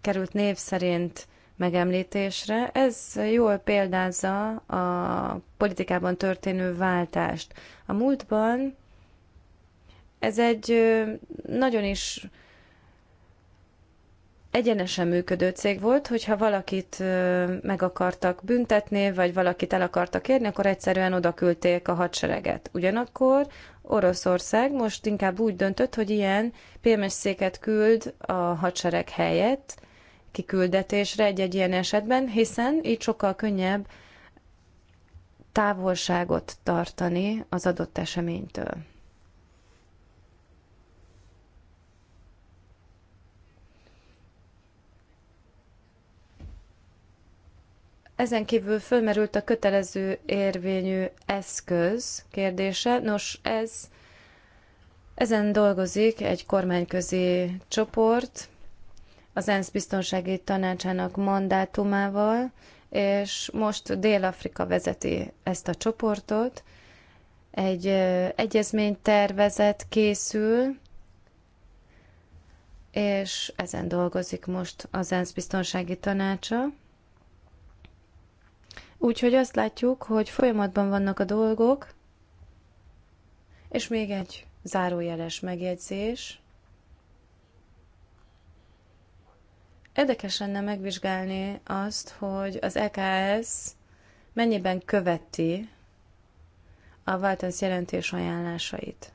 került név szerint megemlítésre. Ez jól példázza a politikában történő váltást. A múltban ez egy nagyon is egyenesen működő cég volt, hogyha valakit meg akartak büntetni, vagy valakit el akartak érni, akkor egyszerűen oda küldték a hadsereget. Ugyanakkor Oroszország most inkább úgy döntött, hogy ilyen széket küld a hadsereg helyett, kiküldetésre egy-egy ilyen esetben, hiszen így sokkal könnyebb távolságot tartani az adott eseménytől. Ezen kívül fölmerült a kötelező érvényű eszköz kérdése. Nos, ez ezen dolgozik egy kormányközi csoport, az ENSZ biztonsági tanácsának mandátumával, és most Dél-Afrika vezeti ezt a csoportot. Egy egyezménytervezet készül, és ezen dolgozik most az ENSZ biztonsági tanácsa. Úgyhogy azt látjuk, hogy folyamatban vannak a dolgok, és még egy zárójeles megjegyzés – Érdekes lenne megvizsgálni azt, hogy az EKS mennyiben követi a Valtens jelentés ajánlásait.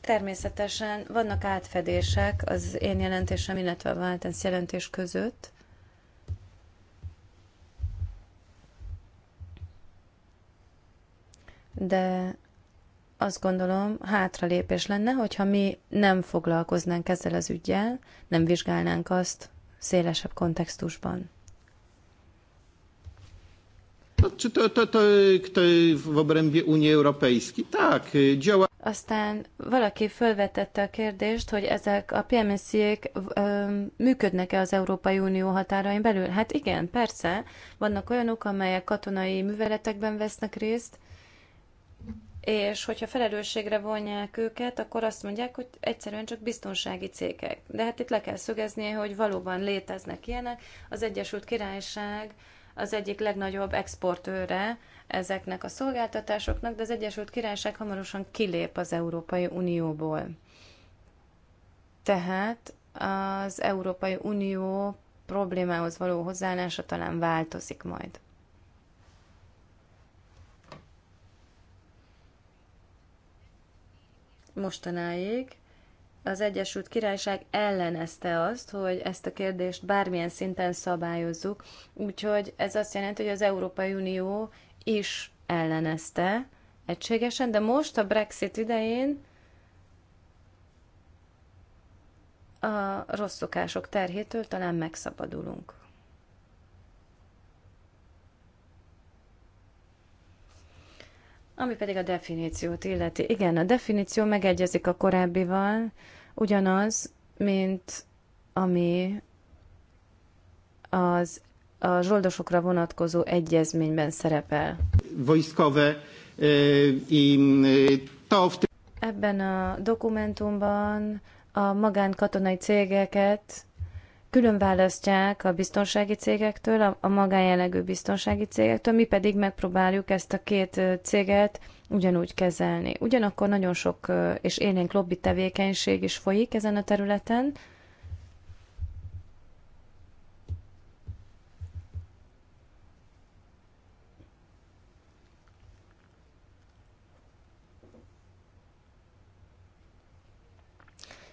Természetesen vannak átfedések az én jelentésem, illetve a Valtens jelentés között. De azt gondolom, hátralépés lenne, hogyha mi nem foglalkoznánk ezzel az ügyjel, nem vizsgálnánk azt szélesebb kontextusban. No, czy to, to, to, Tak, działa. Aztán valaki felvetette a kérdést, hogy ezek a pms működnek-e az Európai Unió határain belül? Hát igen, persze. Vannak olyanok, amelyek katonai műveletekben vesznek részt, és hogyha felelősségre vonják őket, akkor azt mondják, hogy egyszerűen csak biztonsági cégek. De hát itt le kell szögezni, hogy valóban léteznek ilyenek. Az Egyesült Királyság az egyik legnagyobb exportőre ezeknek a szolgáltatásoknak, de az Egyesült Királyság hamarosan kilép az Európai Unióból. Tehát az Európai Unió problémához való hozzáállása talán változik majd. mostanáig az Egyesült Királyság ellenezte azt, hogy ezt a kérdést bármilyen szinten szabályozzuk, úgyhogy ez azt jelenti, hogy az Európai Unió is ellenezte egységesen, de most a Brexit idején a rossz szokások terhétől talán megszabadulunk. Ami pedig a definíciót illeti. Igen, a definíció megegyezik a korábbival, ugyanaz, mint ami az a zsoldosokra vonatkozó egyezményben szerepel. Wojskowe, e, e, Ebben a dokumentumban a magánkatonai cégeket külön választják a biztonsági cégektől, a, a magánjellegű biztonsági cégektől, mi pedig megpróbáljuk ezt a két céget ugyanúgy kezelni. Ugyanakkor nagyon sok és élénk lobby tevékenység is folyik ezen a területen,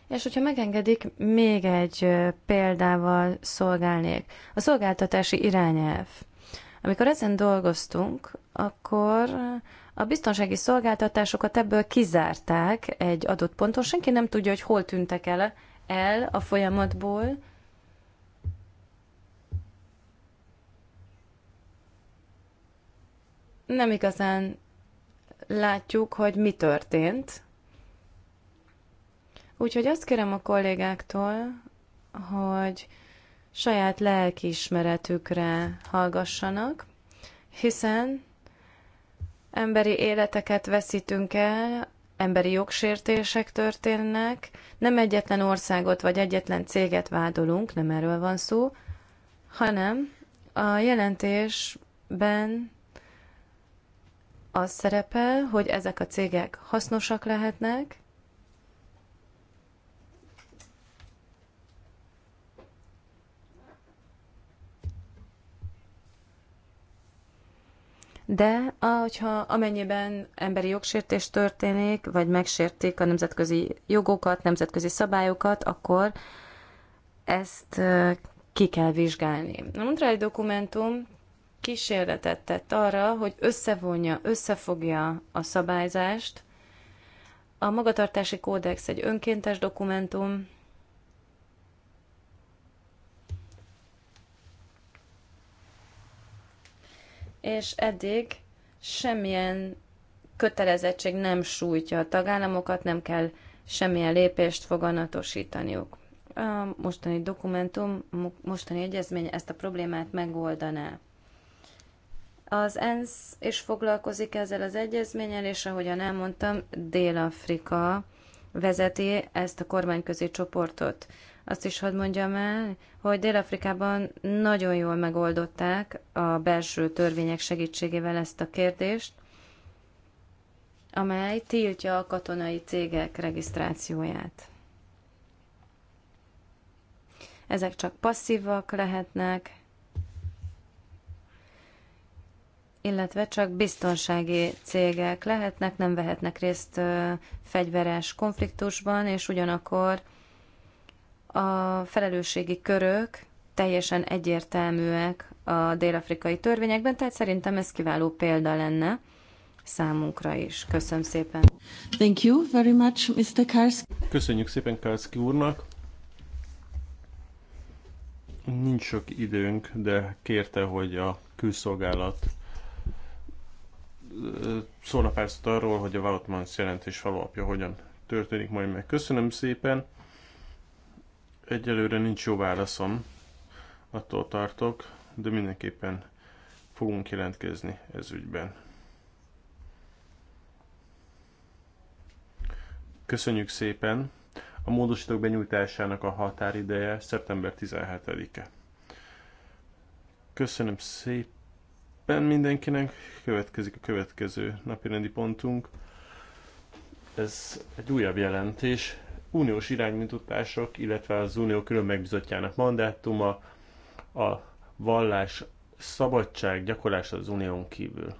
És hogyha megengedik, még egy példával szolgálnék. A szolgáltatási irányelv. Amikor ezen dolgoztunk, akkor a biztonsági szolgáltatásokat ebből kizárták egy adott ponton. Senki nem tudja, hogy hol tűntek el, el a folyamatból. Nem igazán látjuk, hogy mi történt Úgyhogy azt kérem a kollégáktól, hogy saját lelkiismeretükre hallgassanak, hiszen emberi életeket veszítünk el, emberi jogsértések történnek, nem egyetlen országot vagy egyetlen céget vádolunk, nem erről van szó, hanem a jelentésben az szerepel, hogy ezek a cégek hasznosak lehetnek, de hogyha amennyiben emberi jogsértés történik, vagy megsértik a nemzetközi jogokat, nemzetközi szabályokat, akkor ezt ki kell vizsgálni. A Montreali dokumentum kísérletet tett arra, hogy összevonja, összefogja a szabályzást. A magatartási kódex egy önkéntes dokumentum, és eddig semmilyen kötelezettség nem sújtja a tagállamokat, nem kell semmilyen lépést foganatosítaniuk. A mostani dokumentum, mostani egyezmény ezt a problémát megoldaná. Az ENSZ is foglalkozik ezzel az egyezménnyel, és ahogyan elmondtam, Dél-Afrika vezeti ezt a kormányközi csoportot. Azt is hadd mondjam el, hogy Dél-Afrikában nagyon jól megoldották a belső törvények segítségével ezt a kérdést, amely tiltja a katonai cégek regisztrációját. Ezek csak passzívak lehetnek, illetve csak biztonsági cégek lehetnek, nem vehetnek részt fegyveres konfliktusban, és ugyanakkor a felelősségi körök teljesen egyértelműek a dél-afrikai törvényekben, tehát szerintem ez kiváló példa lenne számunkra is. Köszönöm szépen. Thank you very much, Mr. Karski. Köszönjük szépen Karski úrnak. Nincs sok időnk, de kérte, hogy a külszolgálat szólna pár arról, hogy a Vautmans jelentés valóapja hogyan történik majd meg. Köszönöm szépen. Egyelőre nincs jó válaszom, attól tartok, de mindenképpen fogunk jelentkezni ez ügyben. Köszönjük szépen! A módosítók benyújtásának a határideje szeptember 17-e. Köszönöm szépen mindenkinek, következik a következő napirendi pontunk. Ez egy újabb jelentés, uniós iránymutatások, illetve az unió külön megbizotjának mandátuma, a vallás szabadság gyakorlása az unión kívül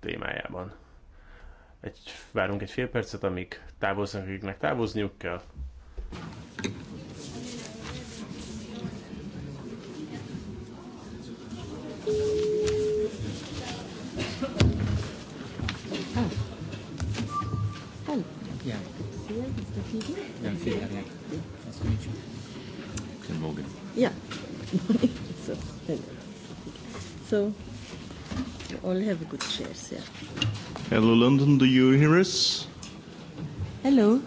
témájában. Egy, várunk egy fél percet, amíg távoznak, akiknek távozniuk kell. Thank you. so, hello. you all have good chairs, yeah. Hello, London. Do you hear us? Hello.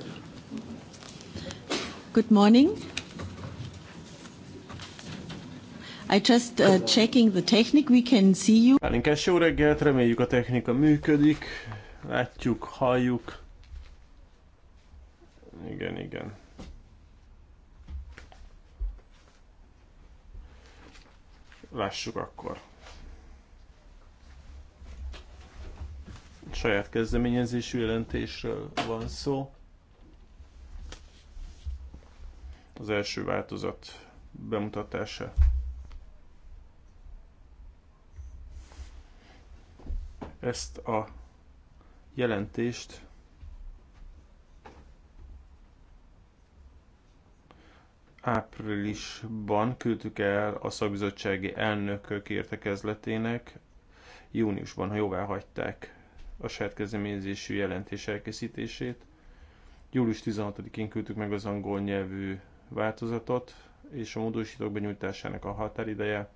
Good morning. I just uh, checking the technic, we can see you. Pálinkás jó reggelt, reméljük a technika működik. Látjuk, halljuk. Igen, igen. Lássuk akkor. Saját kezdeményezésű jelentésről van szó. Az első változat bemutatása. Ezt a jelentést áprilisban küldtük el a szakbizottsági elnökök értekezletének, júniusban jóvá hagyták a saját kezdeményezésű jelentés elkészítését. Július 16-én küldtük meg az angol nyelvű változatot, és a módosítók benyújtásának a határideje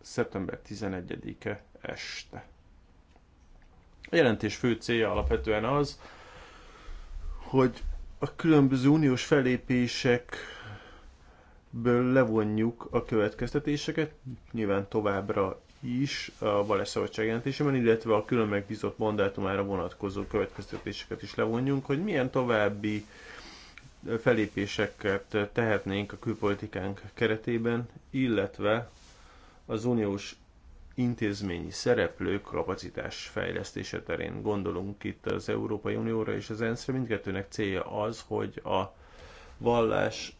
szeptember 11-e este. A jelentés fő célja alapvetően az, hogy a különböző uniós felépésekből levonjuk a következtetéseket, nyilván továbbra is a Valeszabadság jelentésében, illetve a külön megbízott mandátumára vonatkozó következtetéseket is levonjunk, hogy milyen további felépéseket tehetnénk a külpolitikánk keretében, illetve az uniós intézményi szereplők kapacitás fejlesztése terén. Gondolunk itt az Európai Unióra és az ENSZ-re, mindkettőnek célja az, hogy a vallás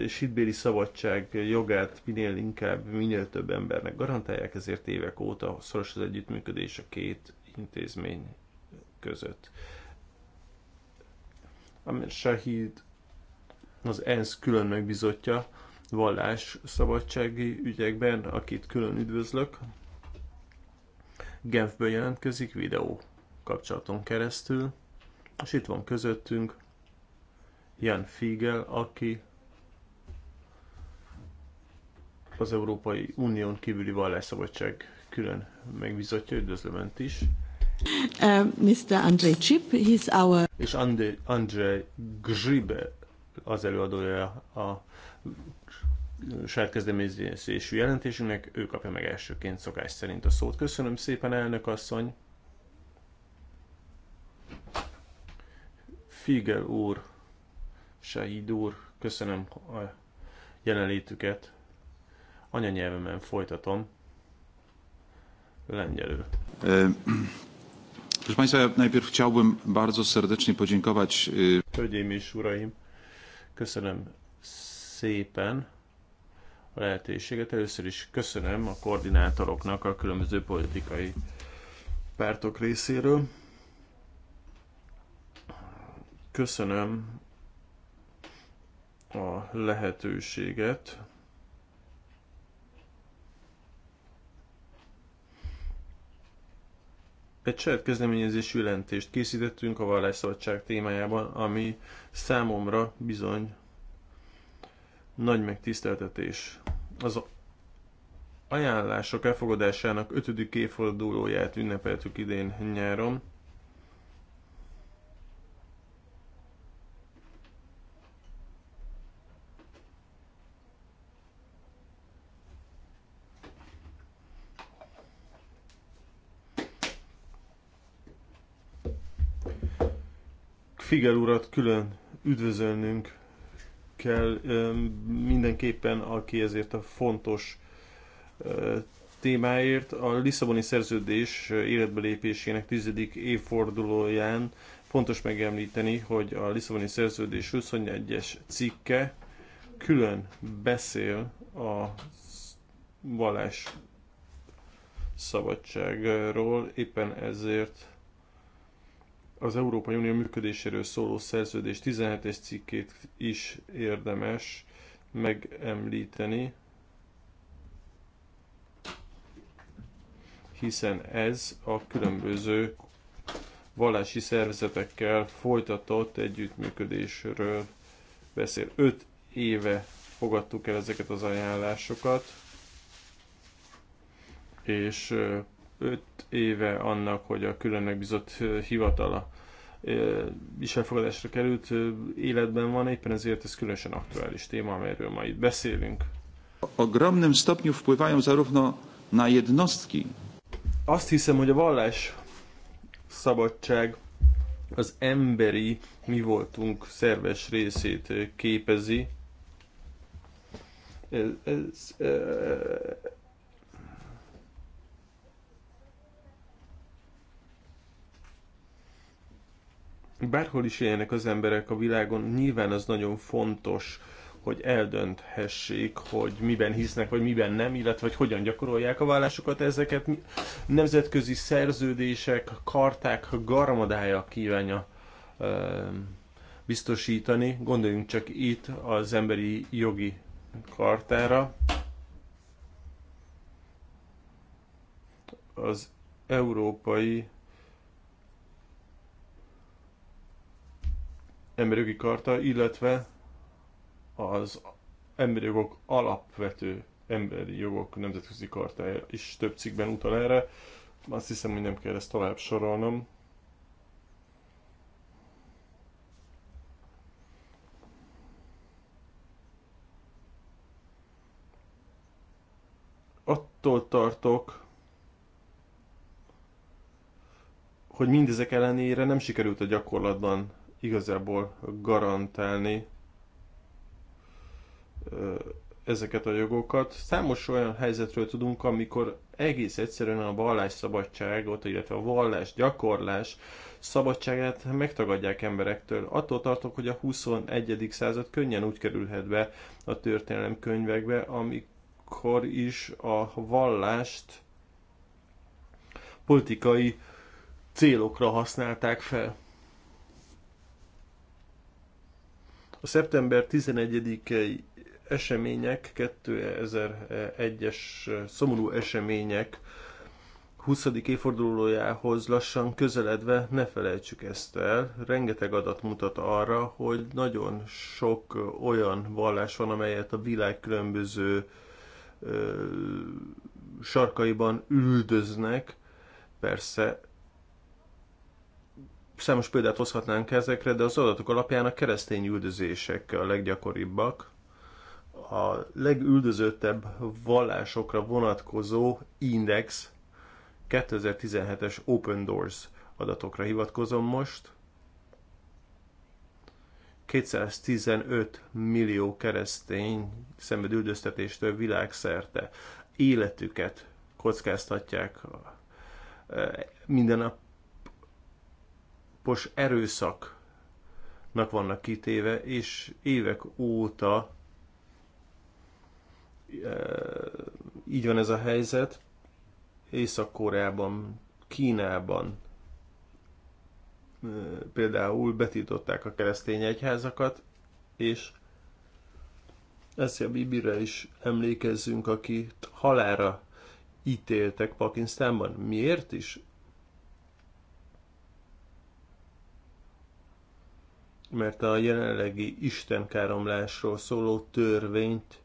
és hitbéli szabadság jogát minél inkább, minél több embernek garantálják, ezért évek óta szoros az együttműködés a két intézmény között. Amir Shahid az ENSZ külön megbizotja, vallás szabadsági ügyekben, akit külön üdvözlök. Genfből jelentkezik videó kapcsolaton keresztül, és itt van közöttünk Jan Fiegel, aki az Európai Unión kívüli vallásszabadság külön megbizotja, üdvözlöm önt is. Uh, Mr. Andrei Chip, he's our... És Andrei Andre Gribe az előadója a kezdeményezésű jelentésünknek, ő kapja meg elsőként szokás szerint a szót. Köszönöm szépen, elnök asszony! Figel úr, Sahid úr, köszönöm a jelenlétüket. Anyanyelvemen folytatom. Lengyelül. Proszę Państwa, ja najpierw chciałbym bardzo serdecznie podziękować. Hölgyeim és uraim, Köszönöm szépen a lehetőséget. Először is köszönöm a koordinátoroknak a különböző politikai pártok részéről. Köszönöm a lehetőséget, egy saját kezdeményezésű jelentést készítettünk a vallásszabadság témájában, ami számomra bizony nagy megtiszteltetés. Az ajánlások elfogadásának ötödik évfordulóját ünnepeltük idén nyáron. Figel urat külön üdvözölnünk kell mindenképpen, aki ezért a fontos témáért. A Lisszaboni szerződés életbelépésének tizedik évfordulóján fontos megemlíteni, hogy a Lisszaboni szerződés 21-es cikke külön beszél a vallás szabadságról, éppen ezért az Európai Unió működéséről szóló szerződés 17-es cikkét is érdemes megemlíteni, hiszen ez a különböző vallási szervezetekkel folytatott együttműködésről beszél. Öt éve fogadtuk el ezeket az ajánlásokat, és 5 éve annak, hogy a külön megbízott hivatala is elfogadásra került, életben van, éppen ezért ez különösen aktuális téma, amelyről ma itt beszélünk. Ogromnym stopniu wpływają zarówno na jednostki. Azt hiszem, hogy a vallás szabadság az emberi mi voltunk szerves részét képezi. Ez, ez, bárhol is éljenek az emberek a világon, nyilván az nagyon fontos, hogy eldönthessék, hogy miben hisznek, vagy miben nem, illetve hogy hogyan gyakorolják a vállásokat Ezeket nemzetközi szerződések, karták garmadája kívánja biztosítani. Gondoljunk csak itt az emberi jogi kartára. Az európai emberjogi karta, illetve az emberi jogok alapvető emberi jogok nemzetközi kartája is több cikkben utal erre. Azt hiszem, hogy nem kell ezt tovább sorolnom. Attól tartok, hogy mindezek ellenére nem sikerült a gyakorlatban igazából garantálni ezeket a jogokat. Számos olyan helyzetről tudunk, amikor egész egyszerűen a vallás szabadságot, illetve a vallás gyakorlás szabadságát megtagadják emberektől. Attól tartok, hogy a 21. század könnyen úgy kerülhet be a történelem könyvekbe, amikor is a vallást politikai célokra használták fel. A szeptember 11-i események, 2001-es eh, szomorú események 20. évfordulójához lassan közeledve ne felejtsük ezt el. Rengeteg adat mutat arra, hogy nagyon sok eh, olyan vallás van, amelyet a világ különböző ö, eh, sarkaiban üldöznek. Persze Számos példát hozhatnánk ezekre, de az adatok alapján a keresztény üldözések a leggyakoribbak. A legüldözöttebb vallásokra vonatkozó index 2017-es Open Doors adatokra hivatkozom most. 215 millió keresztény szenved üldöztetéstől világszerte életüket kockáztatják minden nap pos erőszaknak vannak kitéve, és évek óta e, így van ez a helyzet. Észak-Koreában, Kínában e, például betiltották a keresztény egyházakat, és ezt a Bibire is emlékezzünk, aki halára ítéltek Pakisztánban. Miért is? mert a jelenlegi istenkáromlásról szóló törvényt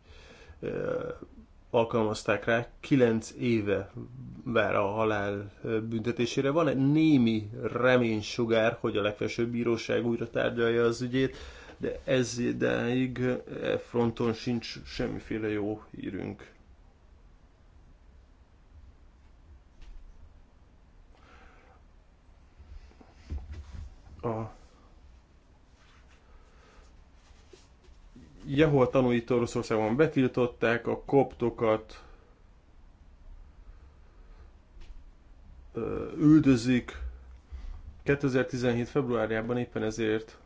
alkalmazták rá, kilenc éve vár a halál büntetésére. Van egy némi reménysugár, hogy a legfelsőbb bíróság újra tárgyalja az ügyét, de ez idáig e fronton sincs semmiféle jó hírünk. Jehova tanúit Oroszországban betiltották, a koptokat üldözik. 2017. februárjában éppen ezért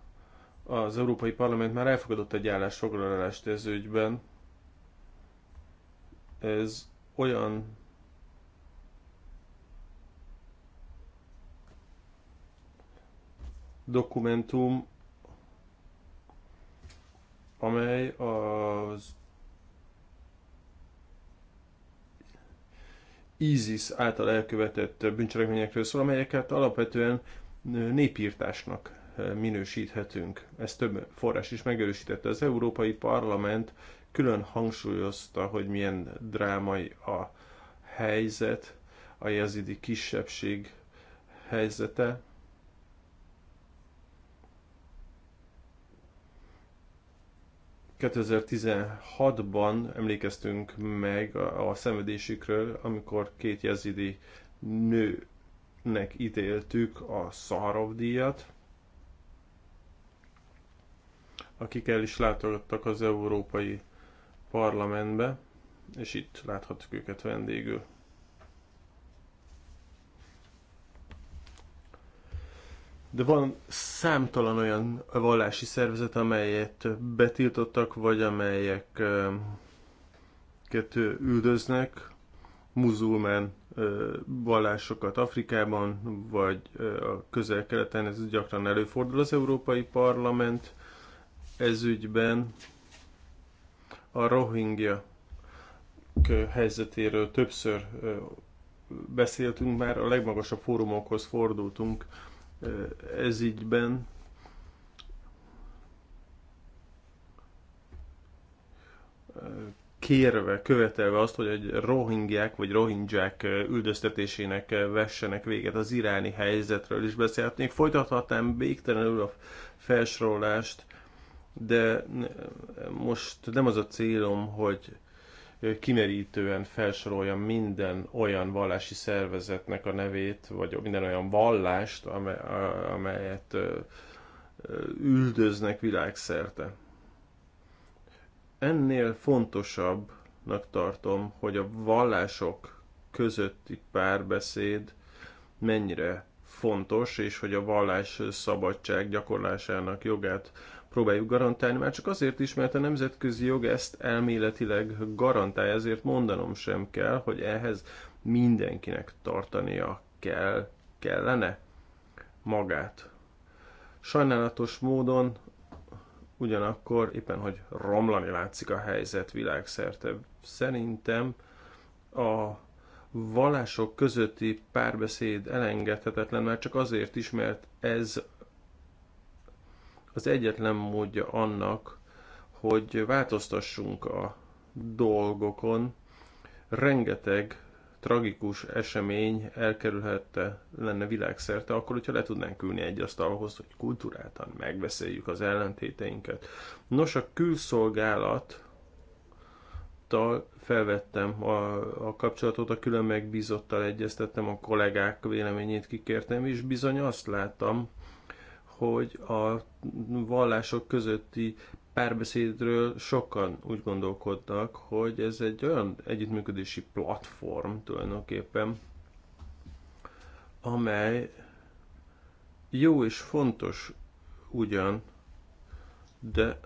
az Európai Parlament már elfogadott egy állásfoglalást ez ügyben. Ez olyan dokumentum, amely az ISIS által elkövetett bűncselekményekről szól, amelyeket alapvetően népírtásnak minősíthetünk. Ezt több forrás is megerősítette. Az Európai Parlament külön hangsúlyozta, hogy milyen drámai a helyzet, a jazidi kisebbség helyzete, 2016-ban emlékeztünk meg a, szenvedésükről, amikor két jezidi nőnek ítéltük a Szaharov díjat, akik el is látogattak az Európai Parlamentbe, és itt láthatjuk őket vendégül. de van számtalan olyan vallási szervezet, amelyet betiltottak, vagy amelyek kettő üldöznek, muzulmán vallásokat Afrikában, vagy a közel-keleten, ez gyakran előfordul az Európai Parlament ez ügyben a rohingya helyzetéről többször beszéltünk már, a legmagasabb fórumokhoz fordultunk, ez ígyben. kérve, követelve azt, hogy egy rohingyák vagy rohingyák üldöztetésének vessenek véget az iráni helyzetről is beszélhetnék. Folytathatnám végtelenül a felsorolást, de most nem az a célom, hogy kimerítően felsorolja minden olyan vallási szervezetnek a nevét, vagy minden olyan vallást, amelyet üldöznek világszerte. Ennél fontosabbnak tartom, hogy a vallások közötti párbeszéd mennyire fontos, és hogy a vallás szabadság gyakorlásának jogát próbáljuk garantálni, már csak azért is, mert a nemzetközi jog ezt elméletileg garantálja, ezért mondanom sem kell, hogy ehhez mindenkinek tartania kell, kellene magát. Sajnálatos módon ugyanakkor éppen, hogy romlani látszik a helyzet világszerte. Szerintem a vallások közötti párbeszéd elengedhetetlen, már csak azért is, mert ez az egyetlen módja annak, hogy változtassunk a dolgokon. Rengeteg tragikus esemény elkerülhette lenne világszerte, akkor, hogyha le tudnánk ülni egy asztalhoz, hogy kulturáltan megbeszéljük az ellentéteinket. Nos, a külszolgálat felvettem a, a kapcsolatot, a külön megbízottal egyeztettem, a kollégák véleményét kikértem, és bizony azt láttam, hogy a vallások közötti párbeszédről sokan úgy gondolkodtak, hogy ez egy olyan együttműködési platform tulajdonképpen, amely jó és fontos ugyan, de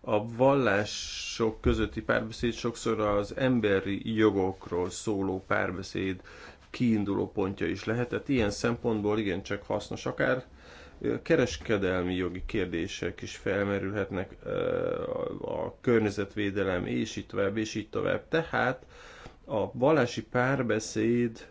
a vallások közötti párbeszéd sokszor az emberi jogokról szóló párbeszéd kiinduló pontja is lehetett. Ilyen szempontból igencsak hasznos, akár kereskedelmi jogi kérdések is felmerülhetnek, a környezetvédelem, és így tovább, és így tovább. Tehát a valási párbeszéd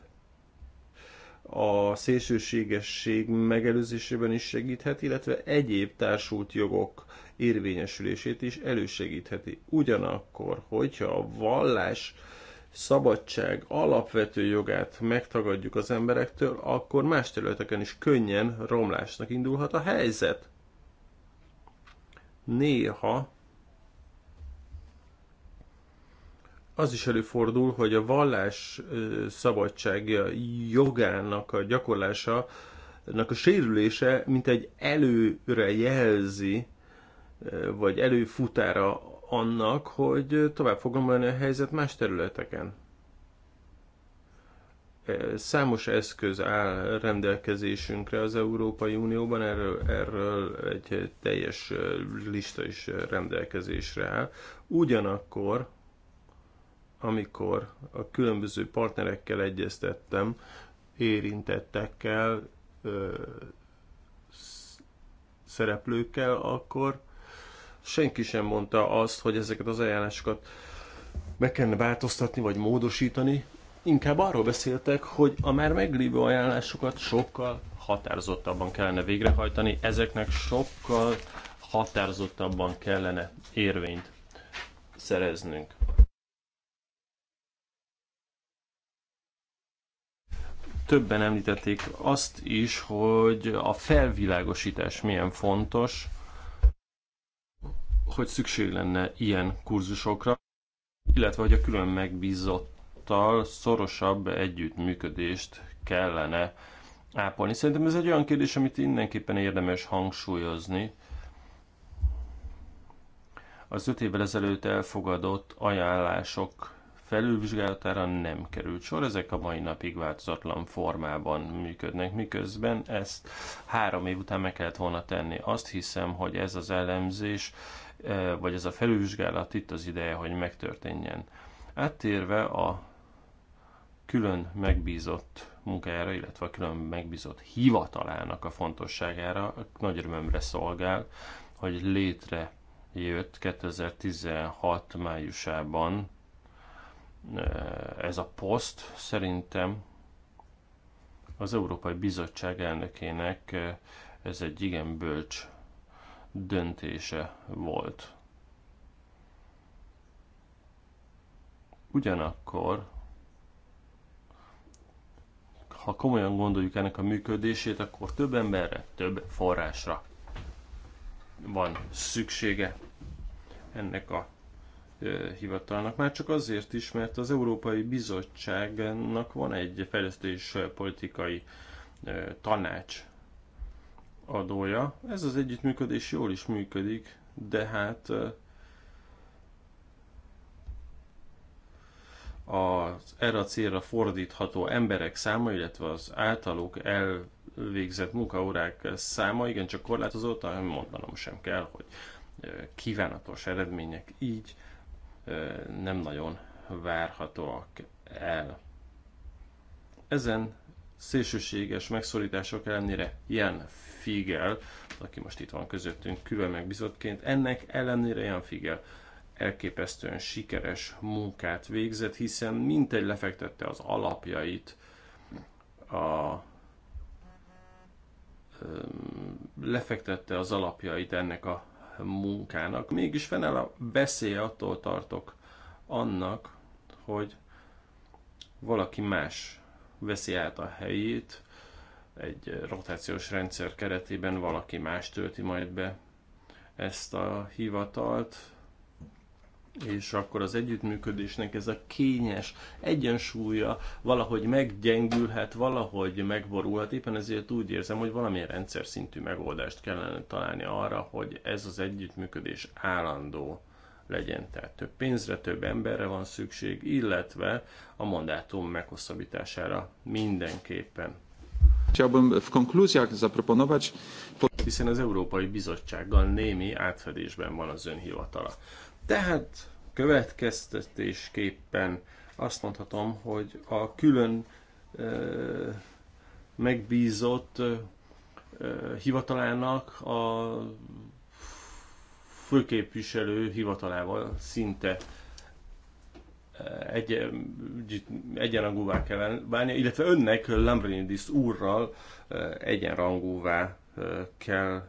a szélsőségesség megelőzésében is segíthet, illetve egyéb társult jogok érvényesülését is elősegítheti. Ugyanakkor, hogyha a vallás szabadság alapvető jogát megtagadjuk az emberektől, akkor más területeken is könnyen romlásnak indulhat a helyzet. Néha az is előfordul, hogy a vallás szabadság jogának a gyakorlása a sérülése mint egy előre jelzi, vagy előfutára annak, hogy tovább fog omlani a helyzet más területeken. E, számos eszköz áll rendelkezésünkre az Európai Unióban, erről, erről egy teljes e, lista is rendelkezésre áll. Ugyanakkor, amikor a különböző partnerekkel egyeztettem, érintettekkel, szereplőkkel, akkor senki sem mondta azt, hogy ezeket az ajánlásokat meg kellene változtatni vagy módosítani, inkább arról beszéltek, hogy a már meglévő ajánlásokat sokkal határozottabban kellene végrehajtani, ezeknek sokkal határozottabban kellene érvényt szereznünk. Többen említették azt is, hogy a felvilágosítás milyen fontos, hogy szükség lenne ilyen kurzusokra, illetve hogy a külön megbízottal szorosabb együttműködést kellene ápolni. Szerintem ez egy olyan kérdés, amit mindenképpen érdemes hangsúlyozni. Az öt évvel ezelőtt elfogadott ajánlások felülvizsgálatára nem került sor, ezek a mai napig változatlan formában működnek, miközben ezt három év után meg kellett volna tenni. Azt hiszem, hogy ez az elemzés Eh, vagy ez a felülvizsgálat itt az ideje, hogy megtörténjen. Áttérve a külön megbízott munkájára, illetve a külön megbízott hivatalának a fontosságára nagy örömömre szolgál, hogy létre jött 2016 májusában eh, ez a poszt. Szerintem az Európai Bizottság elnökének eh, ez egy igen bölcs döntése volt. Ugyanakkor, ha komolyan gondoljuk ennek a működését, akkor több emberre, több forrásra van szüksége ennek a hivatalnak. Már csak azért is, mert az Európai Bizottságnak van egy fejlesztés politikai tanács adója. Ez az együttműködés jól is működik, de hát az erre a célra fordítható emberek száma, illetve az általuk elvégzett munkaórák száma igencsak korlátozott, hanem mondanom sem kell, hogy kívánatos eredmények így nem nagyon várhatóak el. Ezen szélsőséges megszorítások ellenére ilyen Figel, aki most itt van közöttünk külön megbizottként, ennek ellenére Jan Figel elképesztően sikeres munkát végzett, hiszen mintegy lefektette az alapjait a lefektette az alapjait ennek a munkának. Mégis fennel a beszél attól tartok annak, hogy valaki más veszi át a helyét, egy rotációs rendszer keretében valaki más tölti majd be ezt a hivatalt, és akkor az együttműködésnek ez a kényes egyensúlya valahogy meggyengülhet, valahogy megborulhat. Éppen ezért úgy érzem, hogy valamilyen rendszer szintű megoldást kellene találni arra, hogy ez az együttműködés állandó legyen. Tehát több pénzre, több emberre van szükség, illetve a mandátum meghosszabbítására mindenképpen. Chciałbym w konkluzjach zaproponować... Hiszen az Európai Bizottsággal némi átfedésben van az önhivatala. Tehát következtetésképpen azt mondhatom, hogy a külön ö, megbízott ö, hivatalának a főképviselő hivatalával szinte egy, egy, egyenrangúvá kell válni, illetve önnek Lambrinidis úrral egyenrangúvá kell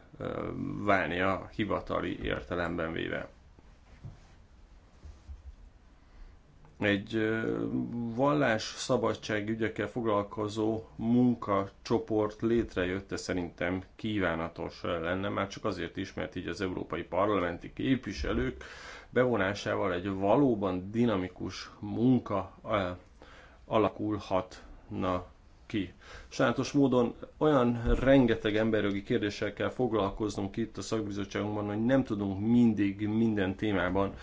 válnia hivatali értelemben véve. Egy vallás szabadság ügyekkel foglalkozó munkacsoport létrejötte szerintem kívánatos lenne, már csak azért is, mert így az európai parlamenti képviselők bevonásával egy valóban dinamikus munka alakulhatna ki. Sajátos módon olyan rengeteg emberjogi kérdésekkel foglalkoznunk itt a szakbizottságunkban, hogy nem tudunk mindig minden témában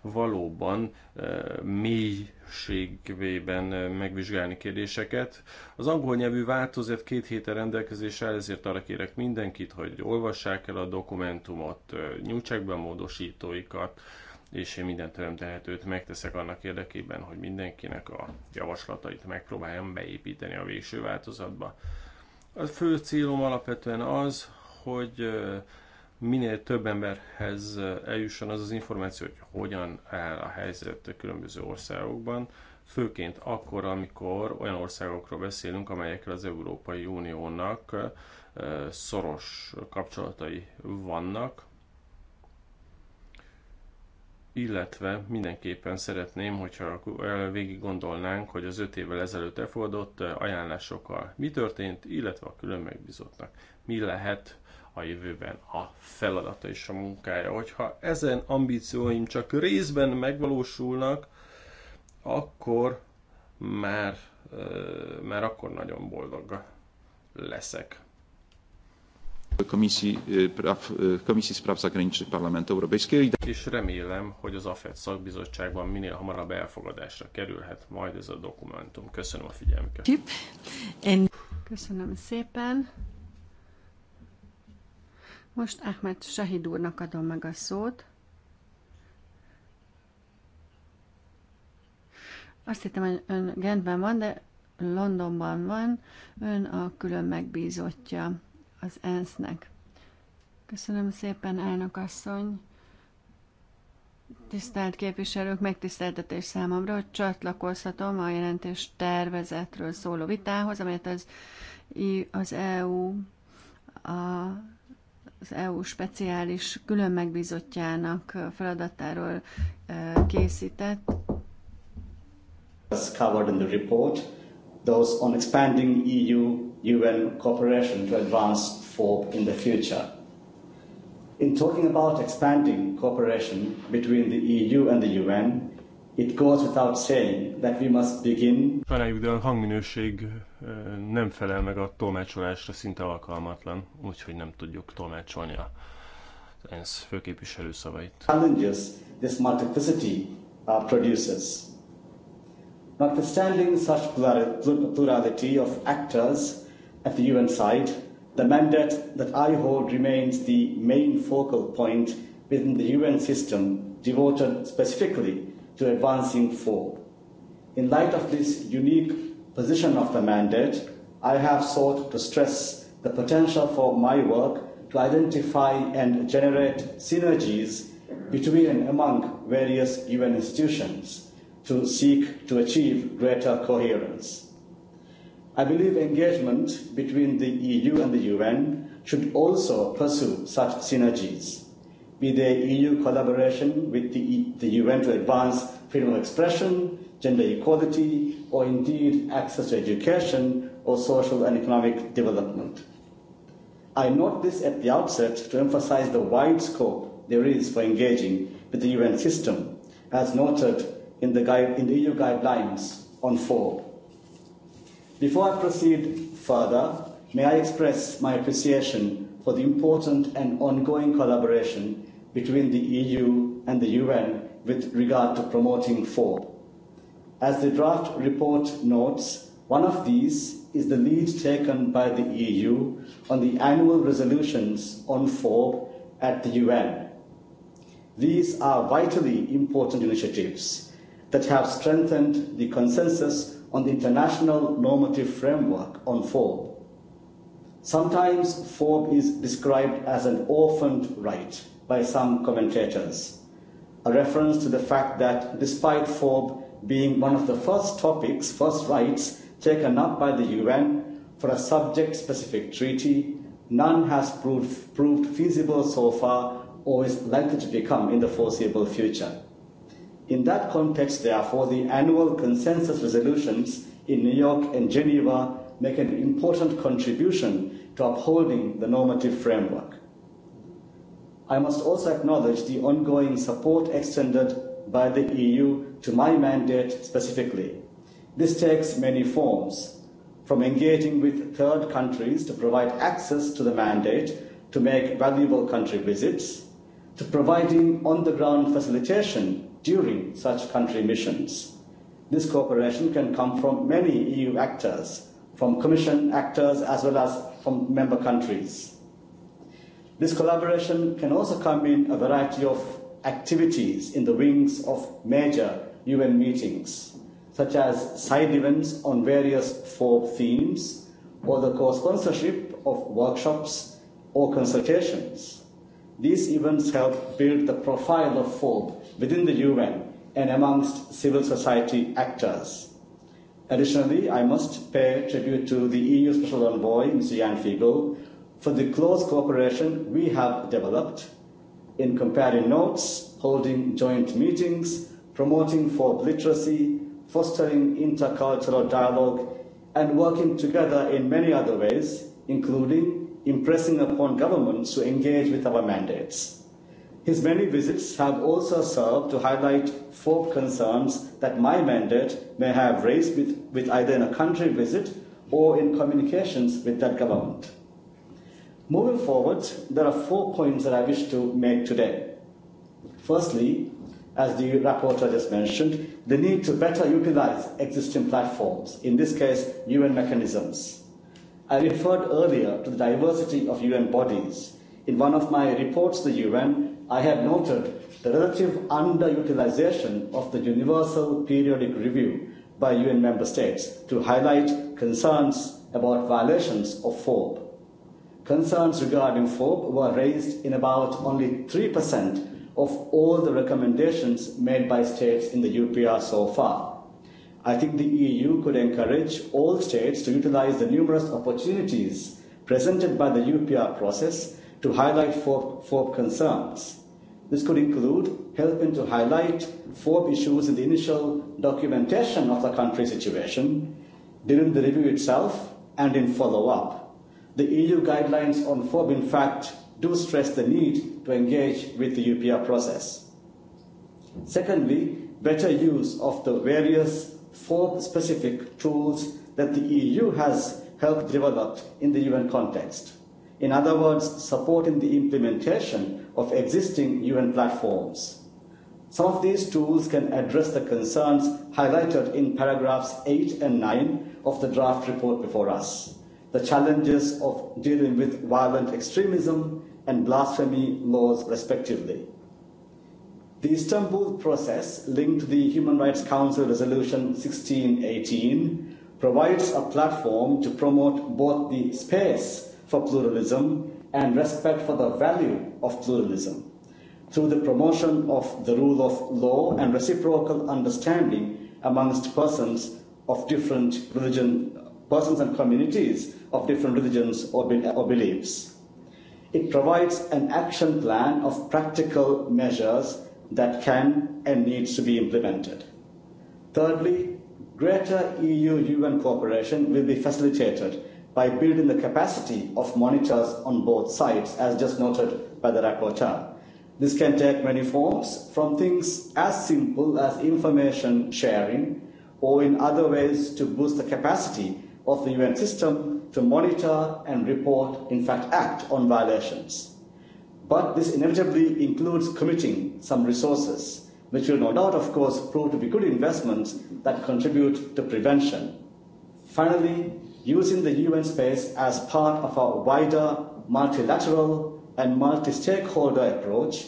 valóban e, mélységvében e, megvizsgálni kérdéseket. Az angol nyelvű változat két héten rendelkezésre, ezért arra kérek mindenkit, hogy olvassák el a dokumentumot, nyújtsák be a módosítóikat, és én minden tőlem tehetőt megteszek annak érdekében, hogy mindenkinek a javaslatait megpróbáljam beépíteni a végső változatba. A fő célom alapvetően az, hogy minél több emberhez eljusson az az információ, hogy hogyan áll a helyzet a különböző országokban, főként akkor, amikor olyan országokról beszélünk, amelyekkel az Európai Uniónak szoros kapcsolatai vannak, illetve mindenképpen szeretném, hogyha végig gondolnánk, hogy az öt évvel ezelőtt elfogadott eh, ajánlásokkal mi történt, illetve a külön megbízottnak mi lehet a jövőben a feladata és a munkája. Hogyha ezen ambícióim csak részben megvalósulnak, akkor már, eh, már akkor nagyon boldog leszek. Komisji, e, Praw, e, Komisji Spraw Zagranicznych Parlamentu Europejskiego. És remélem, hogy az AFET szakbizottságban minél hamarabb elfogadásra kerülhet majd ez a dokumentum. Köszönöm a figyelmüket. Köszönöm szépen. Most Ahmed Sahid úrnak adom meg a szót. Azt hittem, hogy ön Gentben van, de Londonban van. Ön a külön megbízottja az ENSZ-nek. Köszönöm szépen, elnök asszony. Tisztelt képviselők, megtiszteltetés számomra, hogy csatlakozhatom a jelentés tervezetről szóló vitához, amelyet az, az EU a, az EU speciális külön megbízottjának feladatáról e, készített. As covered in the report, those on expanding EU UN cooperation to advance for in the future. In talking about expanding cooperation between the EU and the UN, it goes without saying that we must begin. Felálljuk, de a hangminőség nem felel meg a tolmácsolásra, szinte alkalmatlan, úgyhogy nem tudjuk tolmácsolni a ENSZ főképviselő szavait. Challenges this multiplicity uh, produces. Notwithstanding such plurality of actors at the UN side, the mandate that I hold remains the main focal point within the UN system devoted specifically to advancing four. In light of this unique position of the mandate, I have sought to stress the potential for my work to identify and generate synergies between and among various UN institutions to seek to achieve greater coherence. I believe engagement between the EU and the UN should also pursue such synergies, be they EU collaboration with the, e, the UN to advance freedom of expression, gender equality, or indeed access to education or social and economic development. I note this at the outset to emphasize the wide scope there is for engaging with the UN system, as noted in the, guide, in the EU guidelines on four Before I proceed further, may I express my appreciation for the important and ongoing collaboration between the EU and the UN with regard to promoting four. As the draft report notes, one of these is the lead taken by the EU on the annual resolutions on FOB at the UN. These are vitally important initiatives that have strengthened the consensus on the international normative framework on FOB. Sometimes FOB is described as an orphaned right by some commentators, a reference to the fact that despite FOB being one of the first topics, first rights taken up by the UN for a subject-specific treaty, none has proved, proved feasible so far or is likely to become in the foreseeable future. In that context, therefore, the annual consensus resolutions in New York and Geneva make an important contribution to upholding the normative framework. I must also acknowledge the ongoing support extended by the EU to my mandate specifically. This takes many forms, from engaging with third countries to provide access to the mandate to make valuable country visits, to providing on-the-ground facilitation during such country missions. This cooperation can come from many EU actors, from Commission actors as well as from member countries. This collaboration can also come in a variety of activities in the wings of major UN meetings, such as side events on various four themes, or the co-sponsorship of workshops or consultations. These events help build the profile of FOB within the UN and amongst civil society actors. Additionally, I must pay tribute to the EU Special Envoy, Mr. Jan Fiegel, for the close cooperation we have developed in comparing notes, holding joint meetings, promoting folk literacy, fostering intercultural dialogue, and working together in many other ways, including impressing upon governments to engage with our mandates. His many visits have also served to highlight four concerns that my mandate may have raised with, with either in a country visit or in communications with that government. Moving forward, there are four points that I wish to make today. Firstly, as the rapporteur just mentioned, the need to better utilize existing platforms, in this case, UN mechanisms. I referred earlier to the diversity of UN bodies. In one of my reports, the UN I have noted the relative underutilization of the Universal Periodic Review by UN member states to highlight concerns about violations of FOB. Concerns regarding FOB were raised in about only 3% of all the recommendations made by states in the UPR so far. I think the EU could encourage all states to utilize the numerous opportunities presented by the UPR process to highlight four, four concerns. This could include helping to highlight four issues in the initial documentation of the country situation, during the review itself, and in follow-up. The EU guidelines on FOB, in fact, do stress the need to engage with the UPR process. Secondly, better use of the various FOB-specific tools that the EU has helped develop in the UN context. In other words, supporting the implementation of existing UN platforms. Some of these tools can address the concerns highlighted in paragraphs 8 and 9 of the draft report before us. The challenges of dealing with violent extremism and blasphemy laws respectively. The Istanbul process linked to the Human Rights Council Resolution 1618 provides a platform to promote both the space for pluralism and respect for the value of pluralism through the promotion of the rule of law and reciprocal understanding amongst persons of different religion, persons and communities of different religions or, be, or beliefs. It provides an action plan of practical measures that can and needs to be implemented. Thirdly, greater EU-UN cooperation will be facilitated by building the capacity of monitors on both sides, as just noted by the rapporteur. This can take many forms, from things as simple as information sharing, or in other ways to boost the capacity of the UN system to monitor and report, in fact, act on violations. But this inevitably includes committing some resources, which will no doubt, of course, prove to be good investments that contribute to prevention. Finally, using the UN space as part of our wider multilateral and multi-stakeholder approach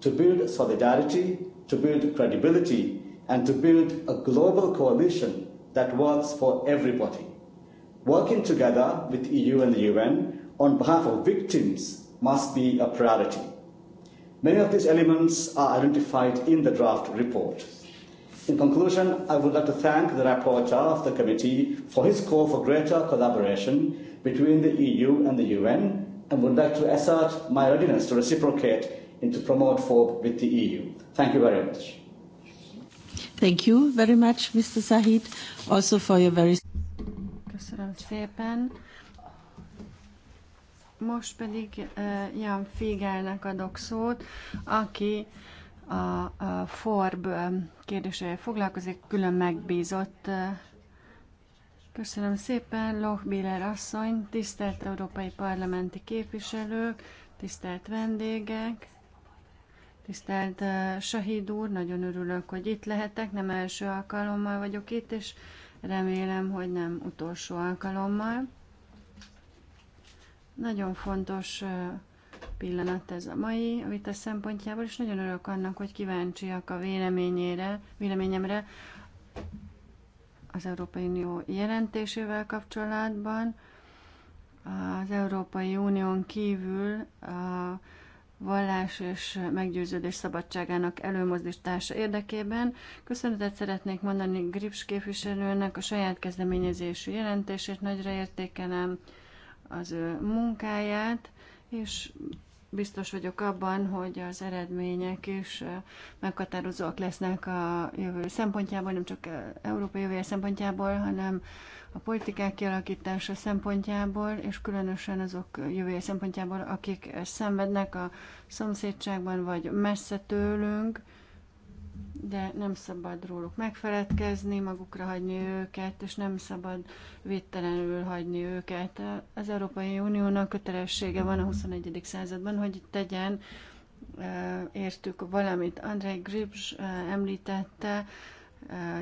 to build solidarity, to build credibility, and to build a global coalition that works for everybody. Working together with the EU and the UN on behalf of victims must be a priority. Many of these elements are identified in the draft report. In conclusion, I would like to thank the rapporteur of the committee for his call for greater collaboration between the EU and the UN and would like to assert my readiness to reciprocate and to promote FOB with the EU. Thank you very much. Thank you very much, Mr. Sahid, also for your very... szépen. Most pedig uh, Jan Figelnek adok szót, aki a, Forb kérdésével foglalkozik, külön megbízott. Köszönöm szépen, Lochbiller asszony, tisztelt európai parlamenti képviselők, tisztelt vendégek, tisztelt Sahid úr, nagyon örülök, hogy itt lehetek, nem első alkalommal vagyok itt, és remélem, hogy nem utolsó alkalommal. Nagyon fontos pillanat ez a mai a vita szempontjából, és nagyon örülök annak, hogy kíváncsiak a véleményére, véleményemre az Európai Unió jelentésével kapcsolatban. Az Európai Unión kívül a vallás és meggyőződés szabadságának előmozdítása érdekében. Köszönetet szeretnék mondani Grips képviselőnek a saját kezdeményezésű jelentését, nagyra értékelem az ő munkáját, és biztos vagyok abban, hogy az eredmények is meghatározóak lesznek a jövő szempontjából, nem csak Európa jövője szempontjából, hanem a politikák kialakítása szempontjából, és különösen azok jövője szempontjából, akik szenvednek a szomszédságban, vagy messze tőlünk, de nem szabad róluk megfeledkezni, magukra hagyni őket, és nem szabad védtelenül hagyni őket. Az Európai Uniónak kötelessége van a 21. században, hogy tegyen értük valamit. Andrei Gribs említette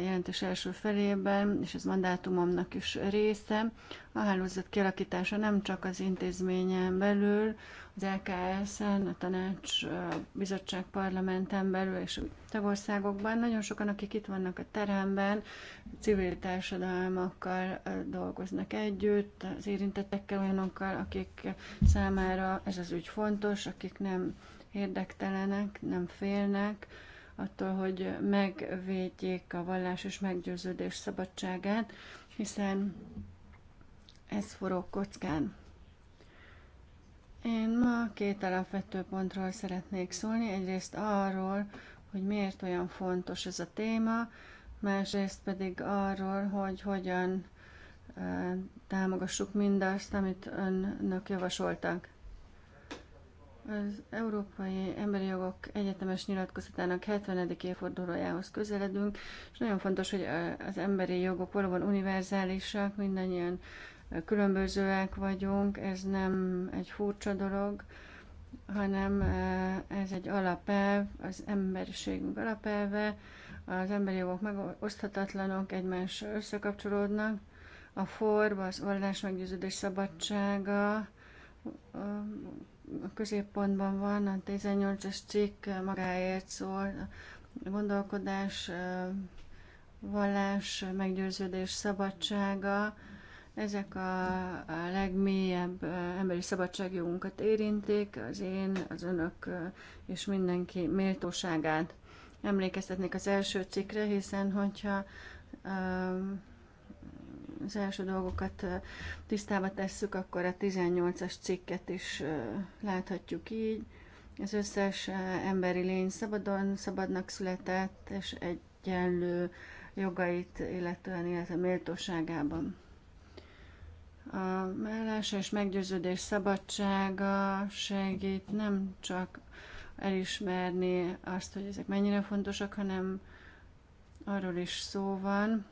jelentés első felében, és ez mandátumomnak is része. A hálózat kialakítása nem csak az intézményen belül, az LKS-en, a tanács, a bizottság parlamenten belül és a tagországokban. Nagyon sokan, akik itt vannak a teremben, civil társadalmakkal dolgoznak együtt, az érintettekkel, olyanokkal, akik számára ez az ügy fontos, akik nem érdektelenek, nem félnek, attól, hogy megvédjék a vallás és meggyőződés szabadságát, hiszen ez forró kockán. Én ma két alapvető pontról szeretnék szólni. Egyrészt arról, hogy miért olyan fontos ez a téma, másrészt pedig arról, hogy hogyan támogassuk mindazt, amit önök javasoltak. Az Európai Emberi Jogok Egyetemes Nyilatkozatának 70. évfordulójához közeledünk, és nagyon fontos, hogy az emberi jogok valóban univerzálisak, mindannyian különbözőek vagyunk, ez nem egy furcsa dolog, hanem ez egy alapelv, az emberiségünk alapelve, az emberi jogok megoszthatatlanok, egymás összekapcsolódnak, a forb, az orlás meggyőződés szabadsága, a középpontban van, a 18-as cikk magáért szól, gondolkodás, vallás, meggyőződés, szabadsága, ezek a, legmélyebb emberi szabadságjogunkat érintik, az én, az önök és mindenki méltóságát. Emlékeztetnék az első cikkre, hiszen hogyha az első dolgokat tisztába tesszük, akkor a 18-as cikket is láthatjuk így. Az összes emberi lény szabadon, szabadnak született, és egyenlő jogait illetően, illetve méltóságában. A mellás és meggyőződés szabadsága segít nem csak elismerni azt, hogy ezek mennyire fontosak, hanem arról is szó van,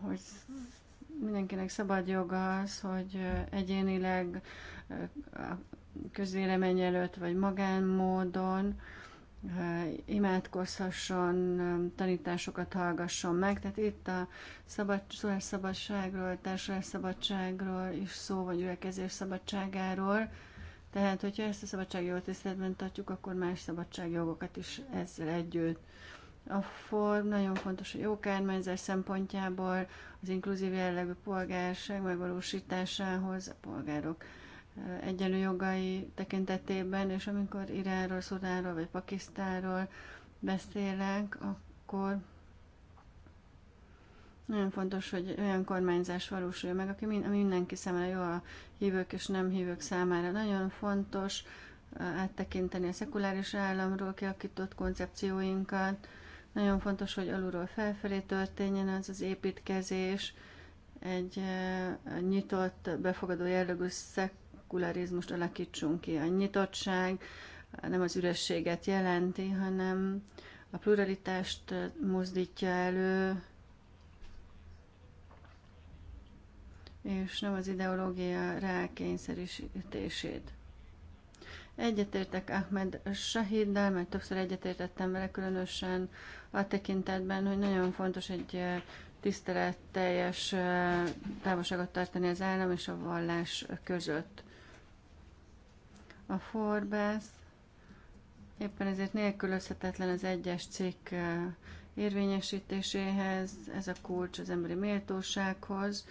hogy mindenkinek szabad joga az, hogy egyénileg a közvélemény előtt, vagy magánmódon imádkozhasson, tanításokat hallgasson meg. Tehát itt a szabad, szólásszabadságról, szabadságról is szó, vagy ülekezés szabadságáról. Tehát, hogyha ezt a szabadságjogot tiszteletben tartjuk, akkor más szabadságjogokat is ezzel együtt a form nagyon fontos a jó kormányzás szempontjából, az inkluzív jellegű polgárság megvalósításához, a polgárok egyenlő jogai tekintetében, és amikor Iránról, Szudánról vagy Pakisztánról beszélek, akkor nagyon fontos, hogy olyan kormányzás valósulja meg, aki mindenki számára jó a hívők és nem hívők számára. Nagyon fontos áttekinteni a szekuláris államról kialakított koncepcióinkat, nagyon fontos, hogy alulról felfelé történjen az az építkezés, egy nyitott, befogadó jellegű szekularizmust alakítsunk ki. A nyitottság nem az ürességet jelenti, hanem a pluralitást mozdítja elő, és nem az ideológia rákényszerítését. Egyetértek Ahmed Sahiddel, mert többször egyetértettem vele, különösen a tekintetben, hogy nagyon fontos egy tiszteletteljes távolságot tartani az állam és a vallás között. A Forbes éppen ezért nélkülözhetetlen az egyes cikk érvényesítéséhez, ez a kulcs az emberi méltósághoz,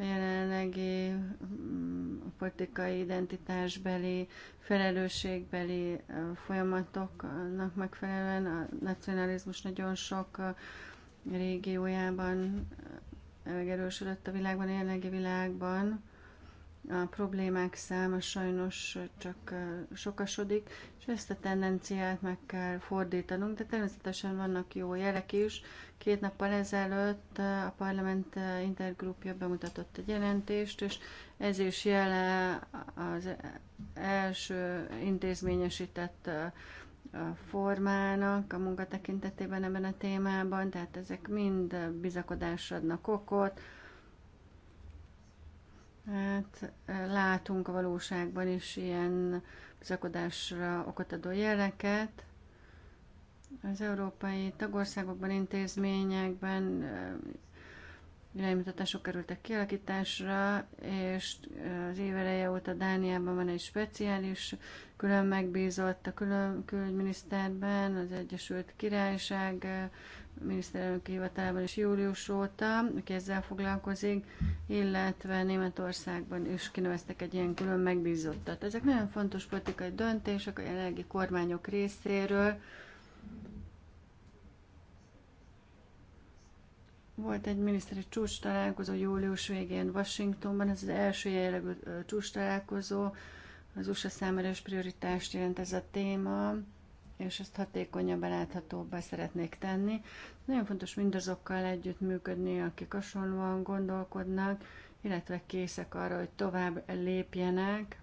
a jelenlegi mm, a politikai identitásbeli, felelősségbeli folyamatoknak megfelelően a nacionalizmus nagyon sok régiójában megerősödött a világban, a jelenlegi világban a problémák száma sajnos csak sokasodik, és ezt a tendenciát meg kell fordítanunk, de természetesen vannak jó jelek is. Két nappal ezelőtt a parlament intergrupja bemutatott egy jelentést, és ez is jele az első intézményesített formának a munka tekintetében ebben a témában, tehát ezek mind bizakodásra adnak okot, Hát látunk a valóságban is ilyen bizakodásra okot adó jeleket. Az európai tagországokban, intézményekben iránymutatások kerültek kialakításra, és az éveleje óta Dániában van egy speciális külön megbízott a külön külügyminiszterben, az Egyesült Királyság miniszterelnök hivatalában is július óta, aki ezzel foglalkozik, illetve Németországban is kineveztek egy ilyen külön megbízottat. Ezek nagyon fontos politikai döntések a jelenlegi kormányok részéről. Volt egy miniszteri csúcs találkozó július végén Washingtonban, ez az első jellegű csúcs találkozó, az USA számára is prioritást jelent ez a téma és ezt hatékonyabbá, láthatóbbá szeretnék tenni. Nagyon fontos mindazokkal együttműködni, akik hasonlóan gondolkodnak, illetve készek arra, hogy tovább lépjenek,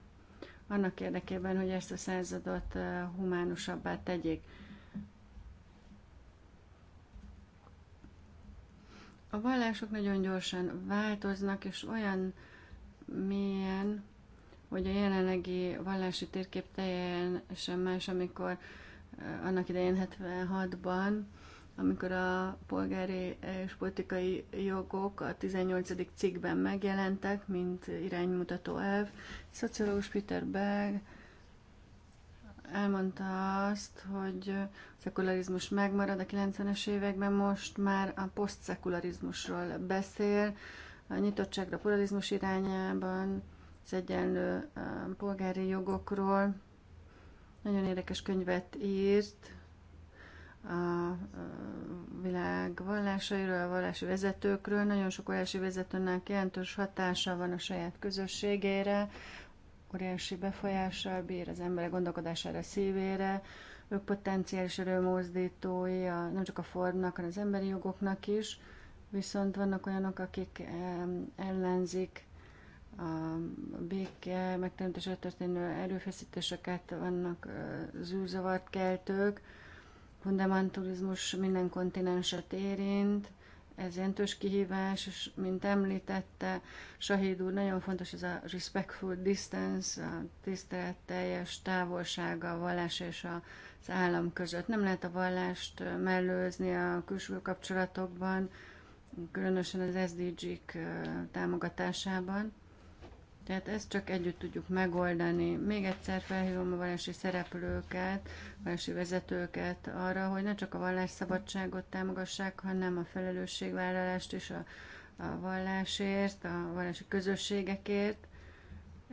annak érdekében, hogy ezt a századot eh, humánusabbá tegyék. A vallások nagyon gyorsan változnak, és olyan mélyen, hogy a jelenlegi vallási térkép teljesen más, amikor Eh, annak idején 76-ban, amikor a polgári és politikai jogok a 18. cikkben megjelentek, mint iránymutató elv. Szociológus Peter Berg elmondta azt, hogy a szekularizmus megmarad a 90-es években, most már a posztszekularizmusról beszél, a nyitottságra, pluralizmus irányában, az egyenlő eh, polgári jogokról, nagyon érdekes könyvet írt a világ vallásairól, a vallási vezetőkről. Nagyon sok vallási vezetőnek jelentős hatása van a saját közösségére, óriási befolyással bír az emberek gondolkodására, szívére. Ők potenciális erőmozdítói a, nem csak a Fordnak, hanem az emberi jogoknak is. Viszont vannak olyanok, akik ellenzik a béke megteremtésre történő erőfeszítéseket vannak zűrzavart keltők. Fundamentalizmus minden kontinenset érint, ez jelentős kihívás, és mint említette Sahid úr, nagyon fontos ez a respectful distance, a teljes távolsága a vallás és az állam között. Nem lehet a vallást mellőzni a külső kapcsolatokban, különösen az SDG-k támogatásában. Tehát ezt csak együtt tudjuk megoldani. Még egyszer felhívom a vallási szereplőket, vallási vezetőket arra, hogy ne csak a vallásszabadságot támogassák, hanem a felelősségvállalást is a, a vallásért, a vallási közösségekért.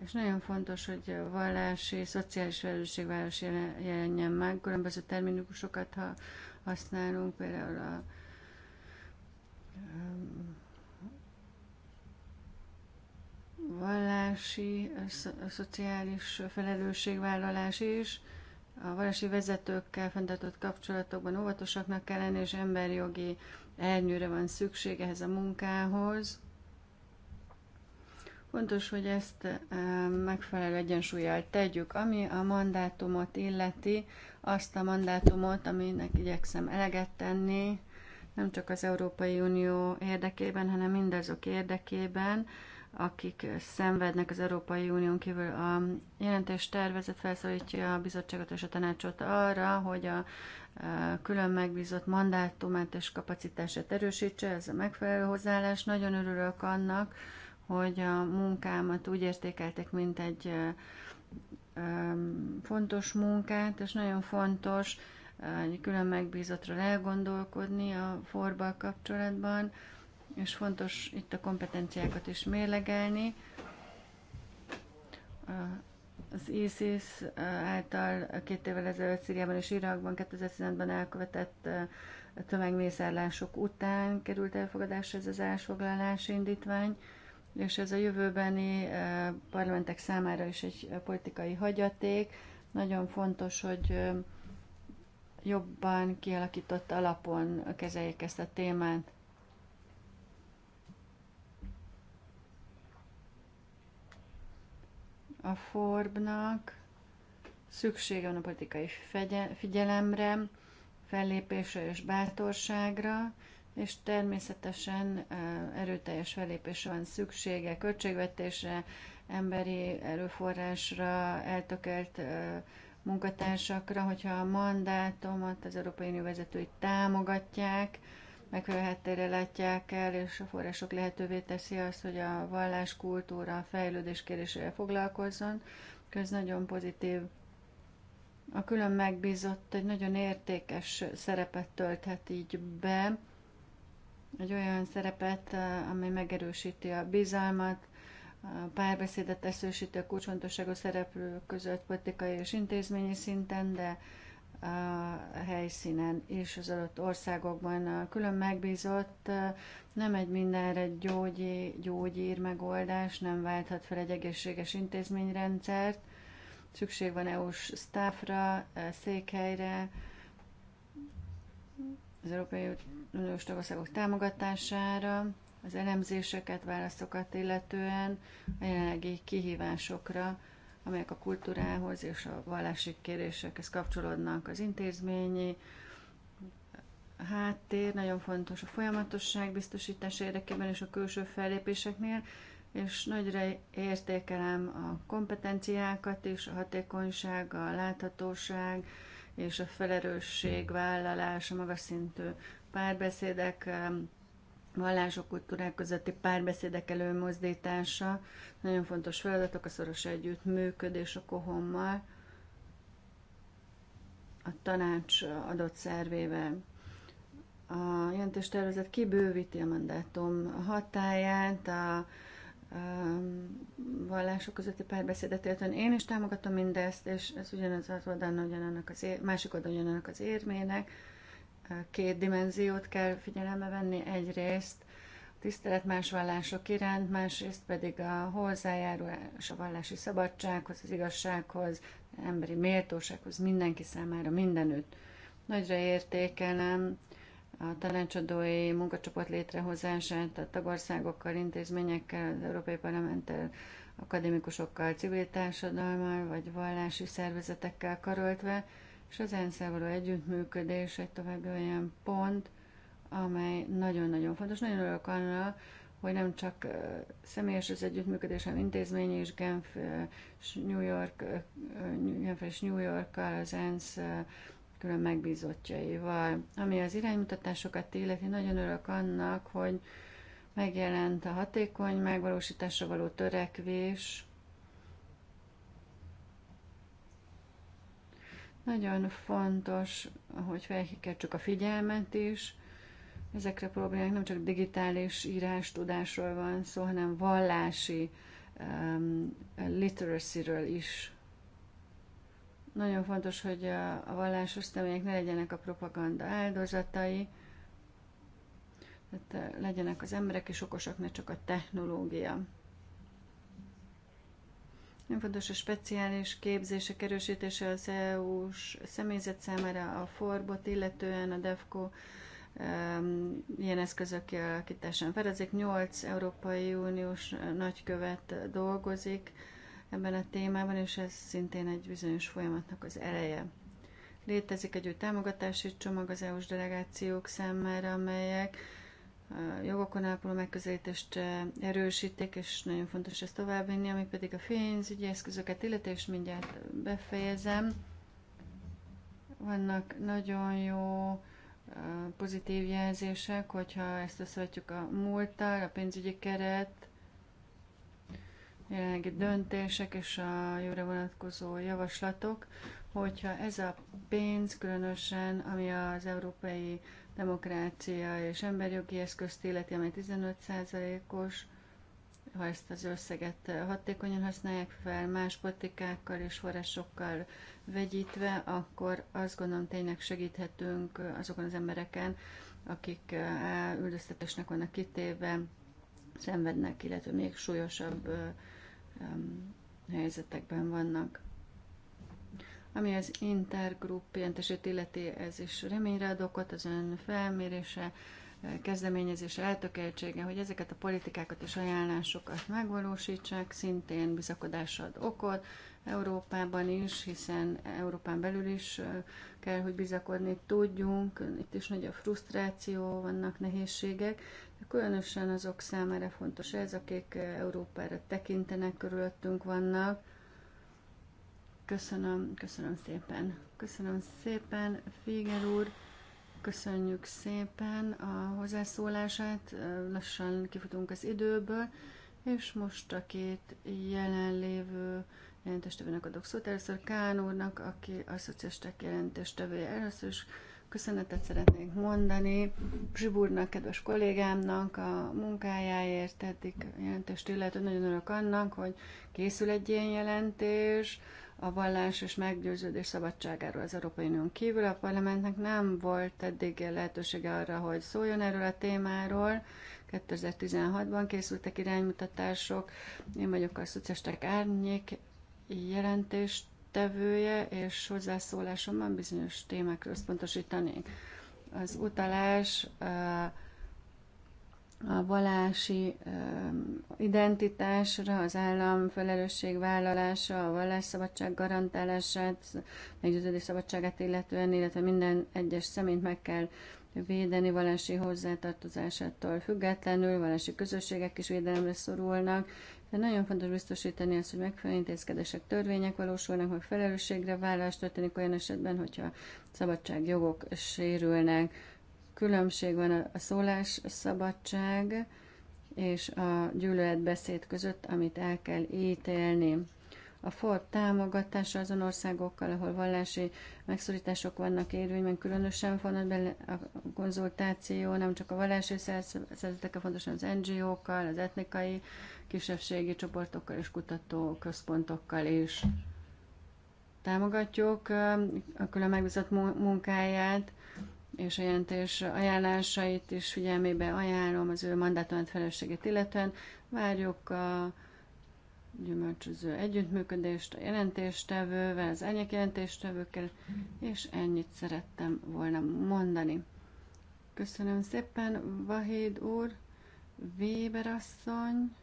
És nagyon fontos, hogy a vallási, szociális felelősségvállalás jelenjen meg. Különböző terminikusokat ha használunk, például a, a vallási, a szociális felelősségvállalás is. A vallási vezetőkkel fenntartott kapcsolatokban óvatosaknak kell lenni, és emberjogi ernyőre van szükség ehhez a munkához. Fontos, hogy ezt e, megfelelő egyensúlyjal tegyük. Ami a mandátumot illeti, azt a mandátumot, aminek igyekszem eleget tenni, nem csak az Európai Unió érdekében, hanem mindazok érdekében, akik szenvednek az Európai Unión kívül. A jelentés tervezet felszólítja a bizottságot és a tanácsot arra, hogy a külön megbízott mandátumát és kapacitását erősítse, ez a megfelelő hozzáállás. Nagyon örülök annak, hogy a munkámat úgy értékelték, mint egy fontos munkát, és nagyon fontos egy külön megbízottról elgondolkodni a forba kapcsolatban és fontos itt a kompetenciákat is mérlegelni. Az ISIS által két évvel ezelőtt Szíriában és Irakban 2015-ben elkövetett tömegmészárlások után került elfogadásra ez az állásfoglalási indítvány, és ez a jövőbeni parlamentek számára is egy politikai hagyaték. Nagyon fontos, hogy jobban kialakított alapon kezeljék ezt a témát. A Forbnak szüksége van a politikai figyelemre, fellépésre és bátorságra, és természetesen erőteljes fellépésre van szüksége, költségvetésre, emberi erőforrásra, eltökelt munkatársakra, hogyha a mandátomat az Európai Unió vezetői támogatják, megfelelhetőre látják el, és a források lehetővé teszi azt, hogy a vallás, kultúra, a fejlődés kérdésével foglalkozzon. Ez nagyon pozitív. A külön megbízott egy nagyon értékes szerepet tölthet így be, egy olyan szerepet, eh, amely megerősíti a bizalmat, a párbeszédet eszősíti a kulcsfontosságú szereplők között politikai és intézményi szinten, de a helyszínen és az adott országokban. A külön megbízott nem egy mindenre gyógyi, gyógyír megoldás, nem válthat fel egy egészséges intézményrendszert. Szükség van EU-s sztáfra, székhelyre, az Európai Uniós tagországok támogatására, az elemzéseket, válaszokat illetően, a jelenlegi kihívásokra, amelyek a kultúrához és a vallási kérésekhez kapcsolódnak az intézményi háttér, nagyon fontos a folyamatosság biztosítása érdekében és a külső fellépéseknél, és nagyra értékelem a kompetenciákat is, a hatékonyság, a láthatóság és a vállalás, a magas szintű párbeszédek vallások, kultúrák közötti párbeszédek előmozdítása, nagyon fontos feladatok, a szoros együttműködés a kohommal, a tanács adott szervével. A jelentéstervezet kibővíti a mandátum hatáját, a, a um, vallások közötti párbeszédet illetően én is támogatom mindezt, és ez ugyanaz az oldalon, ugyanannak az ér, másik oldalon ugyanannak az érmének, két dimenziót kell figyelembe venni. Egyrészt a tisztelet más vallások iránt, másrészt pedig a hozzájárulás a vallási szabadsághoz, az igazsághoz, az emberi méltósághoz mindenki számára mindenütt. Nagyra értékelem a tanácsadói munkacsoport létrehozását a tagországokkal, intézményekkel, az Európai Parlamenttel, akadémikusokkal, civil társadalmal vagy vallási szervezetekkel karöltve, és az ensz való együttműködés egy további olyan pont, amely nagyon-nagyon fontos. Nagyon örülök annak, hogy nem csak személyes az együttműködés, hanem intézmény is, Genf és New York, Genf és New Yorkkal, az ENSZ külön megbízottjaival. Ami az iránymutatásokat illeti, nagyon örülök annak, hogy megjelent a hatékony megvalósításra való törekvés, Nagyon fontos, hogy felkikertsük a figyelmet is. Ezekre a problémák nem csak digitális írás tudásról van szó, hanem vallási um, literacy-ről is. Nagyon fontos, hogy a, a vallásos személyek ne legyenek a propaganda áldozatai, tehát uh, legyenek az emberek is okosak, ne csak a technológia. Nem fontos a speciális képzések erősítése az EU-s személyzet számára, a forbot, illetően a DEFCO um, ilyen eszközök kialakításán felezik. Nyolc Európai Uniós nagykövet dolgozik ebben a témában, és ez szintén egy bizonyos folyamatnak az eleje. Létezik egy új támogatási csomag az EU-s delegációk számára, amelyek jogokon ápoló megközelítést eh, erősítik, és nagyon fontos ezt továbbvinni, ami pedig a pénzügyi eszközöket illeti, és mindjárt befejezem. Vannak nagyon jó eh, pozitív jelzések, hogyha ezt összevetjük a múlttal, a pénzügyi keret, jelenlegi döntések és a jövőre vonatkozó javaslatok, hogyha ez a pénz, különösen ami az európai demokrácia és emberjogi eszközt illeti, amely 15%-os, ha ezt az összeget hatékonyan használják fel, más politikákkal és forrásokkal vegyítve, akkor azt gondolom tényleg segíthetünk azokon az embereken, akik üldöztetésnek vannak kitéve, szenvednek, illetve még súlyosabb helyzetekben vannak. Ami az intergrup jelentését illeti, ez is reményre ad okot, az ön felmérése, eh, kezdeményezése, eltökéltsége, hogy ezeket a politikákat és ajánlásokat megvalósítsák, szintén bizakodás ad okot, Európában is, hiszen Európán belül is eh, kell, hogy bizakodni tudjunk, itt is nagy a frusztráció, vannak nehézségek, de különösen azok számára fontos ez, akik eh, Európára tekintenek, körülöttünk vannak, Köszönöm, köszönöm szépen. Köszönöm szépen, Féger úr. Köszönjük szépen a hozzászólását. Lassan kifutunk az időből, és most a két jelenlévő jelentéstevőnek adok szót. Először Kán úrnak, aki a szocialisták jelentéstevője. Először is köszönetet szeretnék mondani Zsibúrnak, kedves kollégámnak a munkájáért, eddig jelentést illetve Nagyon örülök annak, hogy készül egy ilyen jelentés, a vallás és meggyőződés szabadságáról az Európai Unión kívül. A parlamentnek nem volt eddig lehetősége arra, hogy szóljon erről a témáról. 2016-ban készültek iránymutatások. Én vagyok a szocialisták árnyék jelentéstevője, és hozzászólásomban bizonyos témákra összpontosítanék. Az utalás uh, a vallási identitásra, az állam vállalása, a vallásszabadság garantálását, meggyőződés szabadságát illetően, illetve minden egyes szemét meg kell védeni valási hozzátartozásától függetlenül, valási közösségek is védelemre szorulnak, de nagyon fontos biztosítani azt, hogy megfelelő intézkedések, törvények valósulnak, hogy felelősségre vállás történik olyan esetben, hogyha szabadságjogok sérülnek különbség van a szólásszabadság és a gyűlöletbeszéd között, amit el kell ítélni. A FOD támogatása azon országokkal, ahol vallási megszorítások vannak érvényben, különösen fontos a konzultáció, nem csak a vallási szervezetekkel, fontos, az NGO-kkal, az etnikai kisebbségi csoportokkal és kutató központokkal is. Támogatjuk a külön megbízott munkáját, és a jelentés ajánlásait is figyelmébe ajánlom az ő mandátumát felelősséget illetően. Várjuk a gyümölcsöző együttműködést a jelentéstevővel, az ányek jelentéstevőkkel, és ennyit szerettem volna mondani. Köszönöm szépen, Vahéd úr, Weber asszony,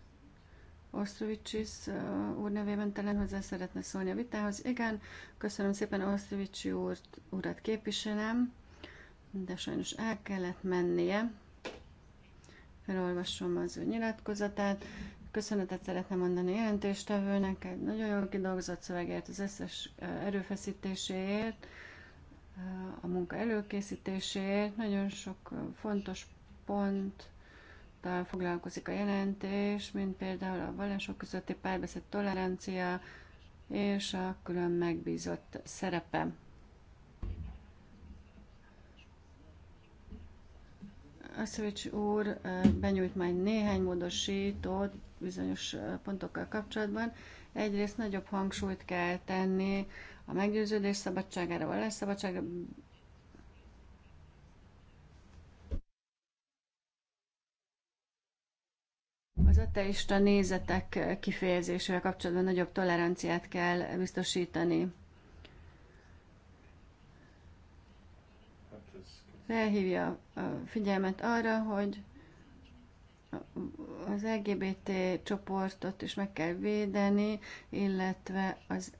Osztrovicsis úr nevében talán hozzá szeretne szólni a vitához. Igen, köszönöm szépen Osztrovicsi úr, urat képviselem de sajnos el kellett mennie. Felolvasom az ő nyilatkozatát. Köszönetet szeretném mondani a jelentéstevőnek, egy nagyon jól kidolgozott szövegért, az összes erőfeszítéséért, a munka előkészítéséért. Nagyon sok fontos pont foglalkozik a jelentés, mint például a vallások közötti párbeszéd tolerancia és a külön megbízott szerepe. Kaszovics úr benyújt majd néhány módosítót bizonyos pontokkal kapcsolatban. Egyrészt nagyobb hangsúlyt kell tenni a meggyőződés szabadságára, szabadságára. Az ateista nézetek kifejezésével kapcsolatban nagyobb toleranciát kell biztosítani. felhívja a figyelmet arra, hogy az LGBT csoportot is meg kell védeni, illetve az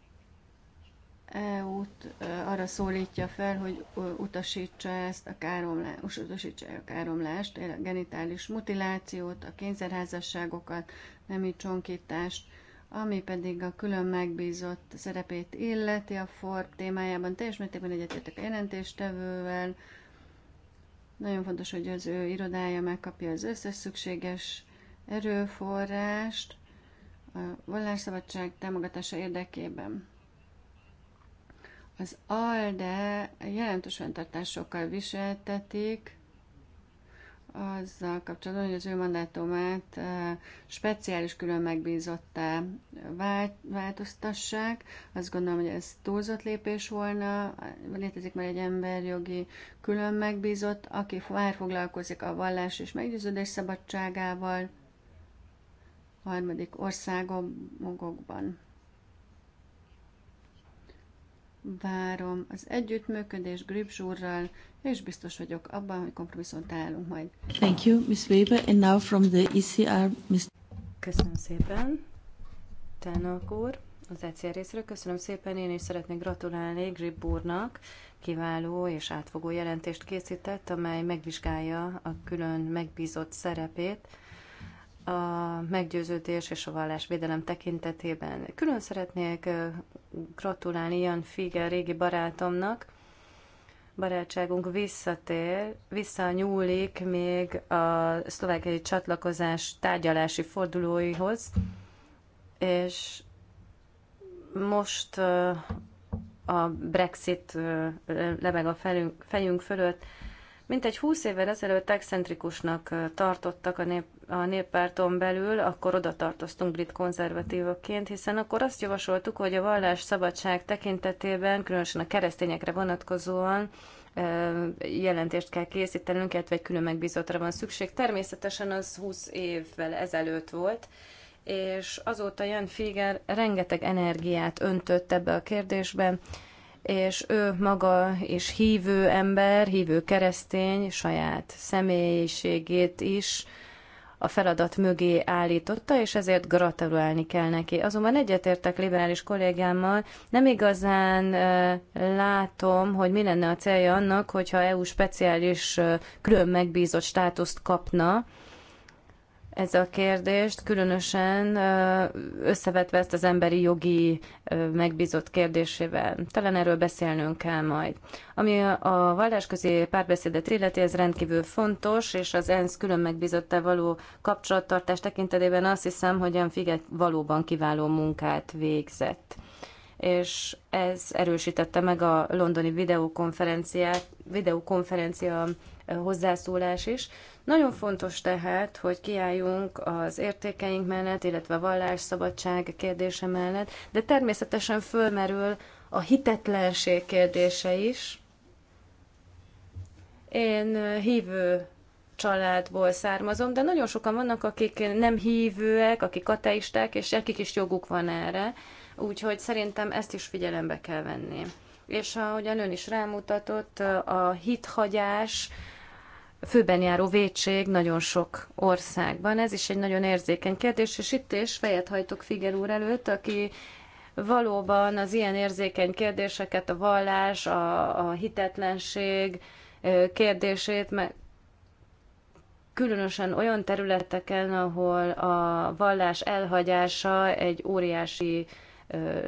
EU-t arra szólítja fel, hogy utasítsa ezt a káromlást, utasítsa a káromlást, a genitális mutilációt, a kényszerházasságokat, nemi csonkítást, ami pedig a külön megbízott szerepét illeti a FORB témájában. Teljes mértékben egyetértek a jelentéstevővel, nagyon fontos, hogy az ő irodája megkapja az összes szükséges erőforrást a vallásszabadság támogatása érdekében. Az ALDE jelentős fenntartásokkal viseltetik, azzal kapcsolatban, hogy az ő mandátumát speciális külön megbízottá változtassák. Azt gondolom, hogy ez túlzott lépés volna. Létezik már egy emberjogi külön megbízott, aki már foglalkozik a vallás és meggyőződés szabadságával harmadik országokban. Várom az együttműködés Gripsúrral, és biztos vagyok abban, hogy kompromisszon találunk majd. Thank you, Ms. Weber, and now from the ECR, Ms. Köszönöm szépen, Tánok úr, az ECR részről. Köszönöm szépen, én is szeretnék gratulálni Grib úrnak. Kiváló és átfogó jelentést készített, amely megvizsgálja a külön megbízott szerepét a meggyőződés és a vallásvédelem tekintetében. Külön szeretnék gratulálni Jan Figel régi barátomnak, barátságunk visszatér, visszanyúlik még a szlovákiai csatlakozás tárgyalási fordulóihoz, és most a Brexit lebeg a fejünk, fejünk fölött, Mintegy 20 évvel ezelőtt excentrikusnak tartottak a, nép, a néppárton belül, akkor oda tartoztunk brit konzervatívokként, hiszen akkor azt javasoltuk, hogy a vallás szabadság tekintetében, különösen a keresztényekre vonatkozóan, jelentést kell készítenünk, illetve egy külön megbízottra van szükség. Természetesen az 20 évvel ezelőtt volt, és azóta Jan Figer rengeteg energiát öntött ebbe a kérdésbe, és ő maga is hívő ember, hívő keresztény, saját személyiségét is a feladat mögé állította, és ezért gratulálni kell neki. Azonban egyetértek liberális kollégámmal, nem igazán e, látom, hogy mi lenne a célja annak, hogyha EU speciális e, külön megbízott státuszt kapna, ez a kérdést, különösen összevetve ezt az emberi jogi megbízott kérdésével. Talán erről beszélnünk kell majd. Ami a vallásközi párbeszédet illeti, ez rendkívül fontos, és az ENSZ külön megbízottá való kapcsolattartás tekintetében azt hiszem, hogy a Figet valóban kiváló munkát végzett és ez erősítette meg a londoni videokonferenciát, videokonferencia eh, hozzászólás is. Nagyon fontos tehát, hogy kiálljunk az értékeink mellett, illetve a vallásszabadság kérdése mellett, de természetesen fölmerül a hitetlenség kérdése is. Én eh, hívő családból származom, de nagyon sokan vannak, akik nem hívőek, akik ateisták, és nekik is joguk van erre úgyhogy szerintem ezt is figyelembe kell venni. És ahogyan ön is rámutatott, a hithagyás, főben járó vétség nagyon sok országban. Ez is egy nagyon érzékeny kérdés, és itt is fejet hajtok Figer úr előtt, aki valóban az ilyen érzékeny kérdéseket, a vallás, a, a hitetlenség kérdését, meg különösen olyan területeken, ahol a vallás elhagyása egy óriási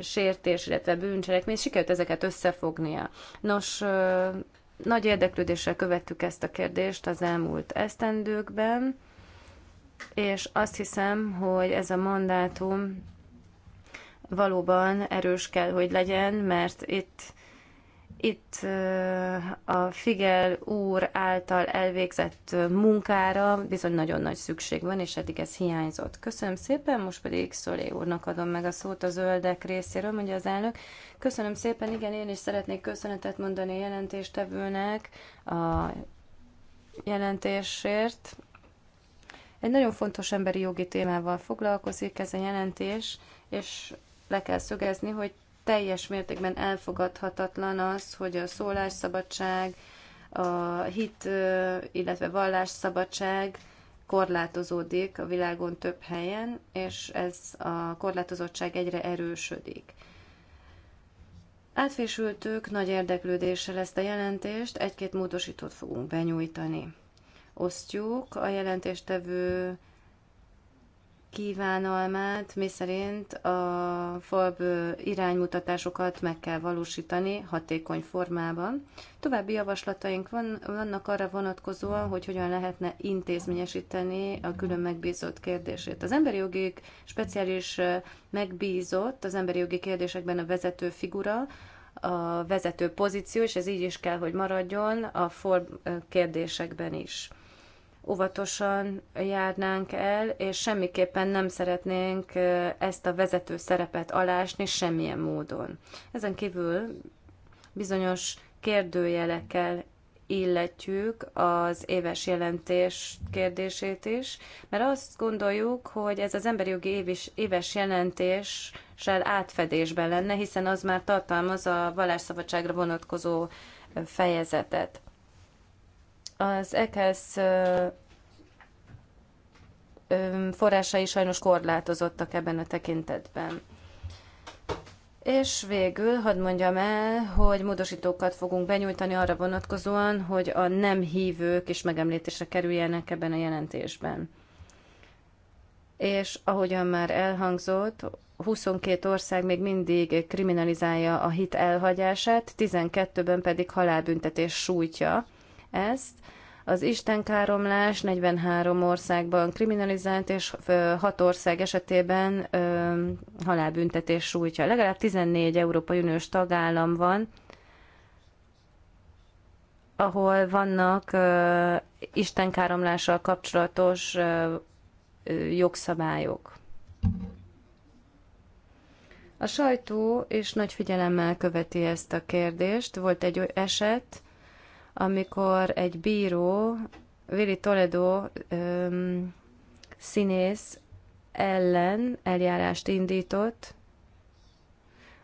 sértés, illetve bűncselekmény, sikerült ezeket összefognia. Nos, nagy érdeklődéssel követtük ezt a kérdést az elmúlt esztendőkben, és azt hiszem, hogy ez a mandátum valóban erős kell, hogy legyen, mert itt itt a Figel úr által elvégzett munkára bizony nagyon nagy szükség van, és eddig ez hiányzott. Köszönöm szépen, most pedig Szolé úrnak adom meg a szót a zöldek részéről, mondja az elnök. Köszönöm szépen, igen, én is szeretnék köszönetet mondani a jelentéstevőnek a jelentésért. Egy nagyon fontos emberi jogi témával foglalkozik ez a jelentés, és le kell szögezni, hogy teljes mértékben elfogadhatatlan az, hogy a szólásszabadság, a hit, illetve vallásszabadság korlátozódik a világon több helyen, és ez a korlátozottság egyre erősödik. Átfésültük nagy érdeklődéssel ezt a jelentést, egy-két módosítót fogunk benyújtani. Osztjuk a jelentéstevő kívánalmát, szerint a FALB iránymutatásokat meg kell valósítani hatékony formában. További javaslataink van, vannak arra vonatkozóan, hogy hogyan lehetne intézményesíteni a külön megbízott kérdését. Az emberi jogi speciális megbízott, az emberi jogi kérdésekben a vezető figura, a vezető pozíció, és ez így is kell, hogy maradjon a FORB kérdésekben is óvatosan járnánk el, és semmiképpen nem szeretnénk ezt a vezető szerepet alásni semmilyen módon. Ezen kívül bizonyos kérdőjelekkel illetjük az éves jelentés kérdését is, mert azt gondoljuk, hogy ez az emberi jogi éves jelentéssel átfedésben lenne, hiszen az már tartalmaz a vallásszabadságra vonatkozó fejezetet. Az EKSZ forrásai sajnos korlátozottak ebben a tekintetben. És végül hadd mondjam el, hogy módosítókat fogunk benyújtani arra vonatkozóan, hogy a nem hívők is megemlítésre kerüljenek ebben a jelentésben. És ahogyan már elhangzott, 22 ország még mindig kriminalizálja a hit elhagyását, 12-ben pedig halálbüntetés sújtja ezt. Az istenkáromlás 43 országban kriminalizált, és 6 ország esetében ö, halálbüntetés sújtja. Legalább 14 Európai Uniós tagállam van, ahol vannak ö, istenkáromlással kapcsolatos ö, jogszabályok. A sajtó is nagy figyelemmel követi ezt a kérdést. Volt egy eset, amikor egy bíró, Vili Toledo öm, színész ellen eljárást indított,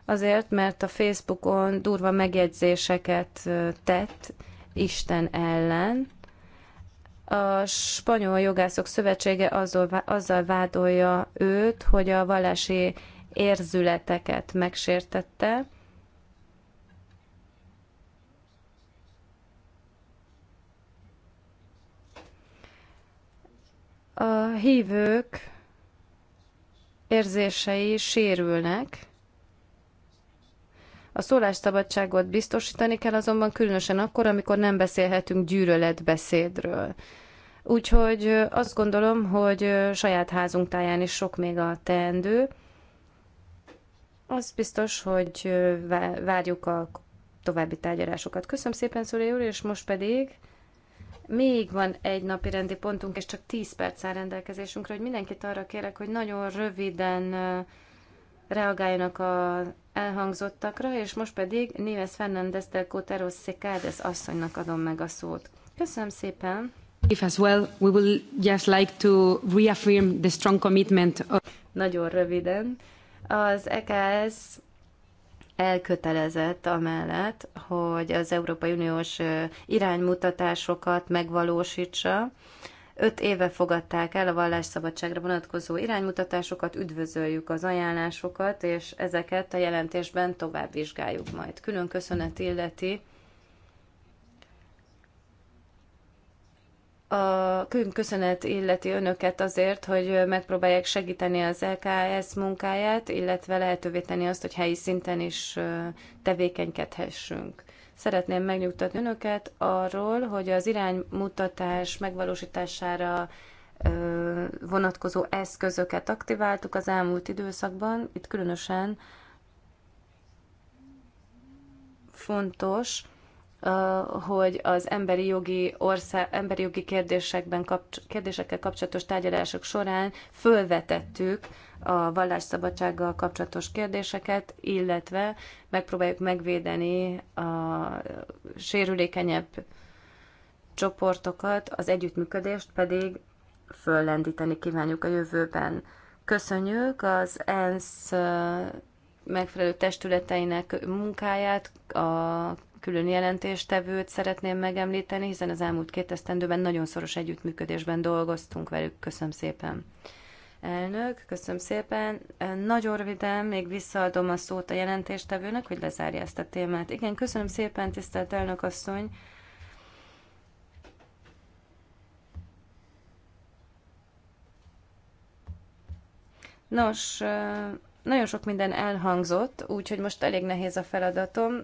azért, mert a Facebookon durva megjegyzéseket tett Isten ellen. A Spanyol Jogászok Szövetsége azzal, azzal vádolja őt, hogy a vallási érzületeket megsértette, a hívők érzései sérülnek. A szólásszabadságot biztosítani kell azonban különösen akkor, amikor nem beszélhetünk gyűlöletbeszédről. Úgyhogy azt gondolom, hogy saját házunk táján is sok még a teendő. Az biztos, hogy várjuk a további tárgyalásokat. Köszönöm szépen, Szolé úr, és most pedig még van egy napi rendi pontunk, és csak 10 perc áll rendelkezésünkre, hogy mindenkit arra kérek, hogy nagyon röviden reagáljanak a elhangzottakra, és most pedig Néves Fernández del Cotero Szekádez asszonynak adom meg a szót. Köszönöm szépen! If as well, we will just like to reaffirm the strong commitment of... Nagyon röviden. Az EKS elkötelezett amellett, hogy az Európai Uniós iránymutatásokat megvalósítsa. Öt éve fogadták el a vallásszabadságra vonatkozó iránymutatásokat, üdvözöljük az ajánlásokat, és ezeket a jelentésben tovább vizsgáljuk majd. Külön köszönet illeti a köszönet illeti önöket azért, hogy megpróbálják segíteni az LKS munkáját, illetve lehetővé tenni azt, hogy helyi szinten is tevékenykedhessünk. Szeretném megnyugtatni önöket arról, hogy az iránymutatás megvalósítására vonatkozó eszközöket aktiváltuk az elmúlt időszakban. Itt különösen fontos, hogy az emberi jogi, ország, emberi jogi kérdésekben kapcs- kérdésekkel kapcsolatos tárgyalások során fölvetettük a vallásszabadsággal kapcsolatos kérdéseket, illetve megpróbáljuk megvédeni a sérülékenyebb csoportokat, az együttműködést pedig föllendíteni kívánjuk a jövőben. Köszönjük az ENSZ megfelelő testületeinek munkáját, a külön jelentéstevőt szeretném megemlíteni, hiszen az elmúlt két esztendőben nagyon szoros együttműködésben dolgoztunk velük. Köszönöm szépen. Elnök, köszönöm szépen. Nagyon röviden még visszaadom a szót a jelentéstevőnek, hogy lezárja ezt a témát. Igen, köszönöm szépen, tisztelt elnök asszony. Nos, nagyon sok minden elhangzott, úgyhogy most elég nehéz a feladatom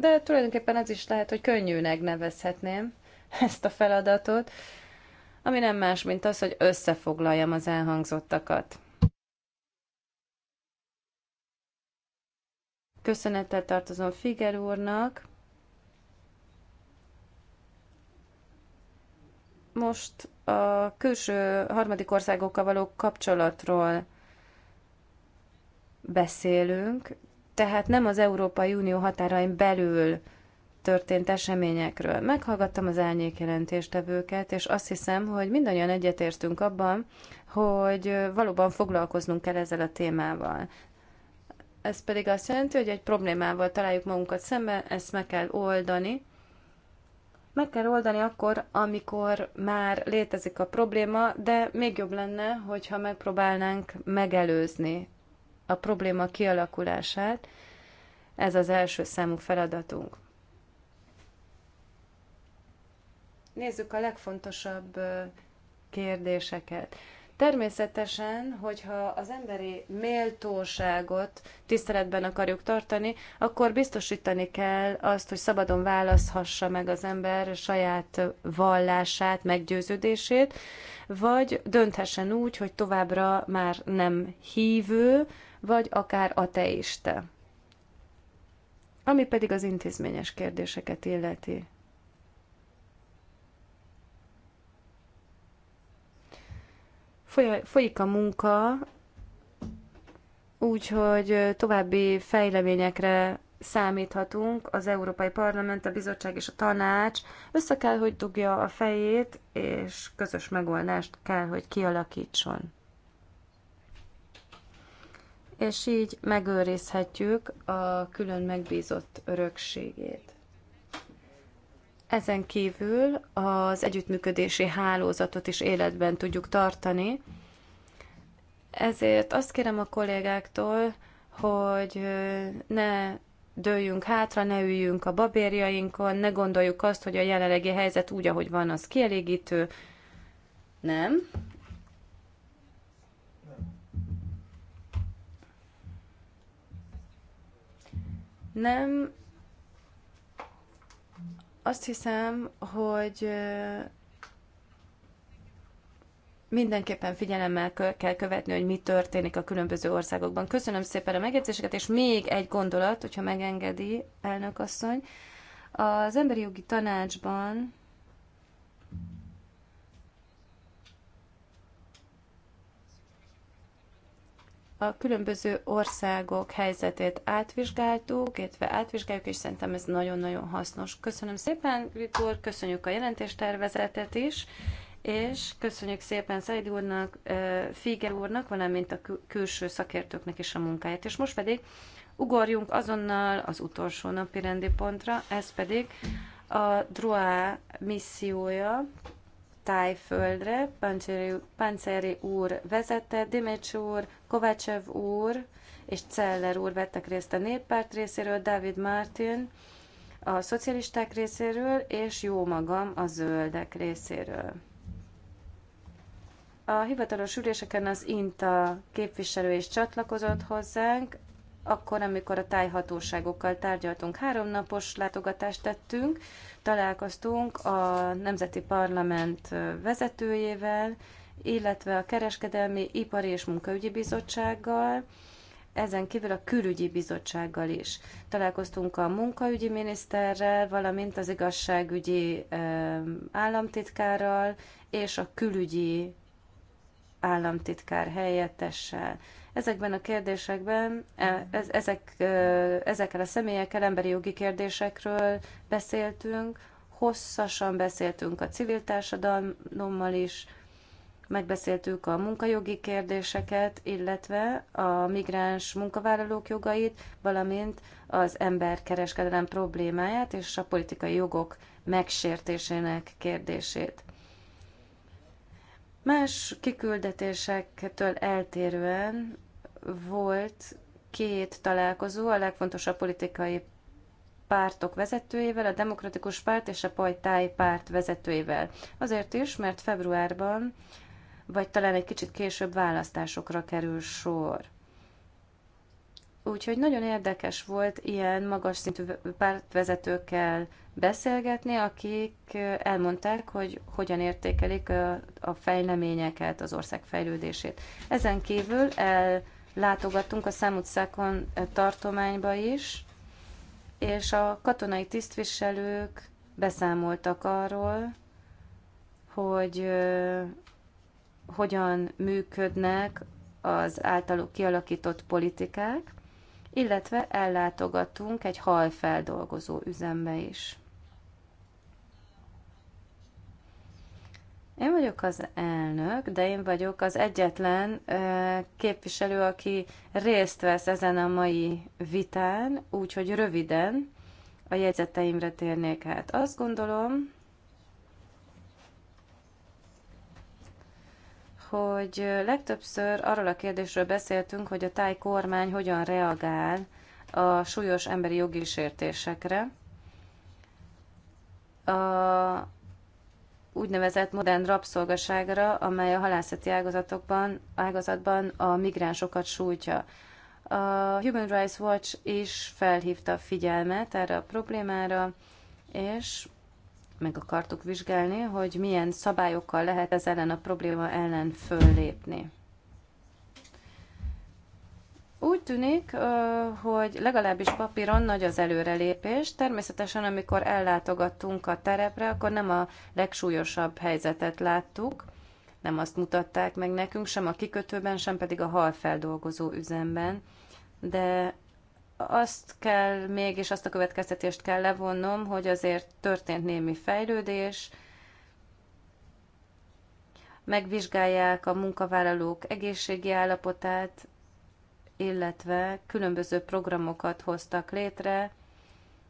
de tulajdonképpen az is lehet, hogy könnyűnek nevezhetném ezt a feladatot, ami nem más, mint az, hogy összefoglaljam az elhangzottakat. Köszönettel tartozom Figer úrnak. Most a külső harmadik országokkal való kapcsolatról beszélünk, tehát nem az Európai Unió határain belül történt eseményekről. Meghallgattam az árnyék jelentéstevőket, és azt hiszem, hogy mindannyian egyetértünk abban, hogy valóban foglalkoznunk kell ezzel a témával. Ez pedig azt jelenti, hogy egy problémával találjuk magunkat szemben, ezt meg kell oldani. Meg kell oldani akkor, amikor már létezik a probléma, de még jobb lenne, hogyha megpróbálnánk megelőzni a probléma kialakulását. Ez az első számú feladatunk. Nézzük a legfontosabb kérdéseket. Természetesen, hogyha az emberi méltóságot tiszteletben akarjuk tartani, akkor biztosítani kell azt, hogy szabadon választhassa meg az ember saját vallását, meggyőződését, vagy dönthessen úgy, hogy továbbra már nem hívő, vagy akár ateista. Ami pedig az intézményes kérdéseket illeti. Folyik a munka, úgyhogy további fejleményekre számíthatunk, az Európai Parlament, a Bizottság és a Tanács össze kell, hogy dugja a fejét, és közös megoldást kell, hogy kialakítson és így megőrizhetjük a külön megbízott örökségét. Ezen kívül az együttműködési hálózatot is életben tudjuk tartani, ezért azt kérem a kollégáktól, hogy ne dőljünk hátra, ne üljünk a babérjainkon, ne gondoljuk azt, hogy a jelenlegi helyzet úgy, ahogy van, az kielégítő. Nem. Nem. Azt hiszem, hogy mindenképpen figyelemmel kell követni, hogy mi történik a különböző országokban. Köszönöm szépen a megjegyzéseket, és még egy gondolat, hogyha megengedi, elnök asszony. Az Emberi Jogi Tanácsban a különböző országok helyzetét átvizsgáltuk, illetve átvizsgáljuk, és szerintem ez nagyon-nagyon hasznos. Köszönöm szépen, Viktor, köszönjük a jelentéstervezetet is, és köszönjük szépen Szaid úrnak, Figer úrnak, valamint a külső szakértőknek is a munkáját. És most pedig ugorjunk azonnal az utolsó napi rendi pontra, ez pedig a DROA missziója, Tájföldre, Pancéri, úr vezette, Dimics úr, Kovácsev úr és Celler úr vettek részt a néppárt részéről, David Martin a szocialisták részéről, és jó magam a zöldek részéről. A hivatalos üléseken az INTA képviselő is csatlakozott hozzánk, akkor, amikor a tájhatóságokkal tárgyaltunk. Háromnapos látogatást tettünk, találkoztunk a Nemzeti Parlament vezetőjével, illetve a Kereskedelmi, Ipari és Munkaügyi Bizottsággal, ezen kívül a külügyi bizottsággal is. Találkoztunk a munkaügyi miniszterrel, valamint az igazságügyi államtitkárral és a külügyi államtitkár helyettessel. Ezekben a kérdésekben, e, ezek, ezekkel a személyekkel emberi jogi kérdésekről beszéltünk, hosszasan beszéltünk a civil társadalommal is, megbeszéltük a munkajogi kérdéseket, illetve a migráns munkavállalók jogait, valamint az emberkereskedelem problémáját és a politikai jogok megsértésének kérdését. Más kiküldetésektől eltérően volt két találkozó a legfontosabb politikai pártok vezetőivel, a Demokratikus Párt és a Pajtáj Párt vezetőivel. Azért is, mert februárban, vagy talán egy kicsit később választásokra kerül sor. Úgyhogy nagyon érdekes volt ilyen magas szintű pártvezetőkkel beszélgetni, akik elmondták, hogy hogyan értékelik a, a fejleményeket, az ország fejlődését. Ezen kívül el látogattunk a számutszákon eh, tartományba is, és a katonai tisztviselők beszámoltak arról, hogy eh, hogyan működnek az általuk kialakított politikák, illetve ellátogattunk egy halfeldolgozó üzembe is. Én vagyok az elnök, de én vagyok az egyetlen képviselő, aki részt vesz ezen a mai vitán, úgyhogy röviden a jegyzeteimre térnék át. Azt gondolom, hogy legtöbbször arról a kérdésről beszéltünk, hogy a táj kormány hogyan reagál a súlyos emberi jogi sértésekre. A úgynevezett modern rabszolgaságra, amely a halászati ágazatokban, ágazatban a migránsokat sújtja. A Human Rights Watch is felhívta a figyelmet erre a problémára, és meg akartuk vizsgálni, hogy milyen szabályokkal lehet ez ellen a probléma ellen föllépni. Úgy tűnik, hogy legalábbis papíron nagy az előrelépés. Természetesen, amikor ellátogattunk a terepre, akkor nem a legsúlyosabb helyzetet láttuk, nem azt mutatták meg nekünk, sem a kikötőben, sem pedig a halfeldolgozó üzemben. De azt kell mégis, azt a következtetést kell levonnom, hogy azért történt némi fejlődés, megvizsgálják a munkavállalók egészségi állapotát, illetve különböző programokat hoztak létre,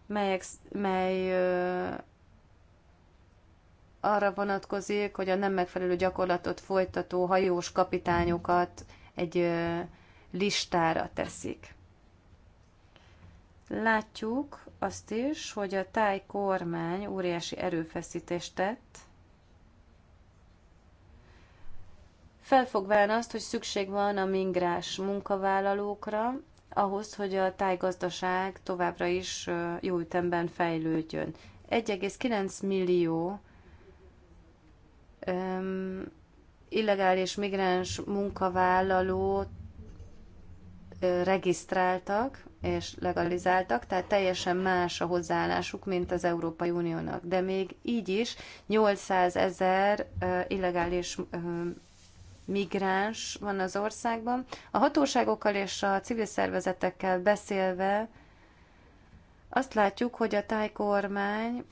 melyek, mely arra vonatkozik, hogy a nem megfelelő gyakorlatot folytató hajós kapitányokat egy listára teszik. Látjuk azt is, hogy a táj kormány óriási erőfeszítést tett felfogván azt, hogy szükség van a mingrás munkavállalókra, ahhoz, hogy a tájgazdaság továbbra is jó ütemben fejlődjön. 1,9 millió um, illegális migráns munkavállaló regisztráltak és legalizáltak, tehát teljesen más a hozzáállásuk, mint az Európai Uniónak. De még így is 800 ezer illegális migráns van az országban. A hatóságokkal és a civil szervezetekkel beszélve azt látjuk, hogy a tájkormány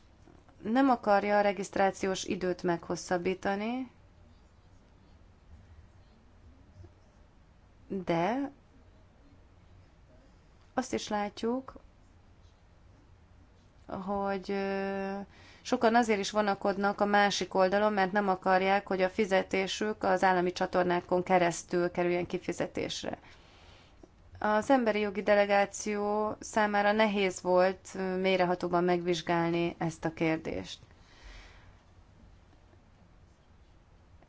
nem akarja a regisztrációs időt meghosszabbítani, de azt is látjuk, hogy Sokan azért is vonakodnak a másik oldalon, mert nem akarják, hogy a fizetésük az állami csatornákon keresztül kerüljen kifizetésre. Az emberi jogi delegáció számára nehéz volt mélyrehatóban megvizsgálni ezt a kérdést.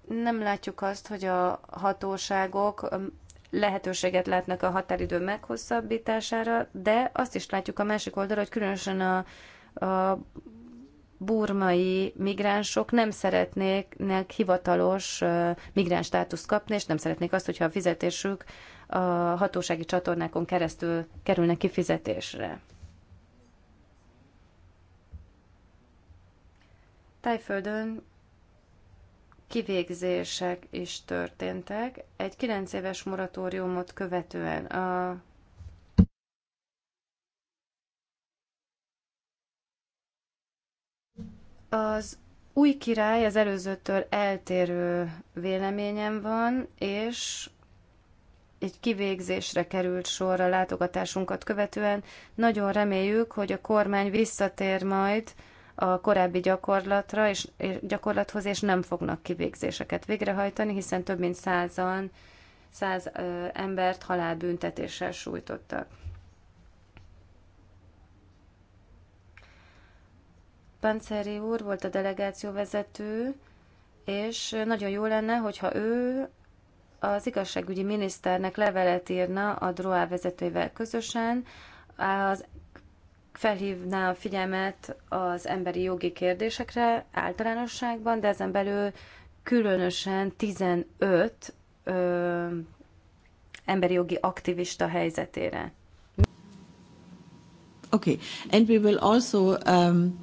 Nem látjuk azt, hogy a hatóságok lehetőséget látnak a határidő meghosszabbítására, de azt is látjuk a másik oldalra, hogy különösen a, a burmai migránsok nem szeretnék hivatalos migráns státuszt kapni, és nem szeretnék azt, hogyha a fizetésük a hatósági csatornákon keresztül kerülne kifizetésre. Tájföldön kivégzések is történtek. Egy 9 éves moratóriumot követően a Az új király az előzőtől eltérő véleményem van, és egy kivégzésre került sor a látogatásunkat követően. Nagyon reméljük, hogy a kormány visszatér majd a korábbi gyakorlatra és, és gyakorlathoz, és nem fognak kivégzéseket végrehajtani, hiszen több mint százan, száz ö, embert halálbüntetéssel sújtottak. Panceri úr volt a delegáció vezető, és nagyon jó lenne, hogyha ő az igazságügyi miniszternek levelet írna a DROA vezetőivel közösen, az felhívná a figyelmet az emberi jogi kérdésekre általánosságban, de ezen belül különösen 15 ö, emberi jogi aktivista helyzetére. Okay, and we will also um,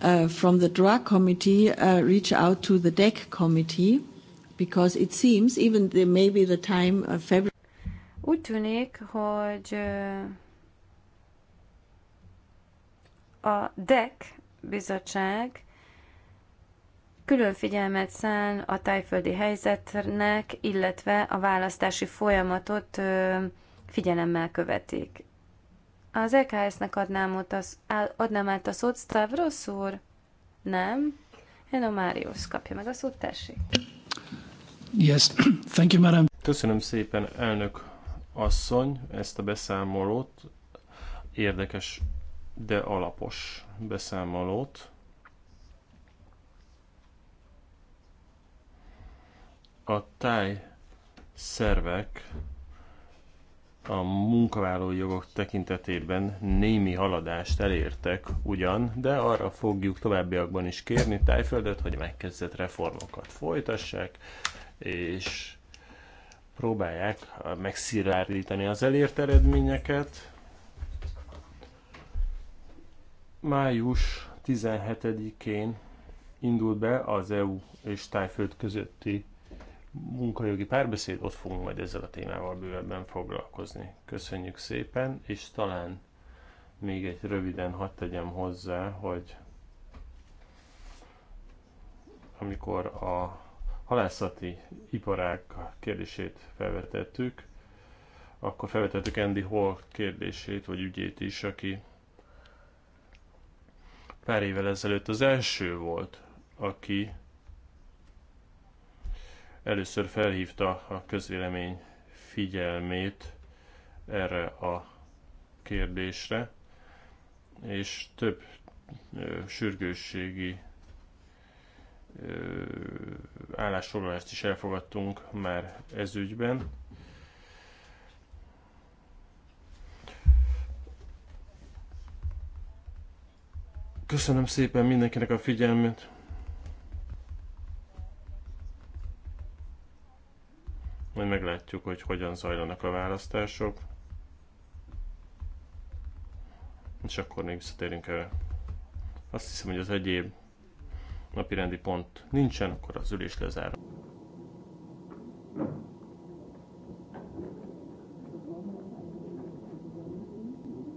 Uh, from the drug committee uh, reach out to the DEC committee because it seems even there may be the time of February. Úgy tűnik, hogy uh, a DEC bizottság külön figyelmet szán a tájföldi helyzetnek, illetve a választási folyamatot figyelemmel követik. Az EKS-nek adnám, ott az, adnám át a szót, Stavros úr? Nem. a Máriusz kapja meg a szót, tessék. Yes, thank you, madam. Köszönöm szépen, elnök asszony, ezt a beszámolót, érdekes, de alapos beszámolót. A táj szervek a munkavállalói jogok tekintetében némi haladást elértek ugyan, de arra fogjuk továbbiakban is kérni Tájföldet, hogy megkezdett reformokat folytassák, és próbálják megszilárdítani az elért eredményeket. Május 17-én indul be az EU és Tájföld közötti munkajogi párbeszéd, ott fogunk majd ezzel a témával bővebben foglalkozni. Köszönjük szépen, és talán még egy röviden hadd tegyem hozzá, hogy amikor a halászati iparák kérdését felvetettük, akkor felvetettük Andy Hall kérdését, vagy ügyét is, aki pár évvel ezelőtt az első volt, aki először felhívta a közvélemény figyelmét erre a kérdésre, és több ö, sürgősségi ö, állásfoglalást is elfogadtunk már ez ügyben. Köszönöm szépen mindenkinek a figyelmet. Majd meglátjuk, hogy hogyan zajlanak a választások. És akkor még visszatérünk erre. Azt hiszem, hogy az egyéb napirendi pont nincsen, akkor az ülés lezárom.